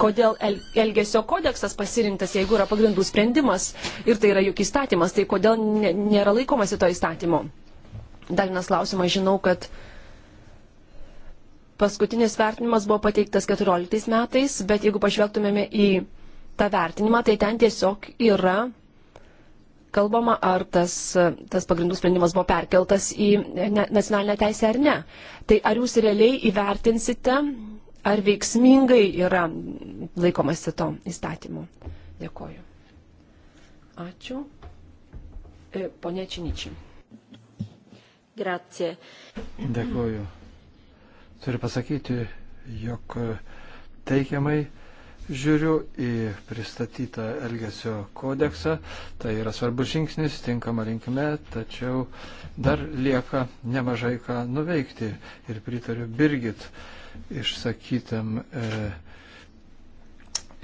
kodėl el, Elgesio kodeksas pasirinktas, jeigu yra pagrindų sprendimas ir tai yra juk įstatymas, tai kodėl nėra laikomasi to įstatymo. Dar vienas klausimas, žinau, kad uh, Paskutinis vertinimas buvo pateiktas 14 metais, bet jeigu pažvelgtumėme į tą vertinimą, tai ten tiesiog yra kalbama, ar tas, tas pagrindų sprendimas buvo perkeltas į nacionalinę teisę ar ne. Tai ar jūs realiai įvertinsite, ar veiksmingai yra laikomasi to įstatymu? Dėkoju. Ačiū. E, Pone Činičiai. Grazie. Dėkoju. Turiu pasakyti, jog teikiamai žiūriu į pristatytą Elgesio kodeksą. Tai yra svarbus žingsnis, tinkama linkme, tačiau dar lieka nemažai ką nuveikti. Ir pritariu Birgit išsakytam, e,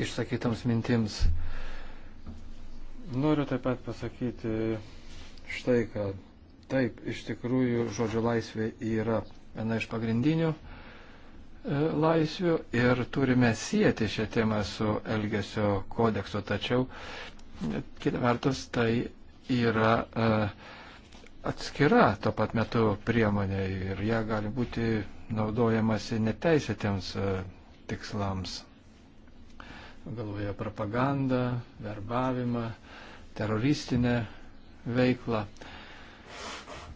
išsakytams mintims. Noriu taip pat pasakyti štai, kad taip, iš tikrųjų žodžio laisvė yra viena iš pagrindinių e, laisvių ir turime sieti šią temą su Elgesio kodeksu, tačiau e, kita vertus tai yra e, atskira tuo pat metu priemonė ir ją gali būti naudojamasi neteisėtiems tikslams. Galvoje propagandą, verbavimą, teroristinę veiklą.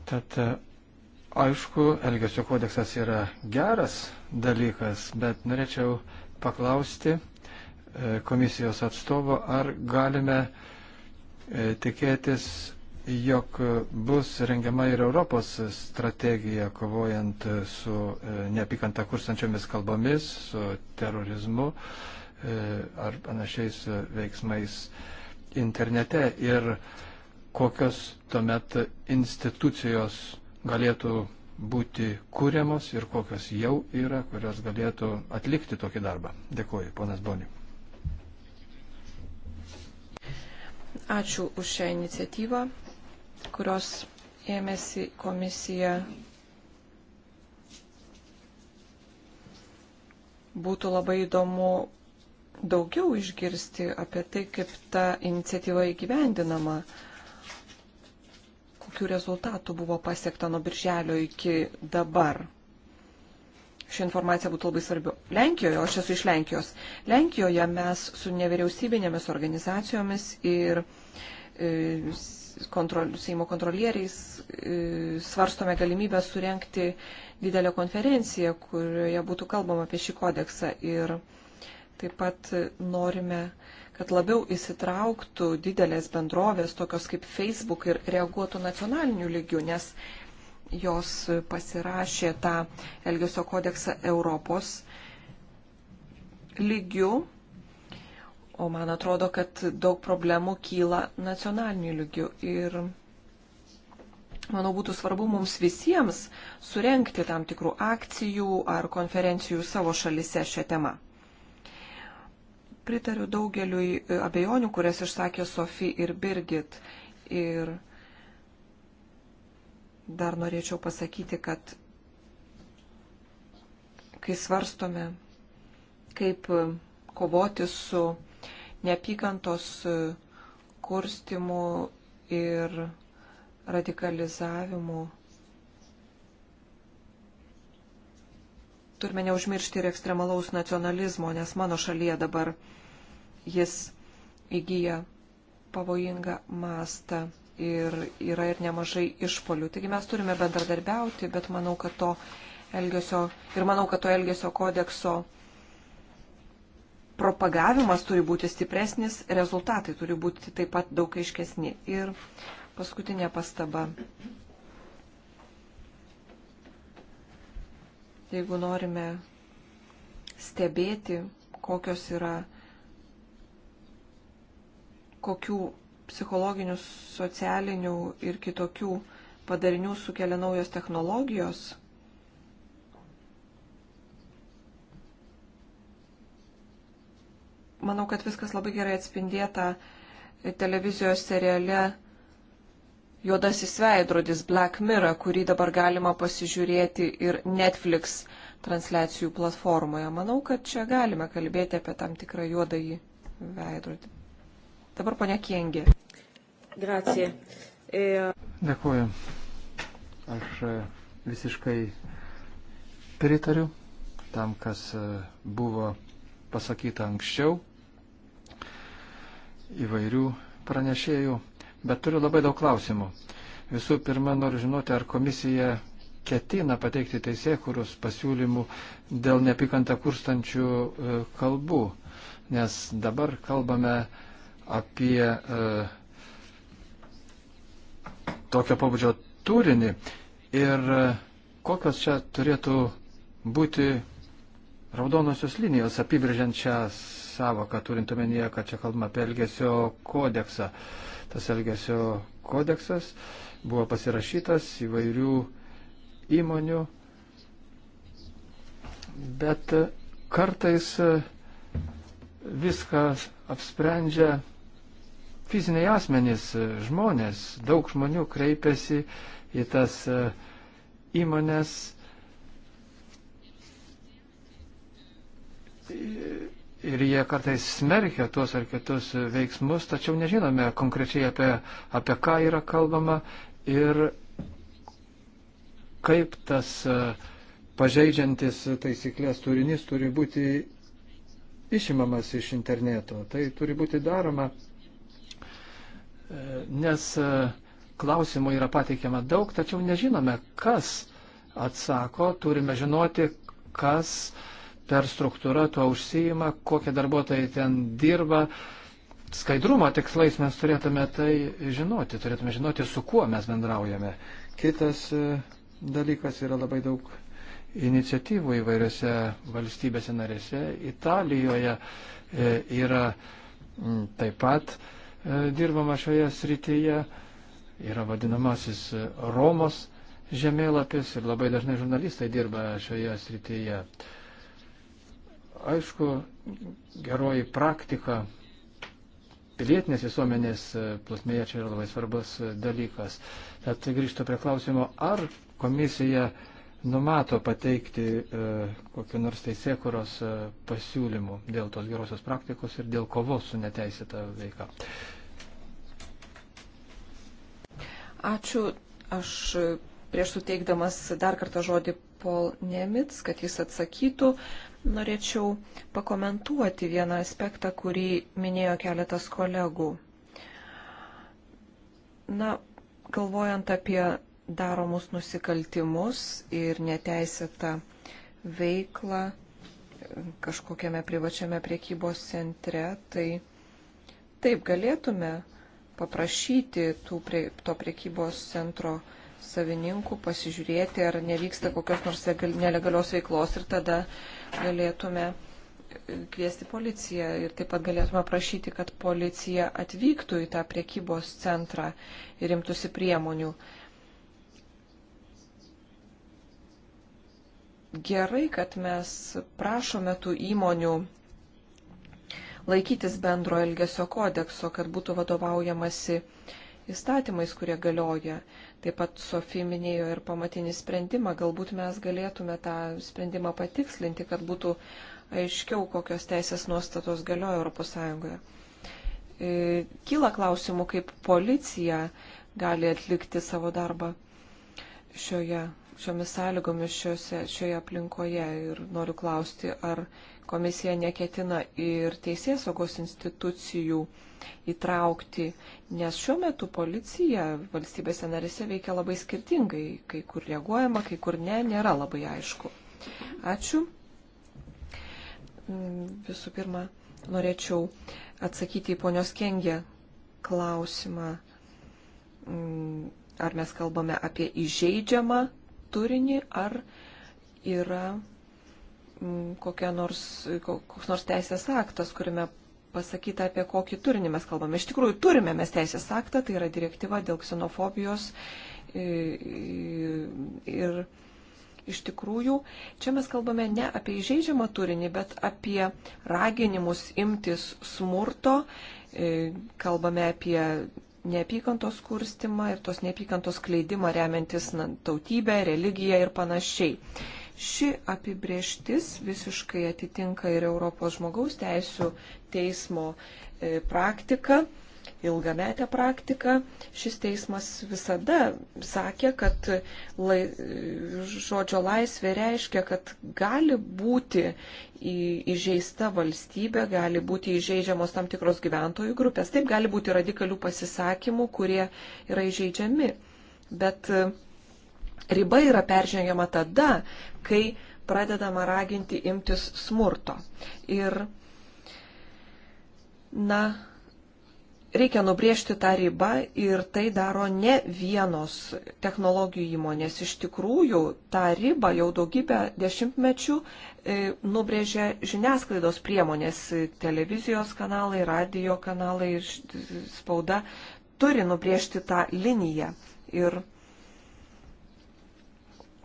Tad Aišku, Elgesio kodeksas yra geras dalykas, bet norėčiau paklausti e, komisijos atstovo, ar galime e, tikėtis, jog bus rengiama ir Europos strategija kovojant su e, neapykantą kurstančiomis kalbomis, su terorizmu ar panašiais veiksmais internete ir kokios tuomet institucijos galėtų būti kūriamos ir kokios jau yra, kurios galėtų atlikti tokį darbą. Dėkuoju, ponas Boni. Ačiū už šią iniciatyvą, kurios ėmėsi komisija. Būtų labai įdomu daugiau išgirsti apie tai, kaip ta iniciatyva įgyvendinama. Uh, kokiu rezultatu buvo pasiekta nuo birželio iki dabar. Ši informacija būtų labai svarbi. Lenkijoje, aš esu iš Lenkijos, Lenkijoje mes su nevyriausybinėmis organizacijomis ir e, kontrol, Seimo kontrolieriais e, svarstome galimybę surenkti didelę konferenciją, kurioje būtų kalbama apie šį kodeksą ir taip pat norime e, kad labiau įsitrauktų didelės bendrovės, tokios kaip Facebook, ir reaguotų nacionaliniu lygiu, nes jos pasirašė tą Elgesio kodeksą Europos lygiu, o man atrodo, kad daug problemų kyla nacionaliniu lygiu. Ir manau, būtų svarbu mums visiems surenkti tam tikrų akcijų ar konferencijų savo šalise šią temą. Pritariu daugeliui e, abejonių, kurias išsakė Sofi ir Birgit. Ir dar norėčiau pasakyti, kad kai svarstome, kaip e, kovoti su neapykantos e, kurstimu ir radikalizavimu, turime neužmiršti ir ekstremalaus nacionalizmo, nes mano šalyje dabar jis įgyja pavojingą mastą ir yra ir nemažai išpolių. Taigi mes turime bendradarbiauti, bet manau, kad to elgesio ir manau, kad to elgesio kodekso propagavimas turi būti stipresnis, rezultatai turi būti taip pat daug aiškesni. Ir paskutinė pastaba. Jeigu norime stebėti, kokios yra kokių psichologinių, socialinių ir kitokių padarinių sukelia naujos technologijos, manau, kad viskas labai gerai atspindėta televizijos seriale Juodasis veidrodis Black Mirror, kurį dabar galima pasižiūrėti ir Netflix transliacijų platformoje. Manau, kad čia galime kalbėti apie tam tikrą juodąjį veidrodį. Dabar ponia Kiengi. Gracija. E... Dėkuoju. Aš e, visiškai pritariu tam, kas e, buvo pasakyta anksčiau įvairių pranešėjų, bet turiu labai daug klausimų. Visų pirma, noriu žinoti, ar komisija ketina pateikti teisėkurus pasiūlymų dėl nepykantą kurstančių e, kalbų, nes dabar kalbame apie e, tokio pabudžio turinį ir e, kokios čia turėtų būti raudonosios linijos apibrėžiant šią savoką, turint omenyje, kad čia kalbama apie Elgesio kodeksą. Tas Elgesio kodeksas buvo pasirašytas įvairių įmonių, bet kartais viskas apsprendžia fiziniai asmenys, žmonės, daug žmonių kreipiasi į tas e, įmonės. Ir jie kartais smerkia tuos ar kitus veiksmus, tačiau nežinome konkrečiai apie, apie ką yra kalbama ir kaip tas e, pažeidžiantis taisyklės turinys turi būti išimamas iš interneto. Tai turi būti daroma nes e, klausimų yra pateikiama daug, tačiau nežinome, kas atsako, turime žinoti, kas per struktūrą tuo užsijima, kokie darbuotojai ten dirba. Skaidrumo tikslais mes turėtume tai žinoti, turėtume žinoti, su kuo mes bendraujame. Kitas e, dalykas yra labai daug iniciatyvų įvairiose valstybėse narėse. Italijoje e, yra taip pat E, dirbama šioje srityje. Yra vadinamasis Romos žemėlapis ir labai dažnai žurnalistai dirba šioje srityje. Aišku, geroji praktika pilietinės visuomenės plasmėje čia yra labai svarbus dalykas. Tad grįžtu prie klausimo, ar komisija numato pateikti e, kokiu nors teisėkuros e, pasiūlymu dėl tos gerosios praktikos ir dėl kovos su neteisėta veika. Ačiū. Aš prieš suteikdamas dar kartą žodį Paul Nemitz, kad jis atsakytų, norėčiau pakomentuoti vieną aspektą, kurį minėjo keletas kolegų. Na, galvojant apie daromus nusikaltimus ir neteisėtą veiklą kažkokiame privačiame priekybos centre, tai taip galėtume paprašyti prie, to priekybos centro savininkų, pasižiūrėti, ar nevyksta kokios nors nelegalios veiklos ir tada galėtume kviesti policiją ir taip pat galėtume prašyti, kad policija atvyktų į tą priekybos centrą ir imtųsi priemonių. Gerai, kad mes prašome tų įmonių laikytis bendro elgesio kodekso, kad būtų vadovaujamasi įstatymais, kurie galioja. Taip pat Sofi minėjo ir pamatinį sprendimą. Galbūt mes galėtume tą sprendimą patikslinti, kad būtų aiškiau, kokios teisės nuostatos galioja ES. E, kyla klausimų, kaip policija gali atlikti savo darbą šioje, šiomis sąlygomis šiose, šioje aplinkoje. Ir noriu klausti, ar komisija neketina ir teisės saugos institucijų įtraukti, nes šiuo metu policija valstybėse narėse veikia labai skirtingai, kai kur reaguojama, kai kur ne, nėra labai aišku. Ačiū. Mm, visų pirma, norėčiau atsakyti į ponios Kengė klausimą, mm, ar mes kalbame apie įžeidžiamą turinį, ar yra kokia nors, koks nors teisės aktas, kuriame pasakyta, apie kokį turinį mes kalbame. Iš tikrųjų, turime mes teisės aktą, tai yra direktyva dėl ksenofobijos ir iš tikrųjų čia mes kalbame ne apie įžeidžiamą turinį, bet apie raginimus imtis smurto, kalbame apie neapykantos kurstimą ir tos neapykantos kleidimą remiantis tautybę, religiją ir panašiai. Ši apibrieštis visiškai atitinka ir Europos žmogaus teisų teismo e, praktiką, ilgametę praktiką. Šis teismas visada sakė, kad lai, žodžio laisvė reiškia, kad gali būti įžeista valstybė, gali būti įžeidžiamos tam tikros gyventojų grupės. Taip gali būti radikalių pasisakymų, kurie yra įžeidžiami. Bet riba yra peržengiama tada, kai pradedama raginti imtis smurto. Ir, na, reikia nubriežti tą ribą ir tai daro ne vienos technologijų įmonės. Iš tikrųjų, tą ribą jau daugybę dešimtmečių e, nubrėžia žiniasklaidos priemonės, televizijos kanalai, radio kanalai ir spauda turi nubriežti tą liniją. Ir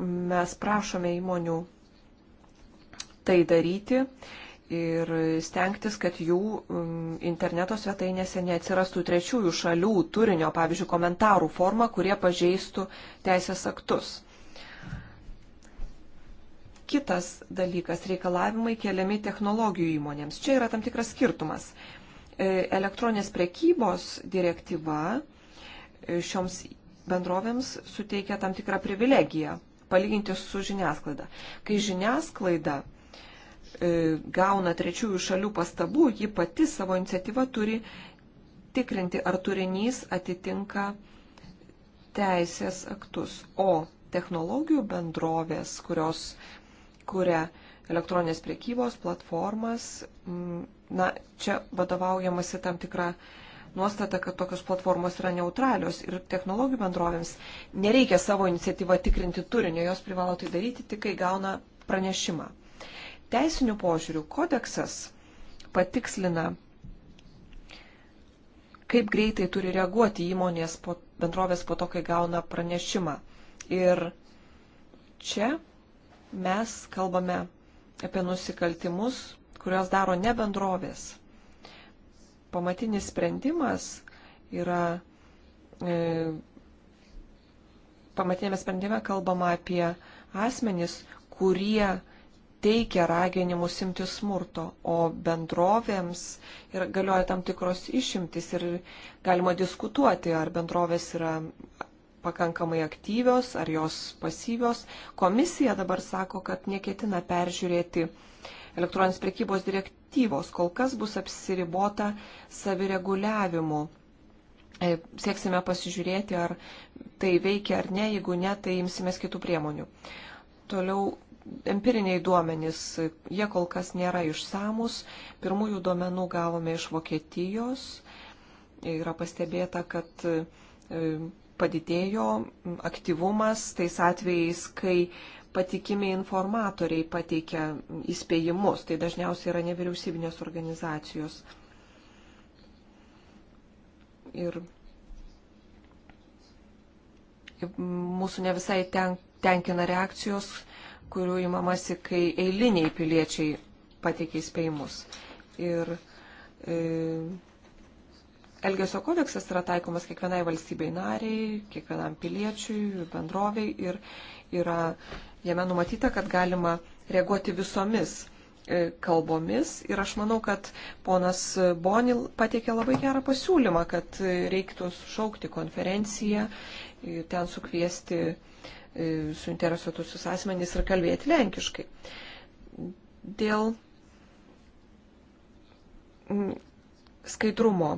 mes prašome įmonių tai daryti ir stengtis, kad jų mm, interneto svetainėse neatsirastų trečiųjų šalių turinio, pavyzdžiui, komentarų forma, kurie pažeistų teisės aktus. Kitas dalykas - reikalavimai keliami technologijų įmonėms. Čia yra tam tikras skirtumas. E, elektroninės prekybos direktyva e, šioms bendrovėms suteikia tam tikrą privilegiją palyginti su žiniasklaida. Kai žiniasklaida e, gauna trečiųjų šalių pastabų, ji pati savo iniciatyvą turi tikrinti, ar turinys atitinka teisės aktus. O technologijų bendrovės, kurios kuria elektroninės priekybos platformas, na, čia vadovaujamasi tam tikrą nuostata, kad tokios platformos yra neutralios ir technologijų bendrovėms nereikia savo iniciatyvą tikrinti turinio, jos privalo tai daryti tik, kai gauna pranešimą. Teisinių požiūrių kodeksas patikslina, kaip greitai turi reaguoti įmonės po, bendrovės po to, kai gauna pranešimą. Ir čia mes kalbame apie nusikaltimus, kurios daro ne bendrovės pamatinis sprendimas yra, e, pamatinėme sprendime kalbama apie asmenis, kurie teikia raginimus imti smurto, o bendrovėms ir galioja tam tikros išimtis ir galima diskutuoti, ar bendrovės yra pakankamai aktyvios, ar jos pasyvios. Komisija dabar sako, kad neketina peržiūrėti elektroninės prekybos direktyvos direktyvos. Kol kas bus apsiribota savireguliavimu. E, sieksime pasižiūrėti, ar tai veikia ar ne. Jeigu ne, tai imsimės kitų priemonių. Toliau empiriniai duomenys, jie kol kas nėra išsamus. Pirmųjų duomenų gavome iš Vokietijos. Yra pastebėta, kad e, padidėjo aktyvumas tais atvejais, kai patikimi informatoriai pateikia įspėjimus, tai dažniausiai yra nevyriausybinės organizacijos. Ir mūsų ne visai ten, tenkina reakcijos, kurių įmamasi, kai eiliniai piliečiai pateikia įspėjimus. Ir e, Elgesio kodeksas yra taikomas kiekvienai valstybei nariai, kiekvienam piliečiui, bendroviai ir yra jame numatyta, kad galima reaguoti visomis e, kalbomis. Ir aš manau, kad ponas Bonil pateikė labai gerą pasiūlymą, kad reiktų šaukti konferenciją, e, ten sukviesti e, suinteresuotusius asmenys ir kalbėti lenkiškai. Dėl mm, skaidrumo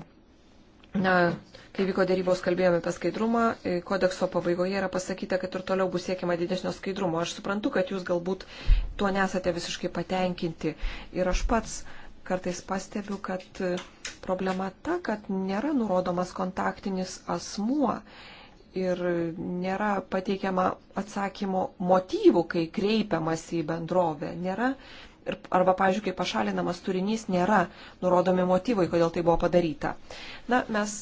Na, kai vyko dėrybos, kalbėjome apie skaidrumą, e, kodekso pabaigoje yra pasakyta, kad ir toliau bus siekiama didesnio skaidrumo. Aš suprantu, kad jūs galbūt tuo nesate visiškai patenkinti. Ir aš pats kartais pastebiu, kad e, problema ta, kad nėra nurodomas kontaktinis asmuo. Ir nėra pateikiama atsakymo motyvų, kai kreipiamas į bendrovę. Nėra ir, arba, pavyzdžiui, kai pašalinamas turinys, nėra nurodomi motyvai, kodėl tai buvo padaryta. Na, mes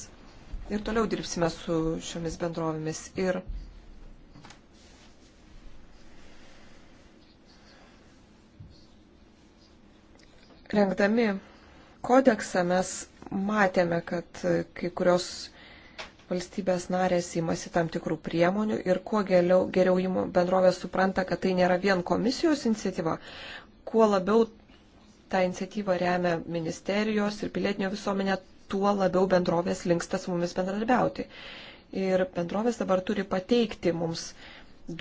ir toliau dirbsime su šiomis bendrovėmis. Ir rengdami kodeksą mes matėme, kad kai kurios valstybės narės įmasi tam tikrų priemonių ir kuo geriau, geriau bendrovės supranta, kad tai nėra vien komisijos iniciatyva, kuo labiau tą iniciatyvą remia ministerijos ir pilietinio visuomenė, tuo labiau bendrovės linksta su mumis bendradarbiauti. Ir bendrovės dabar turi pateikti mums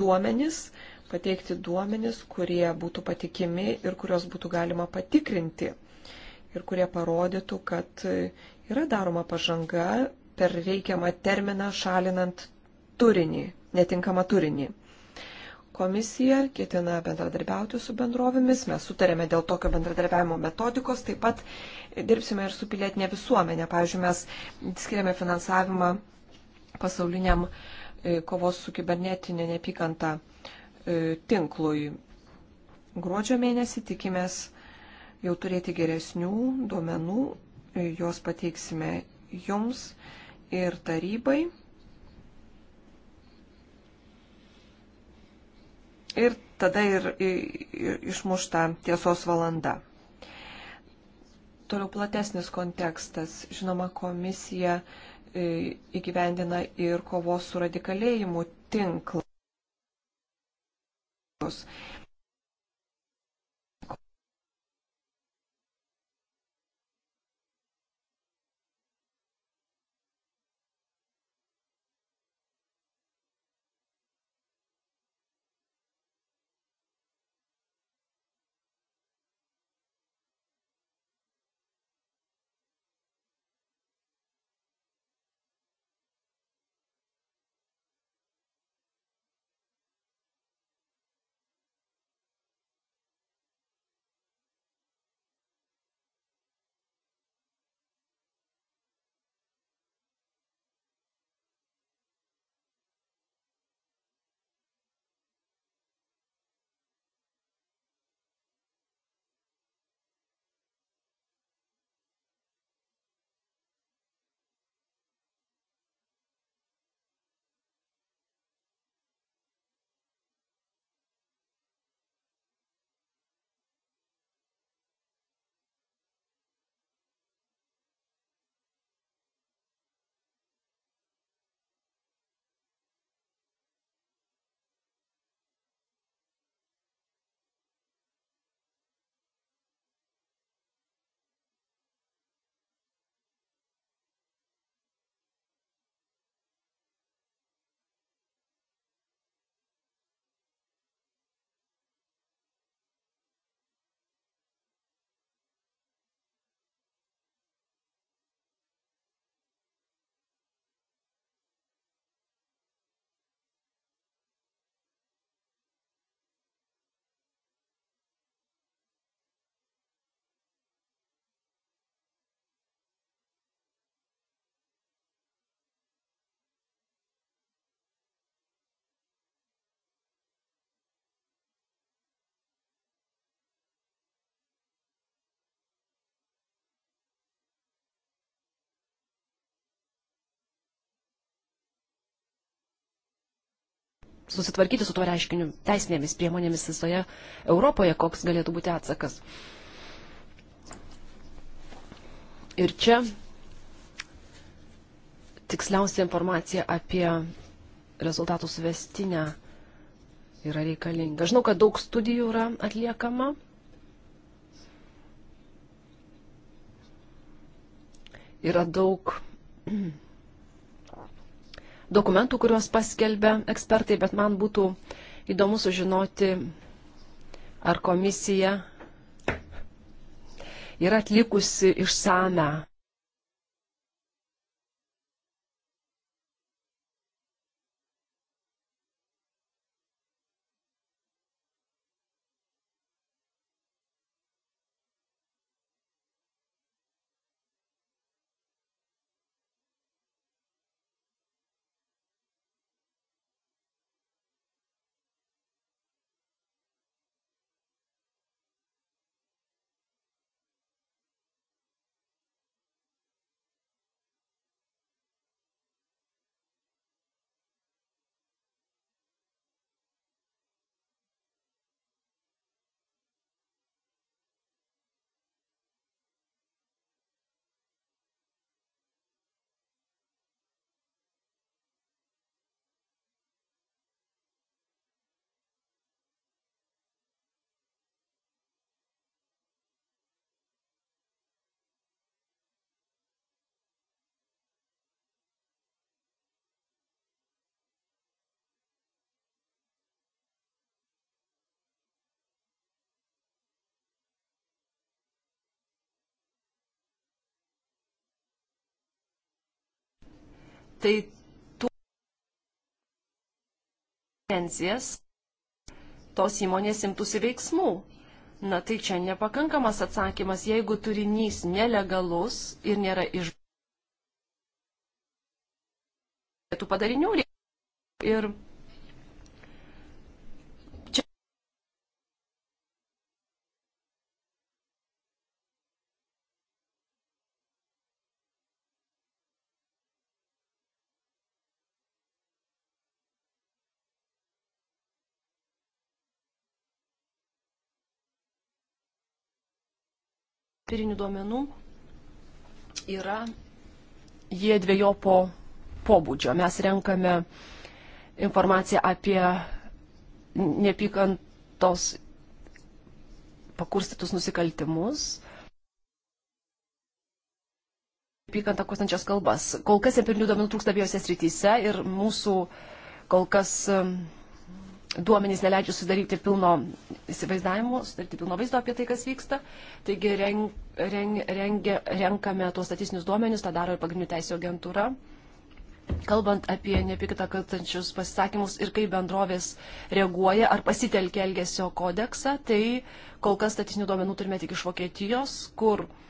duomenis, pateikti duomenis, kurie būtų patikimi ir kuriuos būtų galima patikrinti ir kurie parodytų, kad yra daroma pažanga per reikiamą terminą šalinant turinį, netinkamą turinį. Komisija ketina bendradarbiauti su bendrovėmis, mes sutarėme dėl tokio bendradarbiavimo metodikos, taip pat dirbsime ir su pilietinė visuomenė. Pavyzdžiui, mes skiriame finansavimą pasauliniam e, kovos su kibernetinė neapykanta e, tinklui. Gruodžio mėnesį tikimės jau turėti geresnių duomenų, e, juos pateiksime jums ir tarybai. ir tada ir, ir išmušta tiesos valanda. Toliau platesnis kontekstas. Žinoma, komisija įgyvendina ir kovos su radikalėjimu tinklą. susitvarkyti su tuo reiškiniu teisinėmis priemonėmis visoje Europoje, koks galėtų būti atsakas. Ir čia tiksliausia informacija apie rezultatų suvestinę yra reikalinga. Žinau, kad daug studijų yra atliekama. Yra daug dokumentų, kuriuos paskelbė ekspertai, bet man būtų įdomu sužinoti, ar komisija yra atlikusi išsame tai tuo tendencijas tos įmonės imtųsi veiksmų. Na tai čia nepakankamas atsakymas, jeigu turinys nelegalus ir nėra iš. padarinių. Ir empirinių duomenų yra jie dviejopo pobūdžio. Mes renkame informaciją apie neapykantos pakurstytus nusikaltimus, apykantą kurstančias kalbas. Kol kas empirinių duomenų trūksta abiejose srityse ir mūsų kol kas duomenys neleidžia sudaryti pilno įsivaizdavimo, sudaryti pilno vaizdo apie tai, kas vyksta. Taigi reng, reng, rengia, renkame tuos statistinius duomenys, tą daro ir pagrindinių teisų agentūra. Kalbant apie neapykitą kaltančius pasisakymus ir kaip bendrovės reaguoja ar pasitelkia Elgesio kodeksą, tai kol kas statistinių duomenų turime tik iš Vokietijos, kur uh,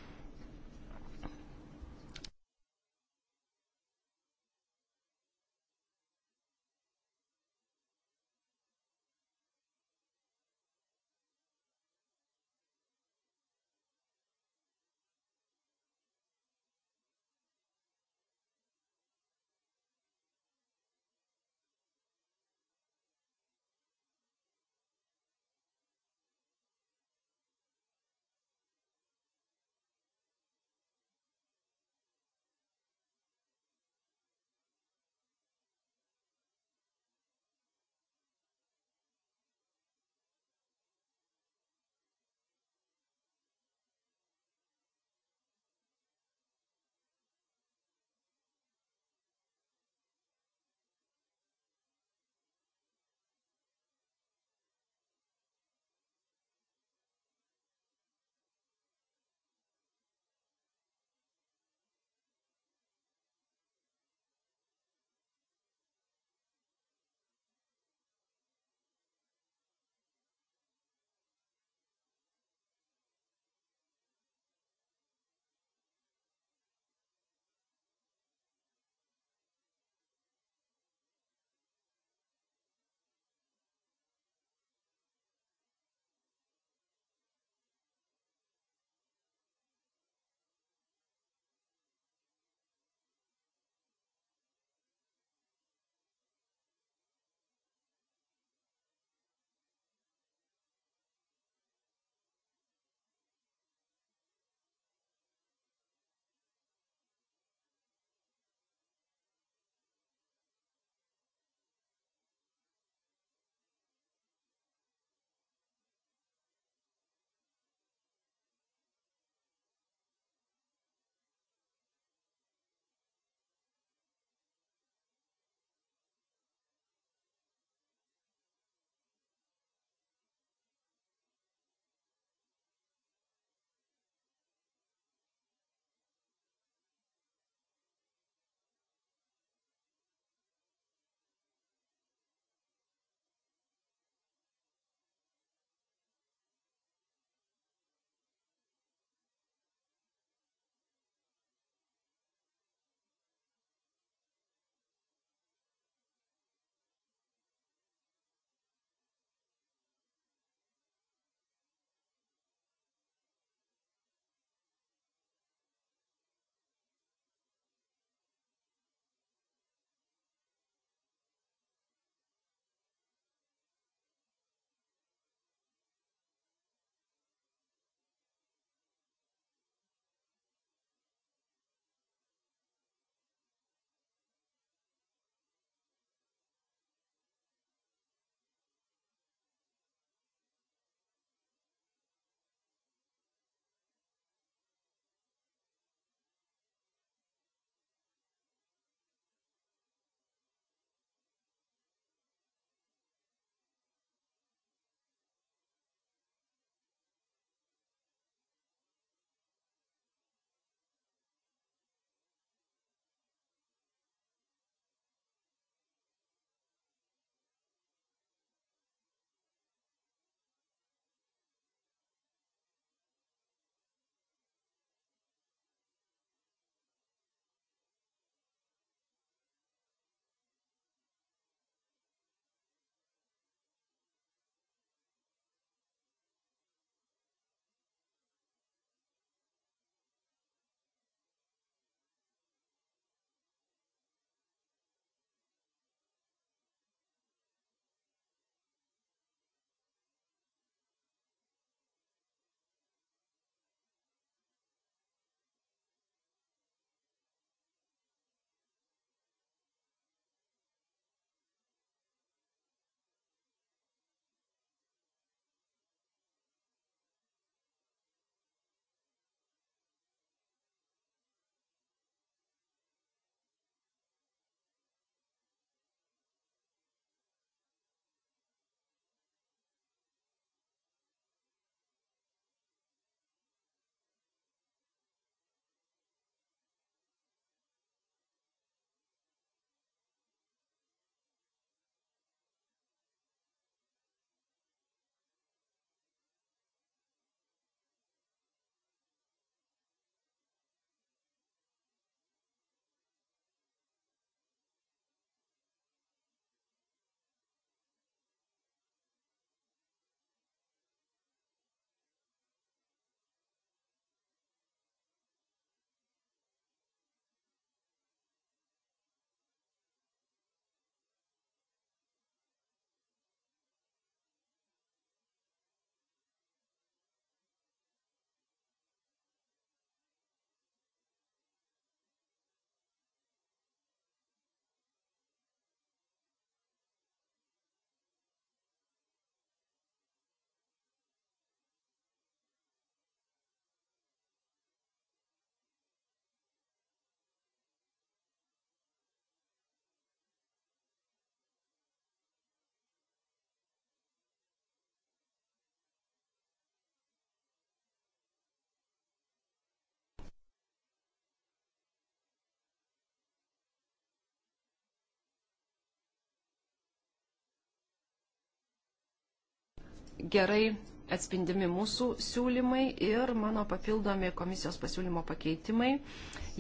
gerai atspindimi mūsų siūlymai ir mano papildomi komisijos pasiūlymo pakeitimai.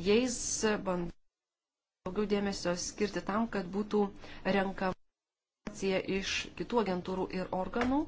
Jais bandau daugiau dėmesio skirti tam, kad būtų renkama informacija iš kitų agentūrų ir organų,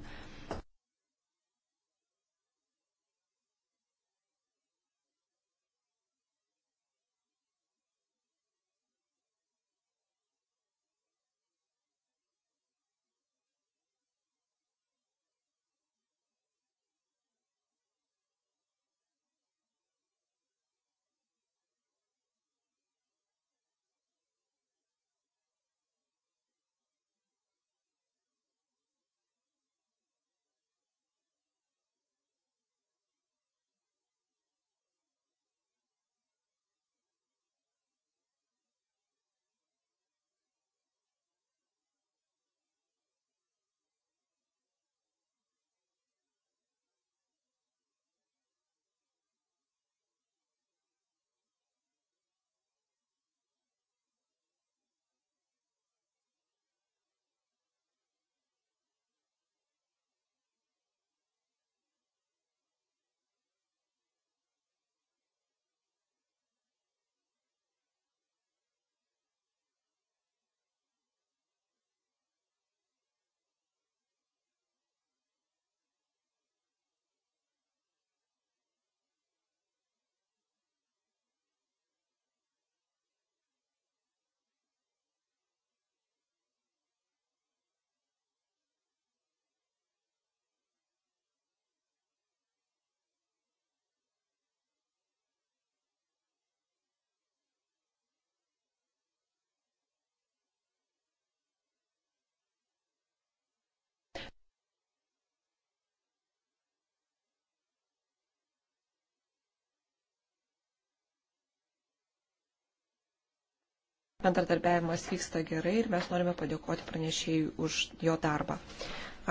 bendradarbiavimas vyksta gerai ir mes norime padėkoti pranešėjui už jo darbą.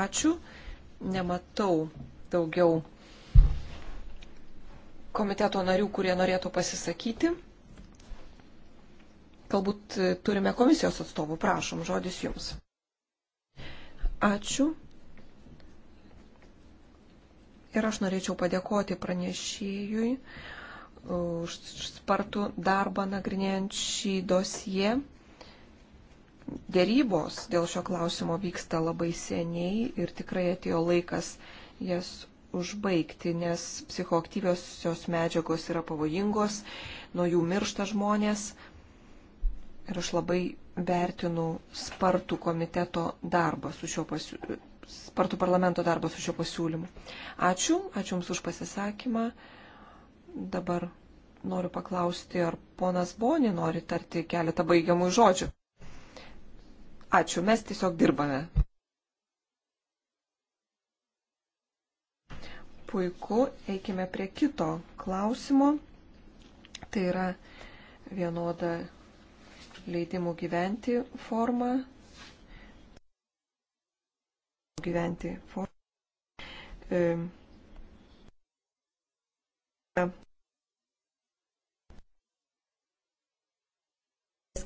Ačiū. Nematau daugiau komiteto narių, kurie norėtų pasisakyti. Galbūt turime komisijos atstovų. Prašom, žodis jums. Ačiū. Ir aš norėčiau padėkoti pranešėjui už spartų darbą nagrinėjant šį dosiją. Dėrybos dėl šio klausimo vyksta labai seniai ir tikrai atėjo laikas jas užbaigti, nes psichoaktyviosios medžiagos yra pavojingos, nuo jų miršta žmonės. Ir aš labai vertinu spartų komiteto darbą su šio pasiūlymu. Spartų parlamento darbą su šio pasiūlymu. Ačiū, ačiū Jums už pasisakymą. Dabar noriu paklausti, ar ponas Boni nori tarti keletą baigiamų žodžių. Ačiū, mes tiesiog dirbame. Puiku, eikime prie kito klausimo. Tai yra vienoda leidimų gyventi forma. Gyventi forma. E,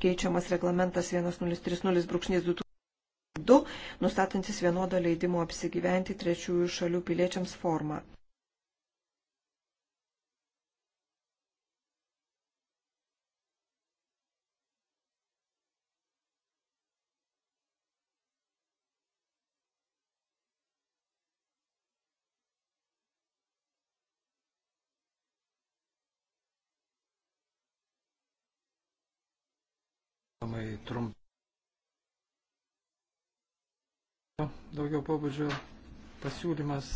keičiamas reglamentas 1030-2002, nustatantis vienodą leidimo apsigyventi trečiųjų šalių piliečiams formą. pakankamai trumpa. Daugiau pobūdžio pasiūlymas.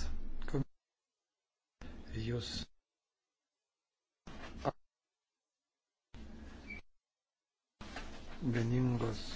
Jūs vieningos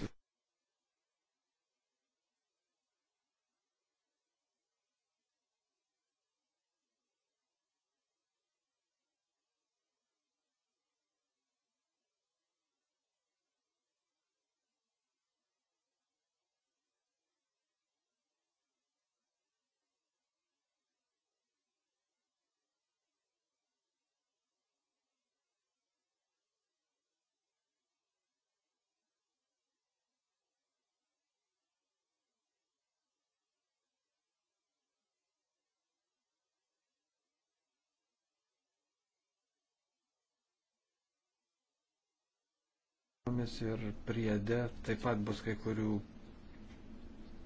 Ir priede taip pat bus kai kurių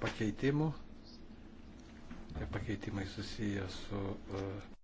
pakeitimų. Tie pakeitimai susiję su uh,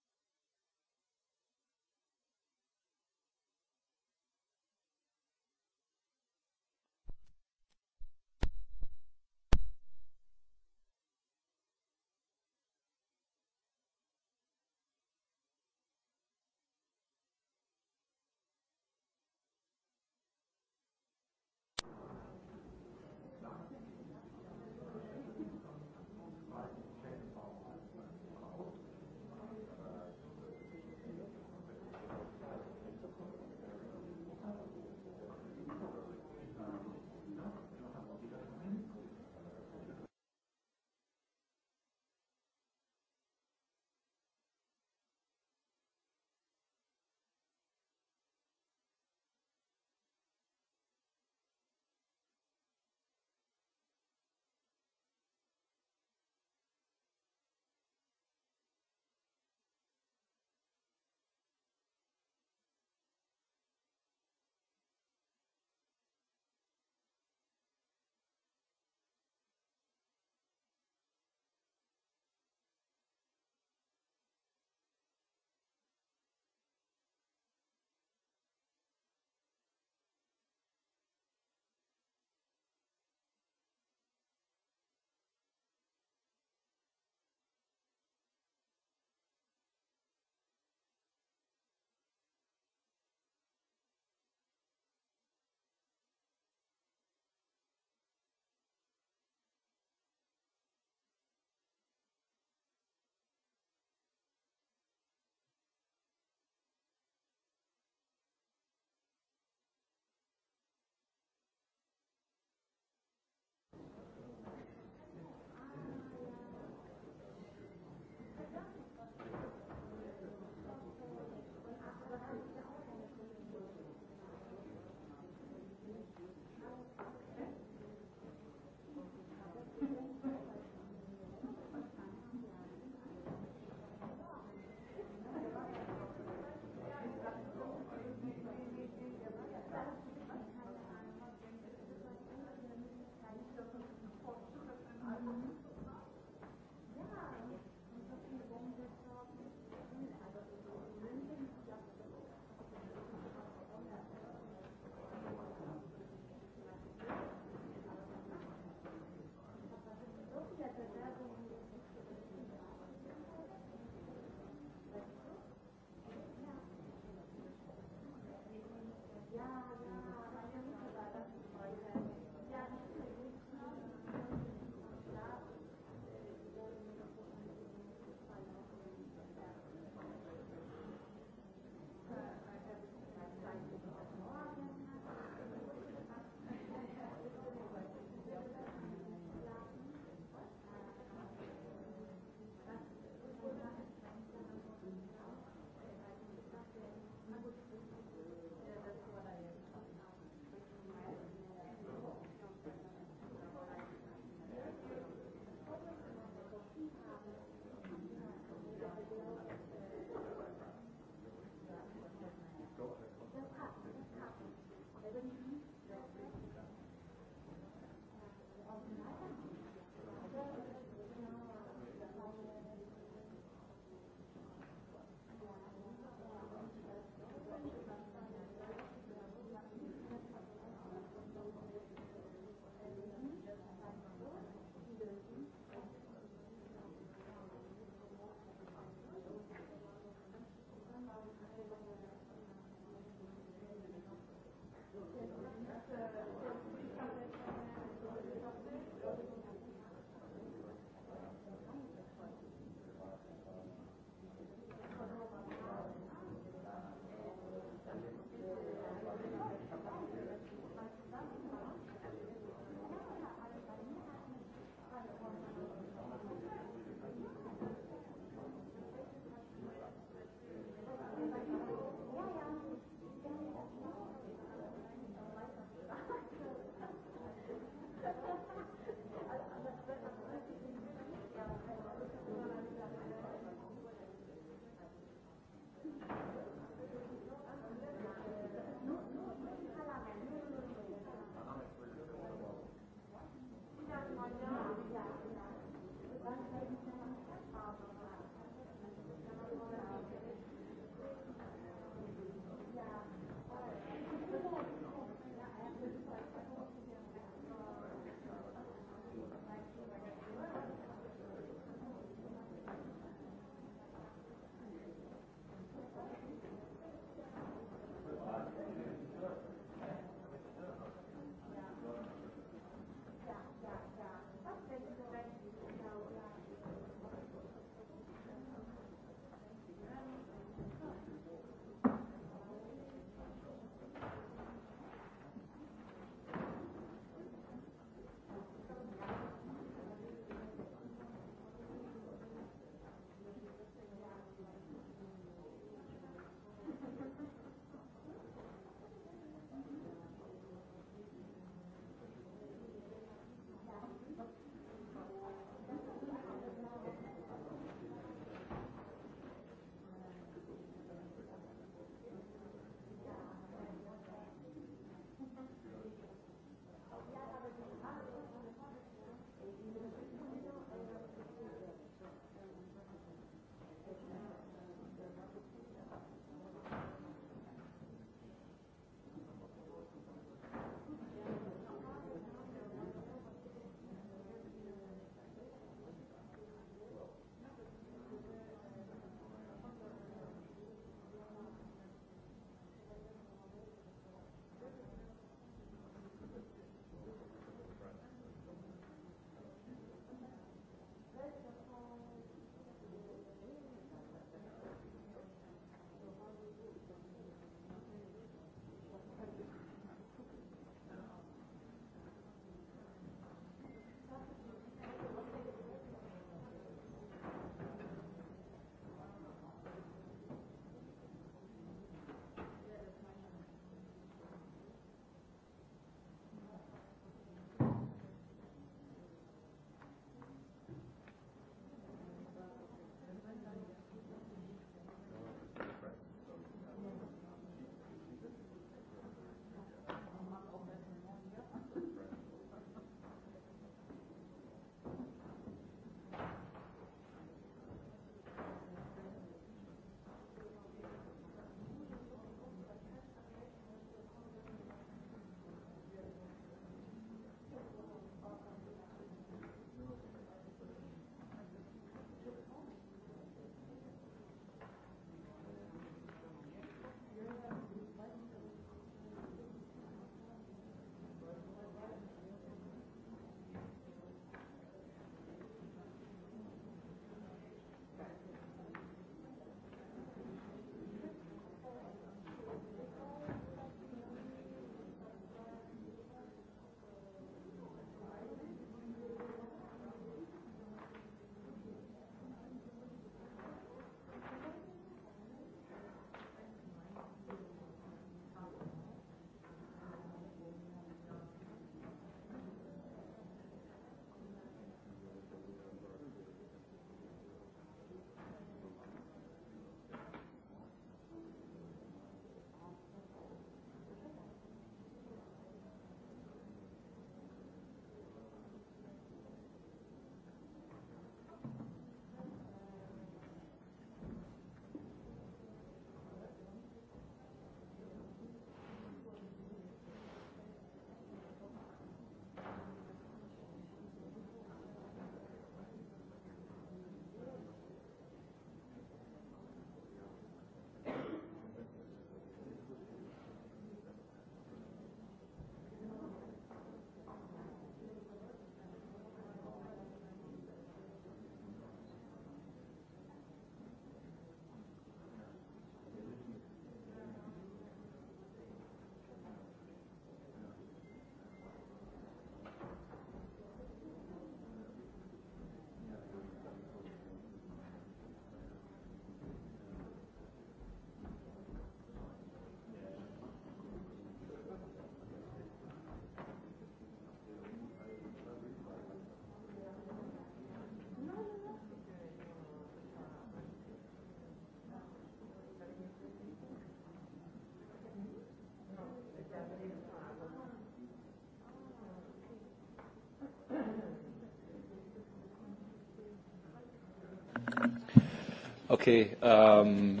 Okay. Um,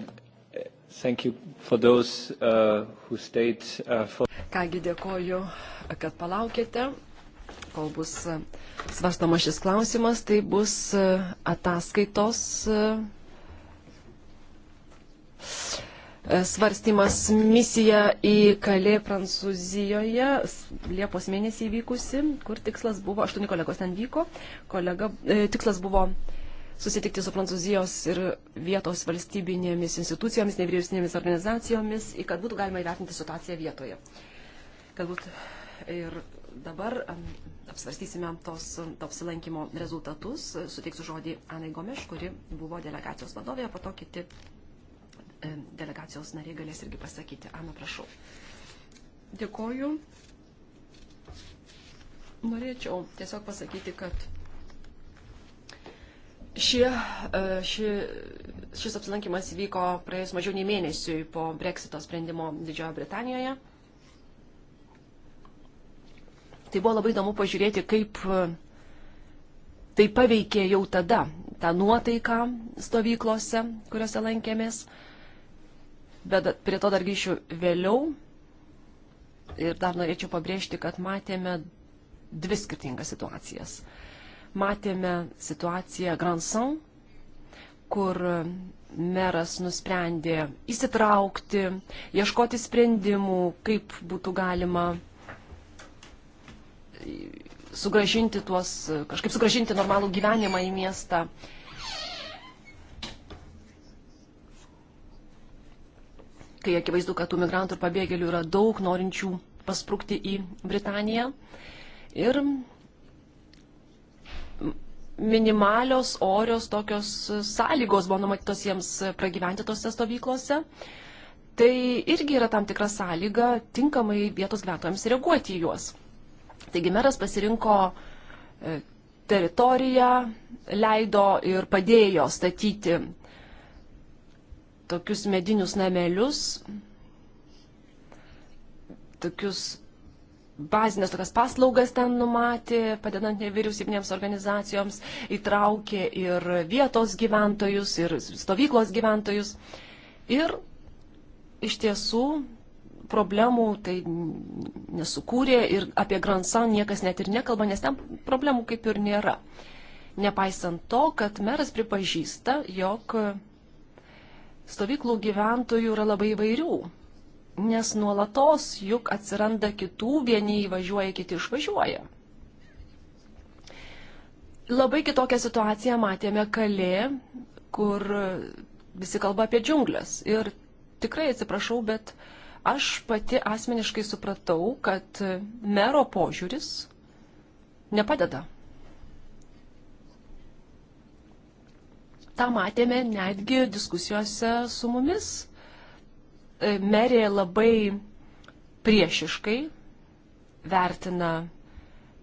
thank you for those uh, who stayed uh, for. Kągi dėkoju, kad palaukėte, kol bus uh, svarstama šis klausimas, tai bus uh, ataskaitos uh, svarstymas misija į Kalė Prancūzijoje, Liepos mėnesį įvykusi, kur tikslas buvo, aštuoni kolegos ten vyko, kolega, e, tikslas buvo susitikti su Prancūzijos ir vietos valstybinėmis institucijomis, nevyriausybinėmis organizacijomis, kad būtų galima įvertinti situaciją vietoje. Kad būtų ir dabar apsvarstysime tos apsilankimo rezultatus. Suteiksiu žodį Anai Gomeš, kuri buvo delegacijos vadovė, po to kiti delegacijos nariai galės irgi pasakyti. Ana, prašau. Dėkoju. Norėčiau tiesiog pasakyti, kad Šie, e, ši, šis apsilankimas vyko praėjus mažiau nei mėnesiui po Brexito sprendimo Didžiojo Britanijoje. Tai buvo labai įdomu pažiūrėti, kaip e, tai paveikė jau tada tą nuotaiką stovyklose, kuriuose lankėmės. Bet prie to dar grįšiu vėliau. Ir dar norėčiau pabrėžti, kad matėme dvi skirtingas situacijas matėme situaciją Granson, kur meras nusprendė įsitraukti, ieškoti sprendimų, kaip būtų galima sugražinti tuos, kažkaip sugražinti normalų gyvenimą į miestą. Kai akivaizdu, kad tų migrantų ir pabėgėlių yra daug norinčių pasprūkti į Britaniją. Ir minimalios, orios tokios sąlygos buvo numatytos jiems pragyventi tose stovyklose. Tai irgi yra tam tikra sąlyga tinkamai vietos gyventojams reaguoti į juos. Taigi meras pasirinko e, teritoriją, leido ir padėjo statyti tokius medinius namelius, tokius bazinės tokias paslaugas ten numatė, padedant nevyriausybinėms organizacijoms, įtraukė ir vietos gyventojus, ir stovyklos gyventojus. Ir iš tiesų problemų tai nesukūrė ir apie Gransan niekas net ir nekalba, nes ten problemų kaip ir nėra. Nepaisant to, kad meras pripažįsta, jog stovyklų gyventojų yra labai įvairių nes nuolatos juk atsiranda kitų, vieni įvažiuoja, kiti išvažiuoja. Labai kitokią situaciją matėme kalė, kur visi kalba apie džiunglės. Ir tikrai atsiprašau, bet aš pati asmeniškai supratau, kad mero požiūris nepadeda. Ta matėme netgi diskusijose su mumis merė labai priešiškai vertina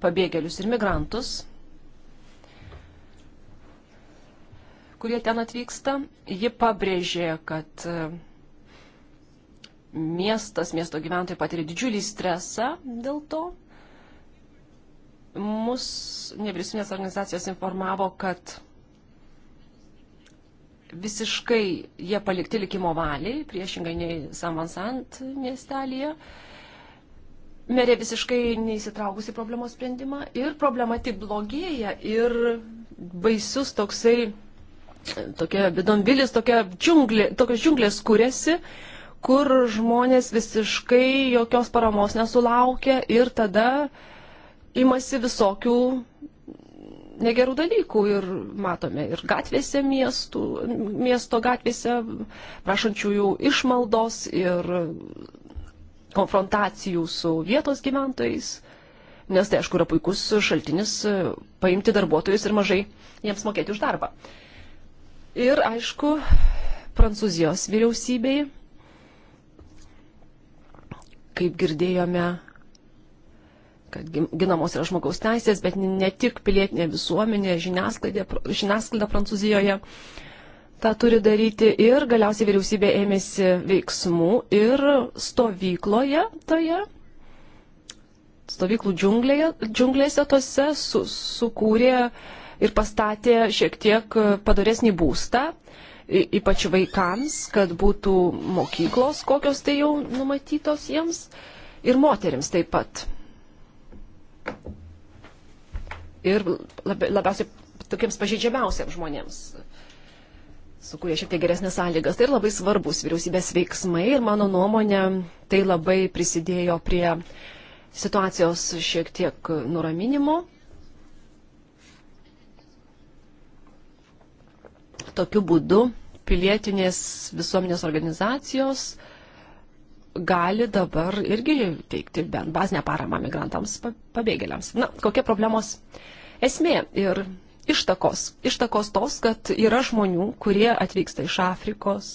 pabėgėlius ir migrantus, kurie ten atvyksta. Ji pabrėžė, kad e, miestas, miesto gyventojai patiria didžiulį stresą dėl to. Mus nevyriausybinės organizacijos informavo, kad visiškai jie palikti likimo valiai, priešingai nei Samansant miestelėje. Merė visiškai neįsitraukusi problemos sprendimą ir problema tik blogėja ir baisus toksai, tokia bidonvilis, tokia džiunglė, tokios džiunglės kuriasi, kur žmonės visiškai jokios paramos nesulaukia ir tada imasi visokių negerų dalykų ir matome ir gatvėse miestų, miesto gatvėse prašančiųjų išmaldos ir konfrontacijų su vietos gyventojais, nes tai aišku yra puikus šaltinis paimti darbuotojus ir mažai jiems mokėti už darbą. Ir aišku, Prancūzijos vyriausybei, kaip girdėjome, kad ginamos yra žmogaus teisės, bet ne tik pilietinė visuomenė, žiniasklaida, žiniasklaida Prancūzijoje tą turi daryti ir galiausiai vyriausybė ėmėsi veiksmų ir stovykloje toje, stovyklų džiunglėje, džiunglėse tose su, sukūrė ir pastatė šiek tiek padaresnį būstą, ypač vaikams, kad būtų mokyklos, kokios tai jau numatytos jiems, ir moteriams taip pat ir labiausiai tokiems pažeidžiamiausiams žmonėms sukūrė šiek tiek geresnės sąlygas. Tai labai svarbus vyriausybės veiksmai ir mano nuomonė tai labai prisidėjo prie situacijos šiek tiek nuraminimo. Tokiu būdu pilietinės visuomenės organizacijos uh, gali dabar irgi teikti bent bazinę paramą migrantams, pabėgėliams. Na, kokia problemos esmė ir ištakos? Ištakos tos, kad yra žmonių, kurie atvyksta iš Afrikos,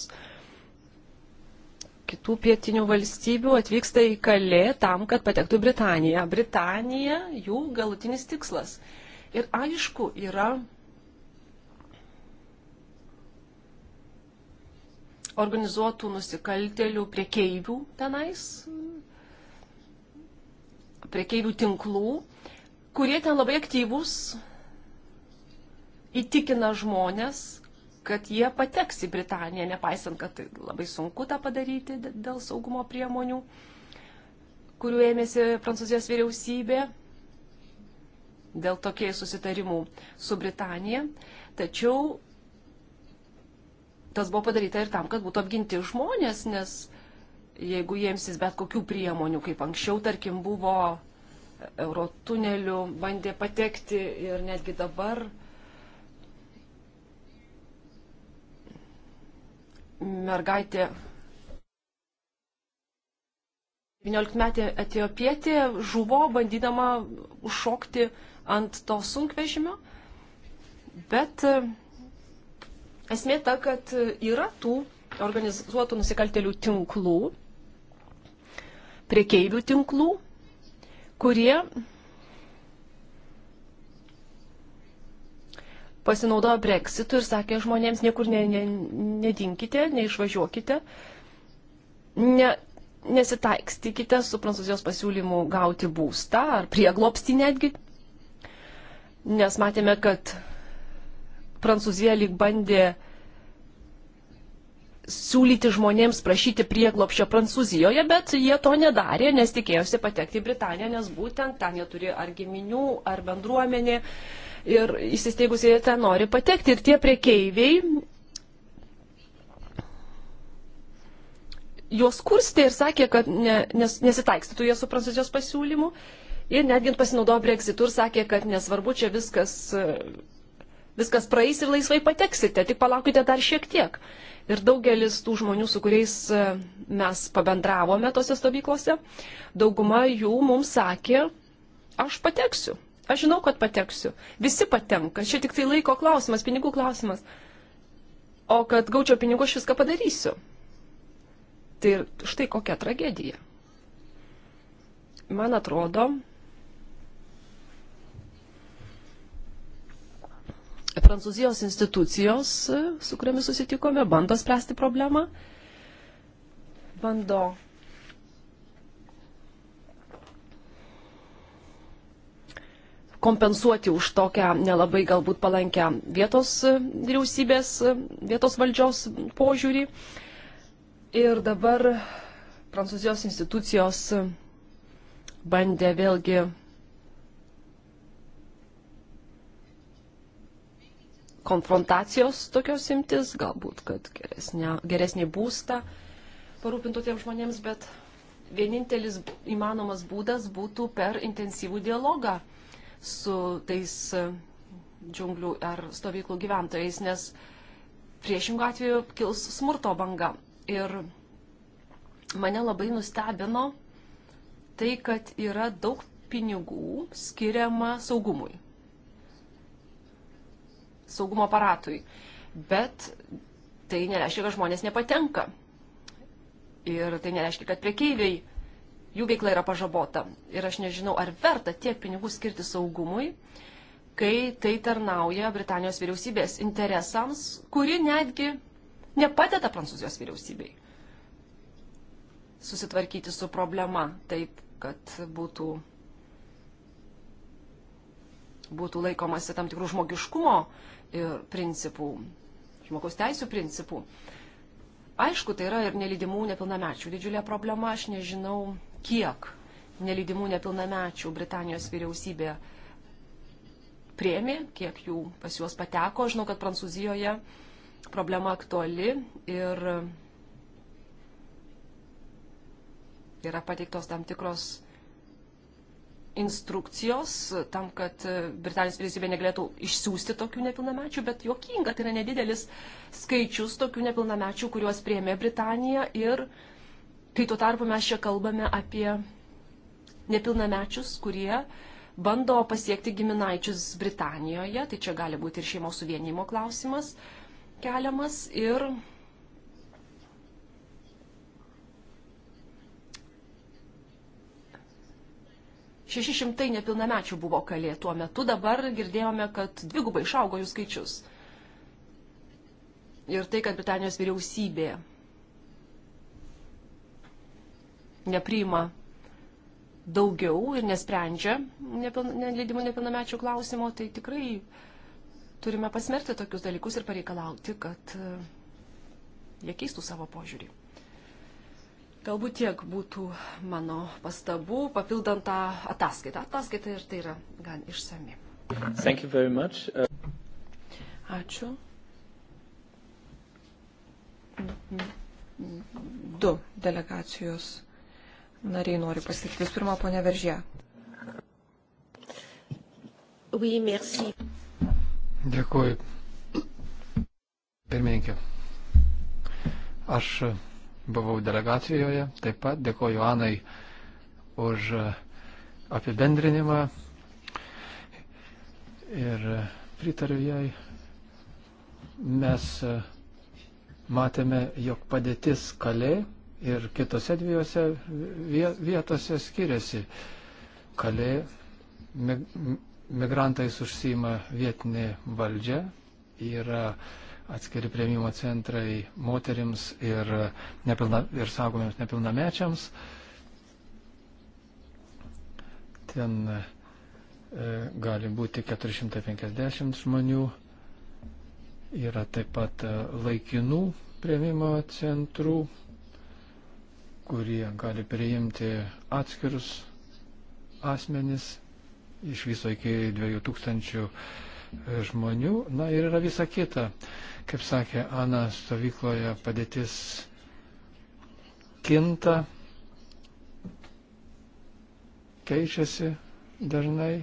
kitų pietinių valstybių, atvyksta į Kalė tam, kad patektų Britaniją. Britanija jų galutinis tikslas. Ir aišku, yra organizuotų nusikaltelių priekeivių tenais, priekeivių tinklų, kurie ten labai aktyvūs, įtikina žmonės, kad jie pateks į Britaniją, nepaisant, kad labai sunku tą padaryti dėl saugumo priemonių, kurių ėmėsi Prancūzijos vyriausybė dėl tokiai susitarimų su Britanija. Tačiau tas buvo padaryta ir tam, kad būtų apginti žmonės, nes jeigu jiemsis bet kokių priemonių, kaip anksčiau, tarkim, buvo eurotunelių, bandė patekti ir netgi dabar mergaitė 19 metė etiopietė žuvo bandydama užšokti ant to sunkvežimio, bet Esmė ta, kad yra tų organizuotų nusikaltelių tinklų, priekeivių tinklų, kurie pasinaudojo breksitu ir sakė žmonėms, niekur ne, ne, nedinkite, neišvažiuokite, ne, nesitaikstykite su prancūzijos pasiūlymu gauti būstą ar prieglopstį netgi, nes matėme, kad Prancūzija lyg bandė siūlyti žmonėms prašyti prieglopščio Prancūzijoje, bet jie to nedarė, nes tikėjosi patekti į Britaniją, nes būtent ten jie turi ar giminių, ar bendruomenė ir įsisteigusi jie ten nori patekti. Ir tie priekeiviai juos kurstė ir sakė, kad ne, nes, nesitaikstytų jie su Prancūzijos pasiūlymu. Ir netgi pasinaudojo Brexitu ir sakė, kad nesvarbu, čia viskas viskas praeis ir laisvai pateksite, tik palaukite dar šiek tiek. Ir daugelis tų žmonių, su kuriais e, mes pabendravome tose stovyklose, dauguma jų mums sakė, aš pateksiu, aš žinau, kad pateksiu. Visi patenka, čia tik tai laiko klausimas, pinigų klausimas. O kad gaučiau pinigų, aš viską padarysiu. Tai štai kokia tragedija. Man atrodo, Prancūzijos institucijos, e, su kuriamis susitikome, bando spręsti problemą, bando kompensuoti už tokią nelabai galbūt palankę vietos e, vyriausybės, e, vietos valdžios požiūrį. Ir dabar prancūzijos institucijos bandė vėlgi konfrontacijos tokios imtis, galbūt, kad geresnė, geresnį būstą parūpintų tiem žmonėms, bet vienintelis įmanomas būdas būtų per intensyvų dialogą su tais e, džiunglių ar stovyklų gyventojais, nes priešingų atveju kils smurto banga. Ir mane labai nustebino tai, kad yra daug pinigų skiriama saugumui saugumo aparatui. Bet tai nereiškia, kad žmonės nepatenka. Ir tai nereiškia, kad priekeiviai, jų veikla yra pažabota. Ir aš nežinau, ar verta tiek pinigų skirti saugumui, kai tai tarnauja Britanijos vyriausybės interesams, kuri netgi nepadeda Prancūzijos vyriausybei susitvarkyti su problema taip, kad būtų, būtų laikomasi tam tikrų žmogiškumo uh, E, principų, žmogaus teisų principų. Aišku, tai yra ir nelydimų nepilnamečių didžiulė problema, aš nežinau, kiek nelydimų nepilnamečių Britanijos vyriausybė prieimė, kiek jų pas juos pateko. Žinau, kad Prancūzijoje problema aktuali ir yra pateiktos tam tikros instrukcijos tam, kad e, Britanijos vyriausybė negalėtų išsiųsti tokių nepilnamečių, bet juokinga, tai yra nedidelis skaičius tokių nepilnamečių, kuriuos priemė Britanija ir kai tuo tarpu mes čia kalbame apie nepilnamečius, kurie bando pasiekti giminaičius Britanijoje, tai čia gali būti ir šeimos suvienimo klausimas keliamas ir 600 nepilnamečių buvo kalė tuo metu, dabar girdėjome, kad dvigubai išaugo jų skaičius. Ir tai, kad Britanijos vyriausybė nepriima daugiau ir nesprendžia nepilna, leidimų nepilnamečių klausimo, tai tikrai turime pasmerkti tokius dalykus ir pareikalauti, kad e, jie keistų savo požiūrį. Galbūt tiek būtų mano pastabų, papildant tą ataskaitą. Ataskaita ir tai yra gan išsami. Ačiū. Du delegacijos nariai nori pasakyti. Visų pirma, ponia Veržė. Oui, merci. Dėkuoju. Pirmininkė. Aš buvau delegacijoje. Taip pat dėkoju Anai už apibendrinimą ir pritariu jai. Mes matėme, jog padėtis kalė ir kitose dviejose vietose skiriasi. Kalė migrantais užsima vietinė valdžia, yra uh, atskiri prieimimo centrai moterims ir, nepilna, ir saugomiems nepilnamečiams. Ten e, gali būti 450 žmonių. Yra taip pat e, laikinų prieimimo centrų, kurie gali priimti atskirus asmenis iš viso iki 2000 e, žmonių. Na ir yra visa kita. E, Kaip sakė Ana, stovykloje padėtis kinta, keičiasi dažnai.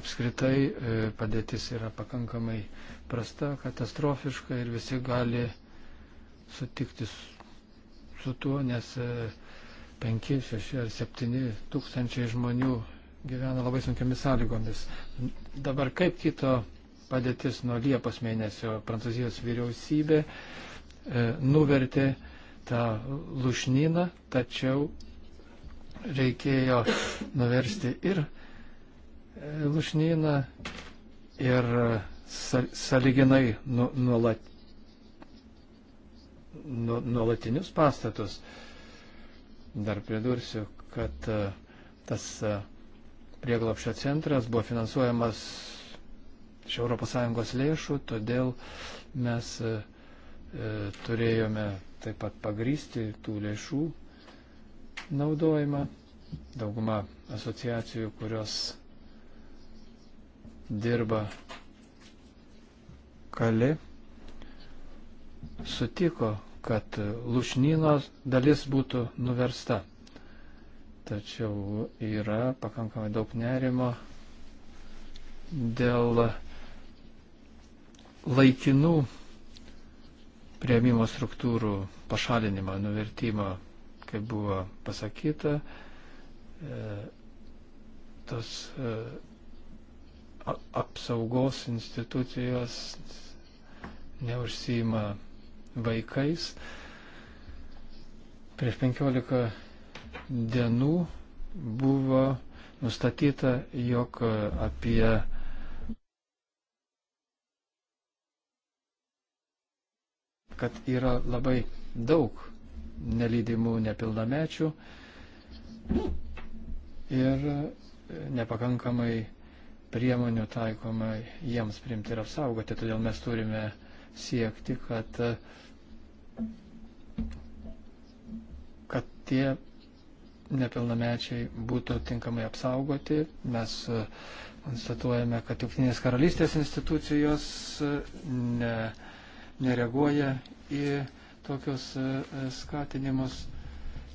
Apskritai e, padėtis yra pakankamai prasta, katastrofiška ir visi gali sutikti su tuo, nes 5, e, 6 ar 7 tūkstančiai žmonių gyvena labai sunkiamis sąlygomis. Dabar kaip kito padėtis nuo Liepos mėnesio. Prancūzijos vyriausybė e, nuvertė tą lušnyną, tačiau reikėjo nuversti ir e, lušnyną, ir e, saliginai nu, nuolat, nu, nuolatinius pastatus. Dar pridursiu, kad e, tas prieglopščio centras buvo finansuojamas iš ES lėšų, todėl mes e, e, turėjome taip pat pagrysti tų lėšų naudojimą. Dauguma asociacijų, kurios dirba kali, sutiko, kad lušnynos dalis būtų nuversta. Tačiau yra pakankamai daug nerimo dėl laikinų prieimimo struktūrų pašalinimą, nuvertimą, kaip buvo pasakyta, e, tos e, apsaugos institucijos neužsijima vaikais. Prieš 15 dienų buvo nustatyta, jog apie kad yra labai daug nelydimų nepilnamečių ir nepakankamai priemonių taikoma jiems priimti ir apsaugoti. Todėl mes turime siekti, kad, kad tie nepilnamečiai būtų tinkamai apsaugoti. Mes konstatuojame, kad Junktinės karalystės institucijos ne, uh, nereaguoja į tokius e, e, skatinimus.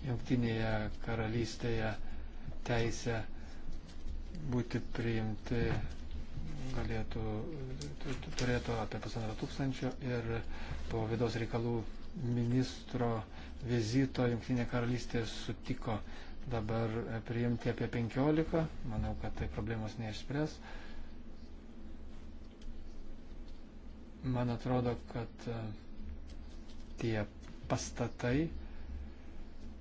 Jungtinėje karalystėje teisė būti priimti galėtų, turėtų apie pusantro tūkstančio ir po vidaus reikalų ministro vizito Junktinė karalystė sutiko dabar priimti apie 15. Manau, kad tai problemos neišspręs. Man atrodo, kad e, tie pastatai,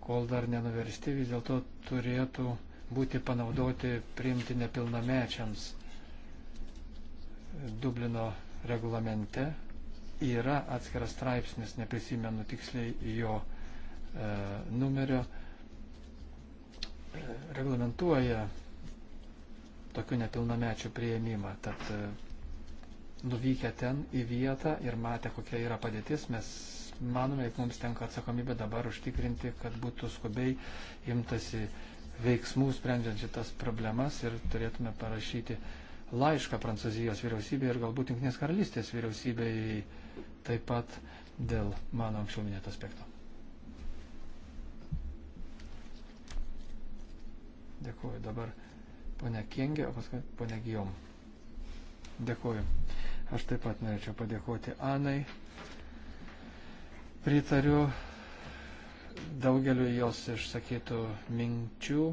kol dar nenuversti, vis dėlto turėtų būti panaudoti priimti nepilnamečiams. Dublino reglamente yra atskiras straipsnis, neprisimenu tiksliai jo e, numerio, e, reglamentuoja tokių nepilnamečių prieimimą. Tad e, nuvykę ten į vietą ir matę, kokia yra padėtis, mes manome, jog mums tenka atsakomybė dabar užtikrinti, kad būtų skubiai imtasi veiksmų sprendžiant šitas problemas ir turėtume parašyti laišką Prancūzijos vyriausybėje ir galbūt Junktinės karalystės vyriausybėje taip pat dėl mano anksčiau minėto aspekto. Dėkuoju dabar ponia Kengė, o paskui ponia Gijom. Dėkuoju. Aš taip pat norėčiau padėkoti Anai. Pritariu daugeliu jos išsakytų minčių.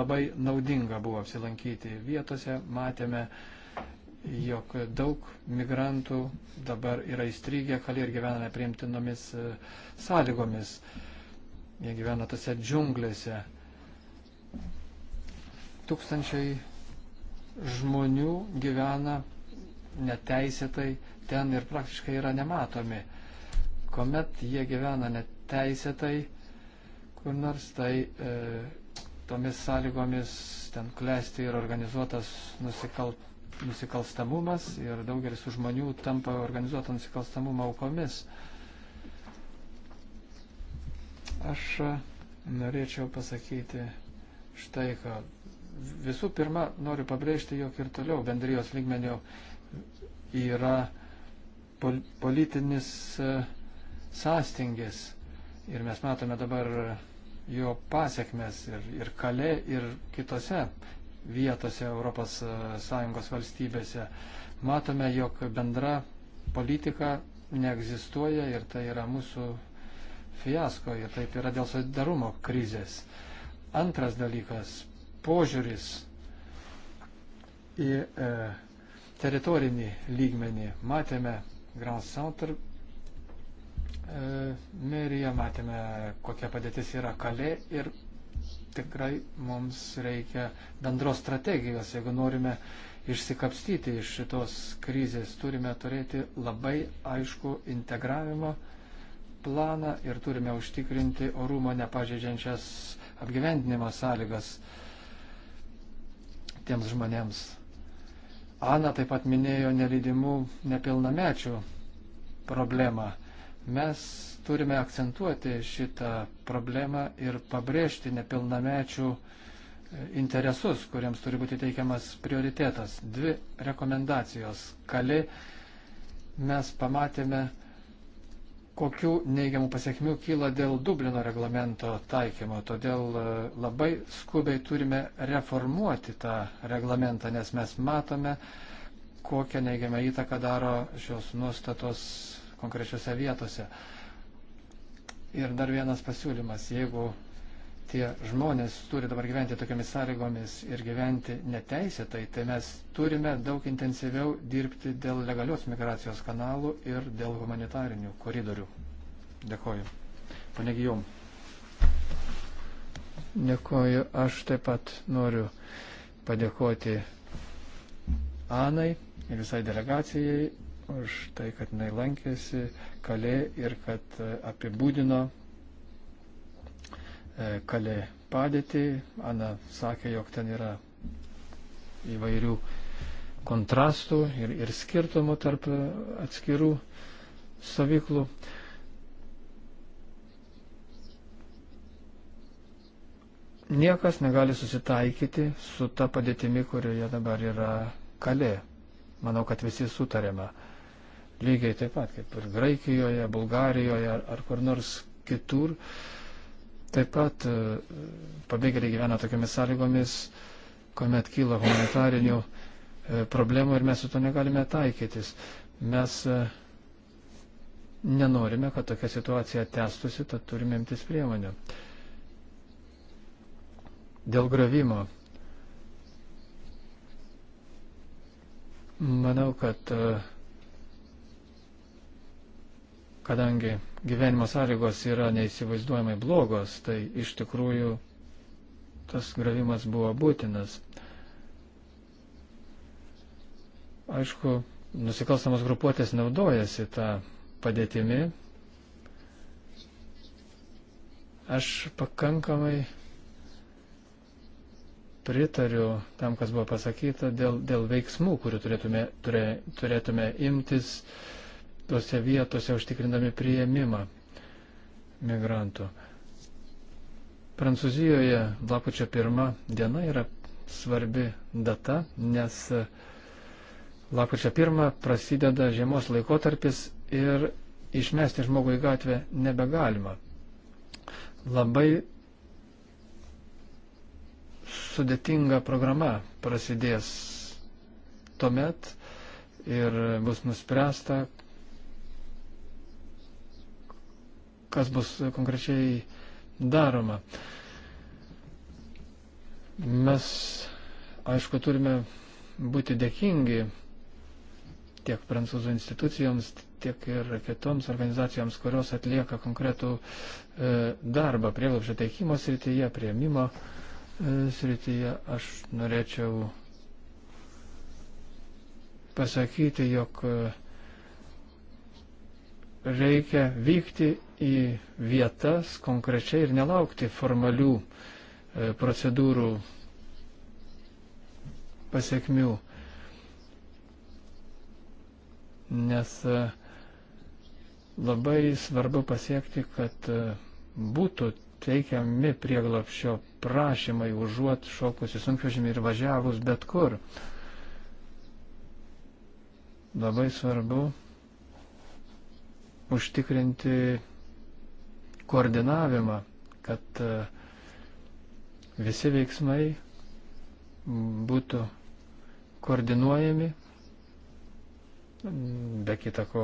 Labai naudinga buvo apsilankyti vietose. Matėme, jog daug migrantų dabar yra įstrygę kalė ir gyvena nepriimtinomis e, sąlygomis. Jie gyvena tose džiunglėse. Tūkstančiai žmonių gyvena neteisėtai ten ir praktiškai yra nematomi. Komet jie gyvena neteisėtai kur nors, tai e, tomis sąlygomis ten klesti ir organizuotas nusikal, nusikalstamumas ir daugelis žmonių tampa organizuoto nusikalstamumo aukomis. Aš e, norėčiau pasakyti štai, kad Visų pirma, noriu pabrėžti, jog ir toliau bendrijos lygmenių yra pol politinis e, sąstingis ir mes matome dabar jo pasiekmes ir, ir kale, ir kitose vietose ES e, valstybėse. Matome, jog bendra politika neegzistuoja ir tai yra mūsų fiasko ir taip yra dėl solidarumo krizės. Antras dalykas požiūris į e, teritorinį lygmenį. Matėme Grand Center e, meriją, matėme, kokia padėtis yra kalė ir tikrai mums reikia bendros strategijos, jeigu norime išsikapstyti iš šitos krizės, turime turėti labai aišku integravimo planą ir turime užtikrinti orumo nepažeidžiančias apgyvendinimo sąlygas. E, tiems žmonėms. Ana taip pat minėjo nelydimų nepilnamečių problemą. Mes turime akcentuoti šitą problemą ir pabrėžti nepilnamečių e, interesus, kuriems turi būti teikiamas prioritetas. Dvi rekomendacijos. Kali mes pamatėme, kokių neigiamų pasiekmių kyla dėl Dublino reglamento taikymo. Todėl e, labai skubiai turime reformuoti tą reglamentą, nes mes matome, kokią neigiamą įtaką daro šios nuostatos konkrečiose vietose. Ir dar vienas pasiūlymas, jeigu tie žmonės turi dabar gyventi tokiamis sąlygomis ir gyventi neteisėtai, tai mes turime daug intensyviau dirbti dėl legalios migracijos kanalų ir dėl humanitarinių koridorių. Dėkoju. Pane Gijom. Dėkoju. Aš taip pat noriu padėkoti Anai ir visai delegacijai už tai, kad jinai lankėsi kalė ir kad e, apibūdino E, kalė padėtį. Ana sakė, jog ten yra įvairių kontrastų ir, ir skirtumų tarp atskirų stovyklų. Niekas negali susitaikyti su ta padėtimi, kurioje dabar yra kalė. Manau, kad visi sutarėme. Lygiai taip pat kaip ir Graikijoje, Bulgarijoje ar, ar kur nors kitur. Uh, Taip pat e, pabėgėliai gyvena tokiamis sąlygomis, kuomet kyla humanitarinių e, problemų ir mes su to negalime taikytis. Mes e, nenorime, kad tokia situacija tęstusi, tad turime imtis priemonių. Dėl gravimo. Manau, kad kadangi gyvenimo sąlygos yra neįsivaizduojamai blogos, tai iš tikrųjų tas gravimas buvo būtinas. Aišku, nusikalstamos grupuotės naudojasi tą padėtimi. Aš pakankamai pritariu tam, kas buvo pasakyta dėl, dėl veiksmų, kurių turėtume, turė, turėtume imtis. Uh, tose vietose užtikrindami prieimimą migrantų. Prancūzijoje lapučio pirma diena yra svarbi data, nes lapučio pirma prasideda žiemos laikotarpis ir išmesti žmogų į gatvę nebegalima. Labai sudėtinga programa prasidės tuomet ir bus nuspręsta, kas bus konkrečiai daroma. Mes, aišku, turime būti dėkingi tiek prancūzų institucijoms, tiek ir kitoms organizacijoms, kurios atlieka konkretų e, darbą prieglobžio teikimo srityje, prieimimo e, srityje. Aš norėčiau pasakyti, jog e, reikia vykti į vietas konkrečiai ir nelaukti formalių e, procedūrų pasiekmių. Nes e, labai svarbu pasiekti, kad e, būtų teikiami prieglapšio prašymai užuot šokus į sunkvežimį ir važiavus bet kur. Labai svarbu užtikrinti koordinavimą, kad e, visi veiksmai būtų koordinuojami, be kitako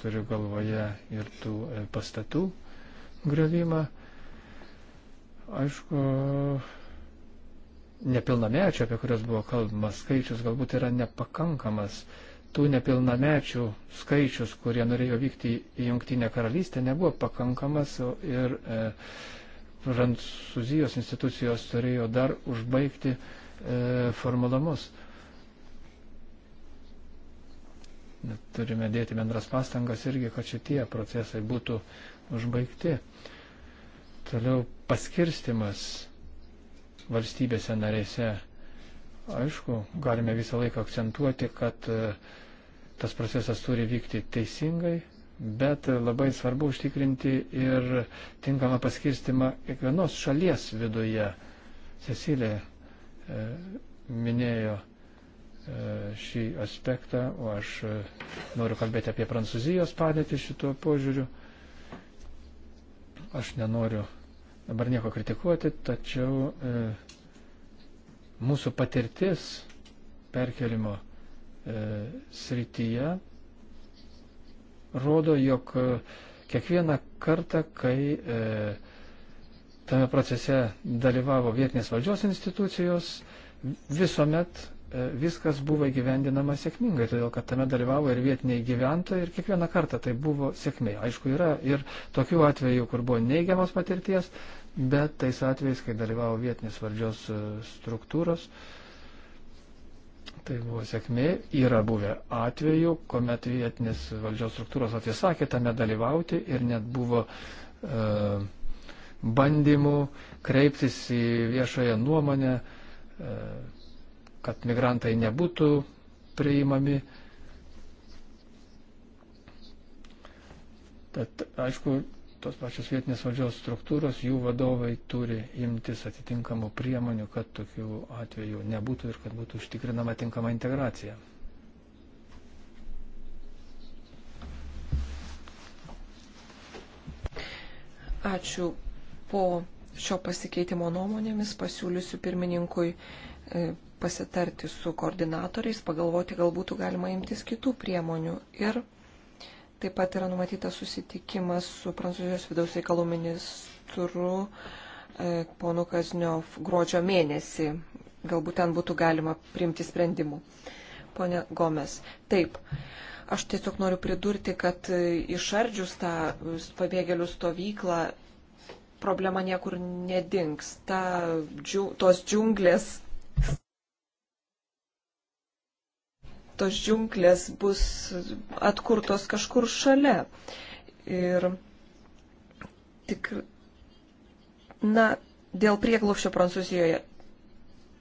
turiu galvoje ir tų e, pastatų grevimą. Aišku, nepilnamečio, apie kurios buvo kalbama, skaičius galbūt yra nepakankamas. E, tų nepilnamečių skaičius, kurie norėjo vykti į Junktinę karalystę, nebuvo pakankamas ir e, prancūzijos institucijos turėjo dar užbaigti e, formulamus. Turime dėti bendras pastangas irgi, kad šitie procesai būtų užbaigti. Toliau paskirstimas valstybėse narėse aišku, galime visą laiką akcentuoti, kad e, tas procesas turi vykti teisingai, bet labai svarbu užtikrinti ir tinkamą paskirstimą kiekvienos šalies viduje. Cecilė e, minėjo e, šį aspektą, o aš e, noriu kalbėti apie Prancūzijos padėtį šituo požiūriu. Aš nenoriu dabar nieko kritikuoti, tačiau e, mūsų patirtis perkelimo E, srityje rodo, jog e, kiekvieną kartą, kai e, tame procese dalyvavo vietinės valdžios institucijos, visuomet e, viskas buvo įgyvendinama sėkmingai, todėl kad tame dalyvavo ir vietiniai gyventojai ir kiekvieną kartą tai buvo sėkmė. Aišku, yra ir tokių atvejų, kur buvo neigiamas patirties, bet tais atvejais, kai dalyvavo vietinės valdžios e, struktūros, e, Tai buvo sėkmė. Yra buvę atvejų, kuomet vietinės valdžios struktūros atsisakė tame dalyvauti ir net buvo e, bandymų kreiptis į viešąją nuomonę, e, kad migrantai nebūtų priimami. Tad, aišku, tos pačios vietinės valdžios struktūros, jų vadovai turi imtis atitinkamų priemonių, kad tokių atvejų nebūtų ir kad būtų užtikrinama tinkama integracija. Ačiū. Po šio pasikeitimo nuomonėmis pasiūlysiu pirmininkui e, pasitarti su koordinatoriais, pagalvoti, gal būtų galima imtis kitų priemonių ir Taip pat yra numatytas susitikimas su Prancūzijos vidaus reikalų ministru e, ponu Kazniov gruodžio mėnesį. Galbūt ten būtų galima priimti sprendimų. Pone Gomes, taip. Aš tiesiog noriu pridurti, kad e, išardžius tą pabėgėlių stovyklą problema niekur nedings. Ta, džiu, tos džiunglės tos džiunglės bus atkurtos kažkur šalia. Ir tik, na, dėl prieglupščio Prancūzijoje.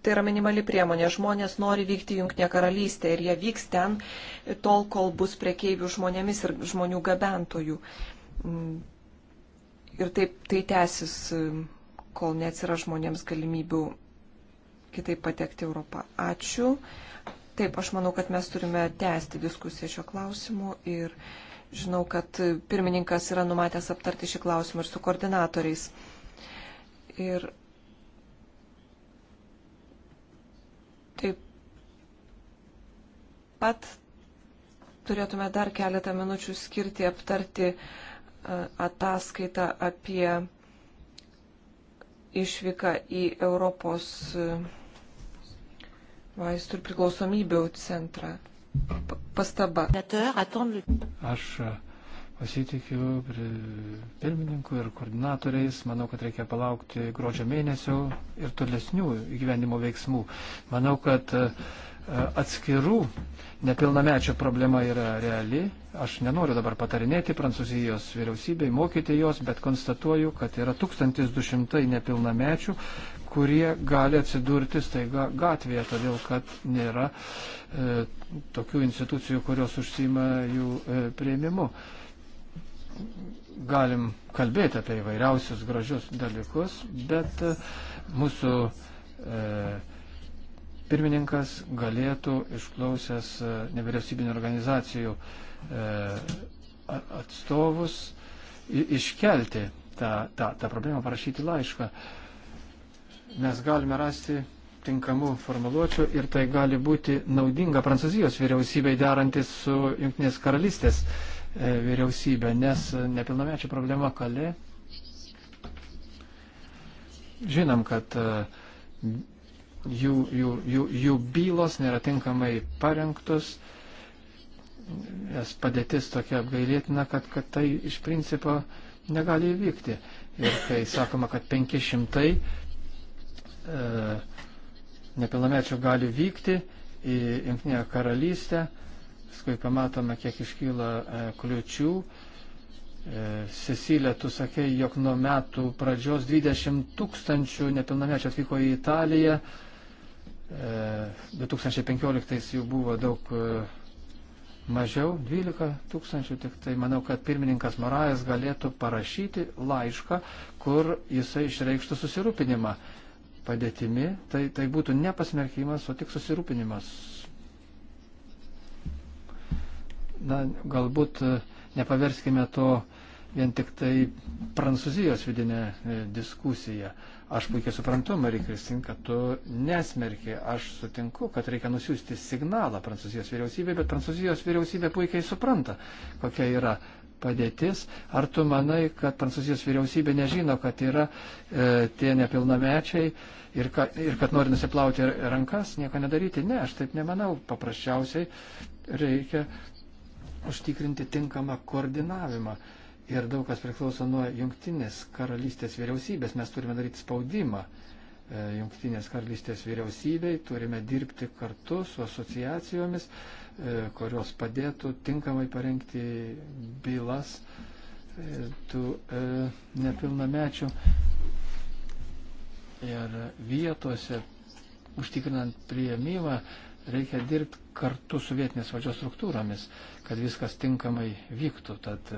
Tai yra minimali priemonė. Žmonės nori vykti Junktinė karalystė ir jie vyks ten tol, kol bus priekeivių žmonėmis ir žmonių gabentojų. Ir taip tai tęsis, kol neatsira žmonėms galimybių kitaip patekti Europą. Ačiū. Taip, aš manau, kad mes turime tęsti diskusiją šio klausimu ir žinau, kad pirmininkas yra numatęs aptarti šį klausimą ir su koordinatoriais. Ir taip pat turėtume dar keletą minučių skirti aptarti ataskaitą apie išvyką į Europos vaistų ir priklausomybių centrą. Pastaba. Aš e, pasitikiu pirmininku ir koordinatoriais. Manau, kad reikia palaukti gruodžio mėnesio ir tolesnių įgyvenimo veiksmų. Manau, kad e, atskirų nepilnamečio problema yra reali. Aš nenoriu dabar patarinėti Prancūzijos vyriausybei, mokyti jos, bet konstatuoju, kad yra 1200 nepilnamečių, kurie gali atsidurti staiga gatvėje, todėl kad nėra e, tokių institucijų, kurios užsima jų e, prieimimu. Galim kalbėti apie įvairiausius gražius dalykus, bet e, mūsų e, pirmininkas galėtų išklausęs e, nevyriausybinio organizacijų e, atstovus iškelti tą, tą, tą problemą, parašyti laišką. E, nes galime rasti tinkamų formuluočių ir tai gali būti naudinga Prancūzijos vyriausybei derantis su Junktinės karalystės e, vyriausybė, nes nepilnamečio problema kalė. Žinom, kad e, jų, jų, jų, jų bylos nėra tinkamai parengtos, nes padėtis tokia apgailėtina, kad, kad tai iš principo negali įvykti. Ir kai sakoma, kad 500 E, nepilnamečių gali vykti į Junktinę karalystę, paskui pamatome, kiek iškyla e, kliučių. E, Cecilė, tu sakei, jog nuo metų pradžios 20 tūkstančių nepilnamečių atvyko į Italiją. 2015 jų buvo daug mažiau, 12 tūkstančių, tik tai manau, kad pirmininkas Morajas galėtų parašyti laišką, kur jisai išreikštų susirūpinimą padėtimi, tai, tai būtų ne pasmerkimas, o tik susirūpinimas. Na, galbūt e, nepaverskime to vien tik tai Prancūzijos vidinę e, diskusiją. Aš puikiai suprantu, Marija Kristin, kad tu nesmerki. Aš sutinku, kad reikia nusiųsti signalą Prancūzijos vyriausybė, bet Prancūzijos vyriausybė puikiai supranta, kokia yra padėtis. Ar tu manai, kad prancūzijos vyriausybė nežino, kad yra e, tie nepilnamečiai ir, ka, ir kad nori nusiplauti rankas, nieko nedaryti? Ne, aš taip nemanau. Paprasčiausiai reikia užtikrinti tinkamą koordinavimą. Ir daug kas priklauso nuo jungtinės karalystės vyriausybės. Mes turime daryti spaudimą e, jungtinės karalystės vyriausybei, turime dirbti kartu su asociacijomis E, kurios padėtų tinkamai parengti bylas e, tų e, nepilnamečių ir vietose užtikrinant prieimimą reikia dirbti kartu su vietinės valdžios struktūromis, kad viskas tinkamai vyktų. Tad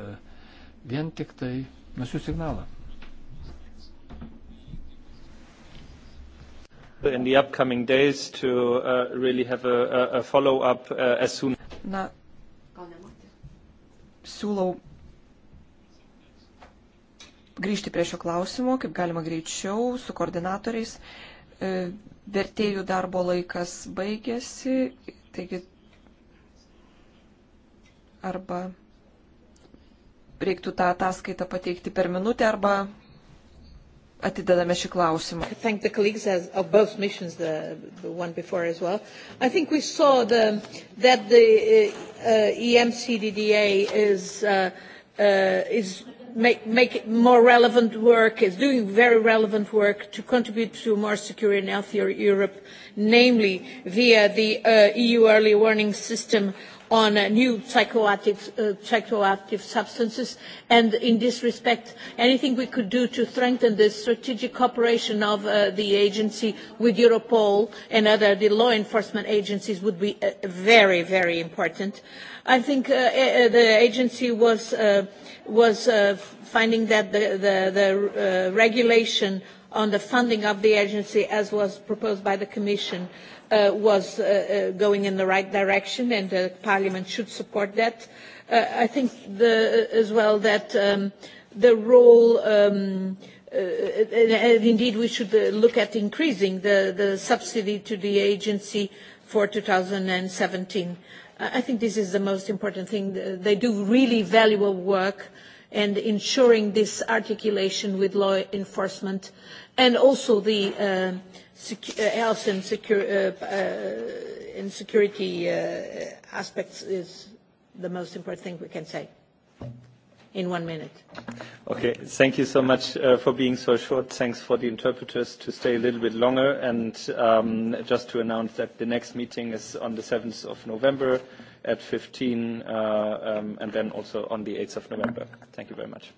vien tik tai nusiu signalą in the upcoming days to uh, really have a, a follow-up uh, as soon. Na, siūlau grįžti prie šio klausimo, kaip galima greičiau, su koordinatoriais. E, vertėjų darbo laikas baigėsi, taigi arba reiktų tą ataskaitą pateikti per minutę arba atidedame šį klausimą. Missions, the, the well. I think we saw the, that the uh, uh EMCDDA is, uh, uh, is make, make more relevant work, is doing very relevant work to contribute to a more secure and healthier Europe, namely via the uh, EU early warning system on uh, new psychoactive, uh, psychoactive substances. And in this respect, anything we could do to strengthen the strategic cooperation of uh, the agency with Europol and other the law enforcement agencies would be uh, very, very important. I think uh, uh, the agency was, uh, was uh, finding that the, the, the uh, regulation on the funding of the agency, as was proposed by the Commission, uh, uh, was uh, uh, going in the right direction, and uh, Parliament should support that. Uh, I think the, uh, as well that um, the role, um, uh, and indeed we should uh, look at increasing the, the subsidy to the agency for 2017. I think this is the most important thing. Uh, they do really valuable work and ensuring this articulation with law enforcement and also the uh, Uh, health and, secu uh, uh, and security uh, aspects is the most important thing we can say in one minute. Okay, thank you so much uh, for being so short. Thanks for the interpreters to stay a little bit longer. And um, just to announce that the next meeting is on the 7th of November at 15, uh, um, and then also on the 8th of November. Thank you very much.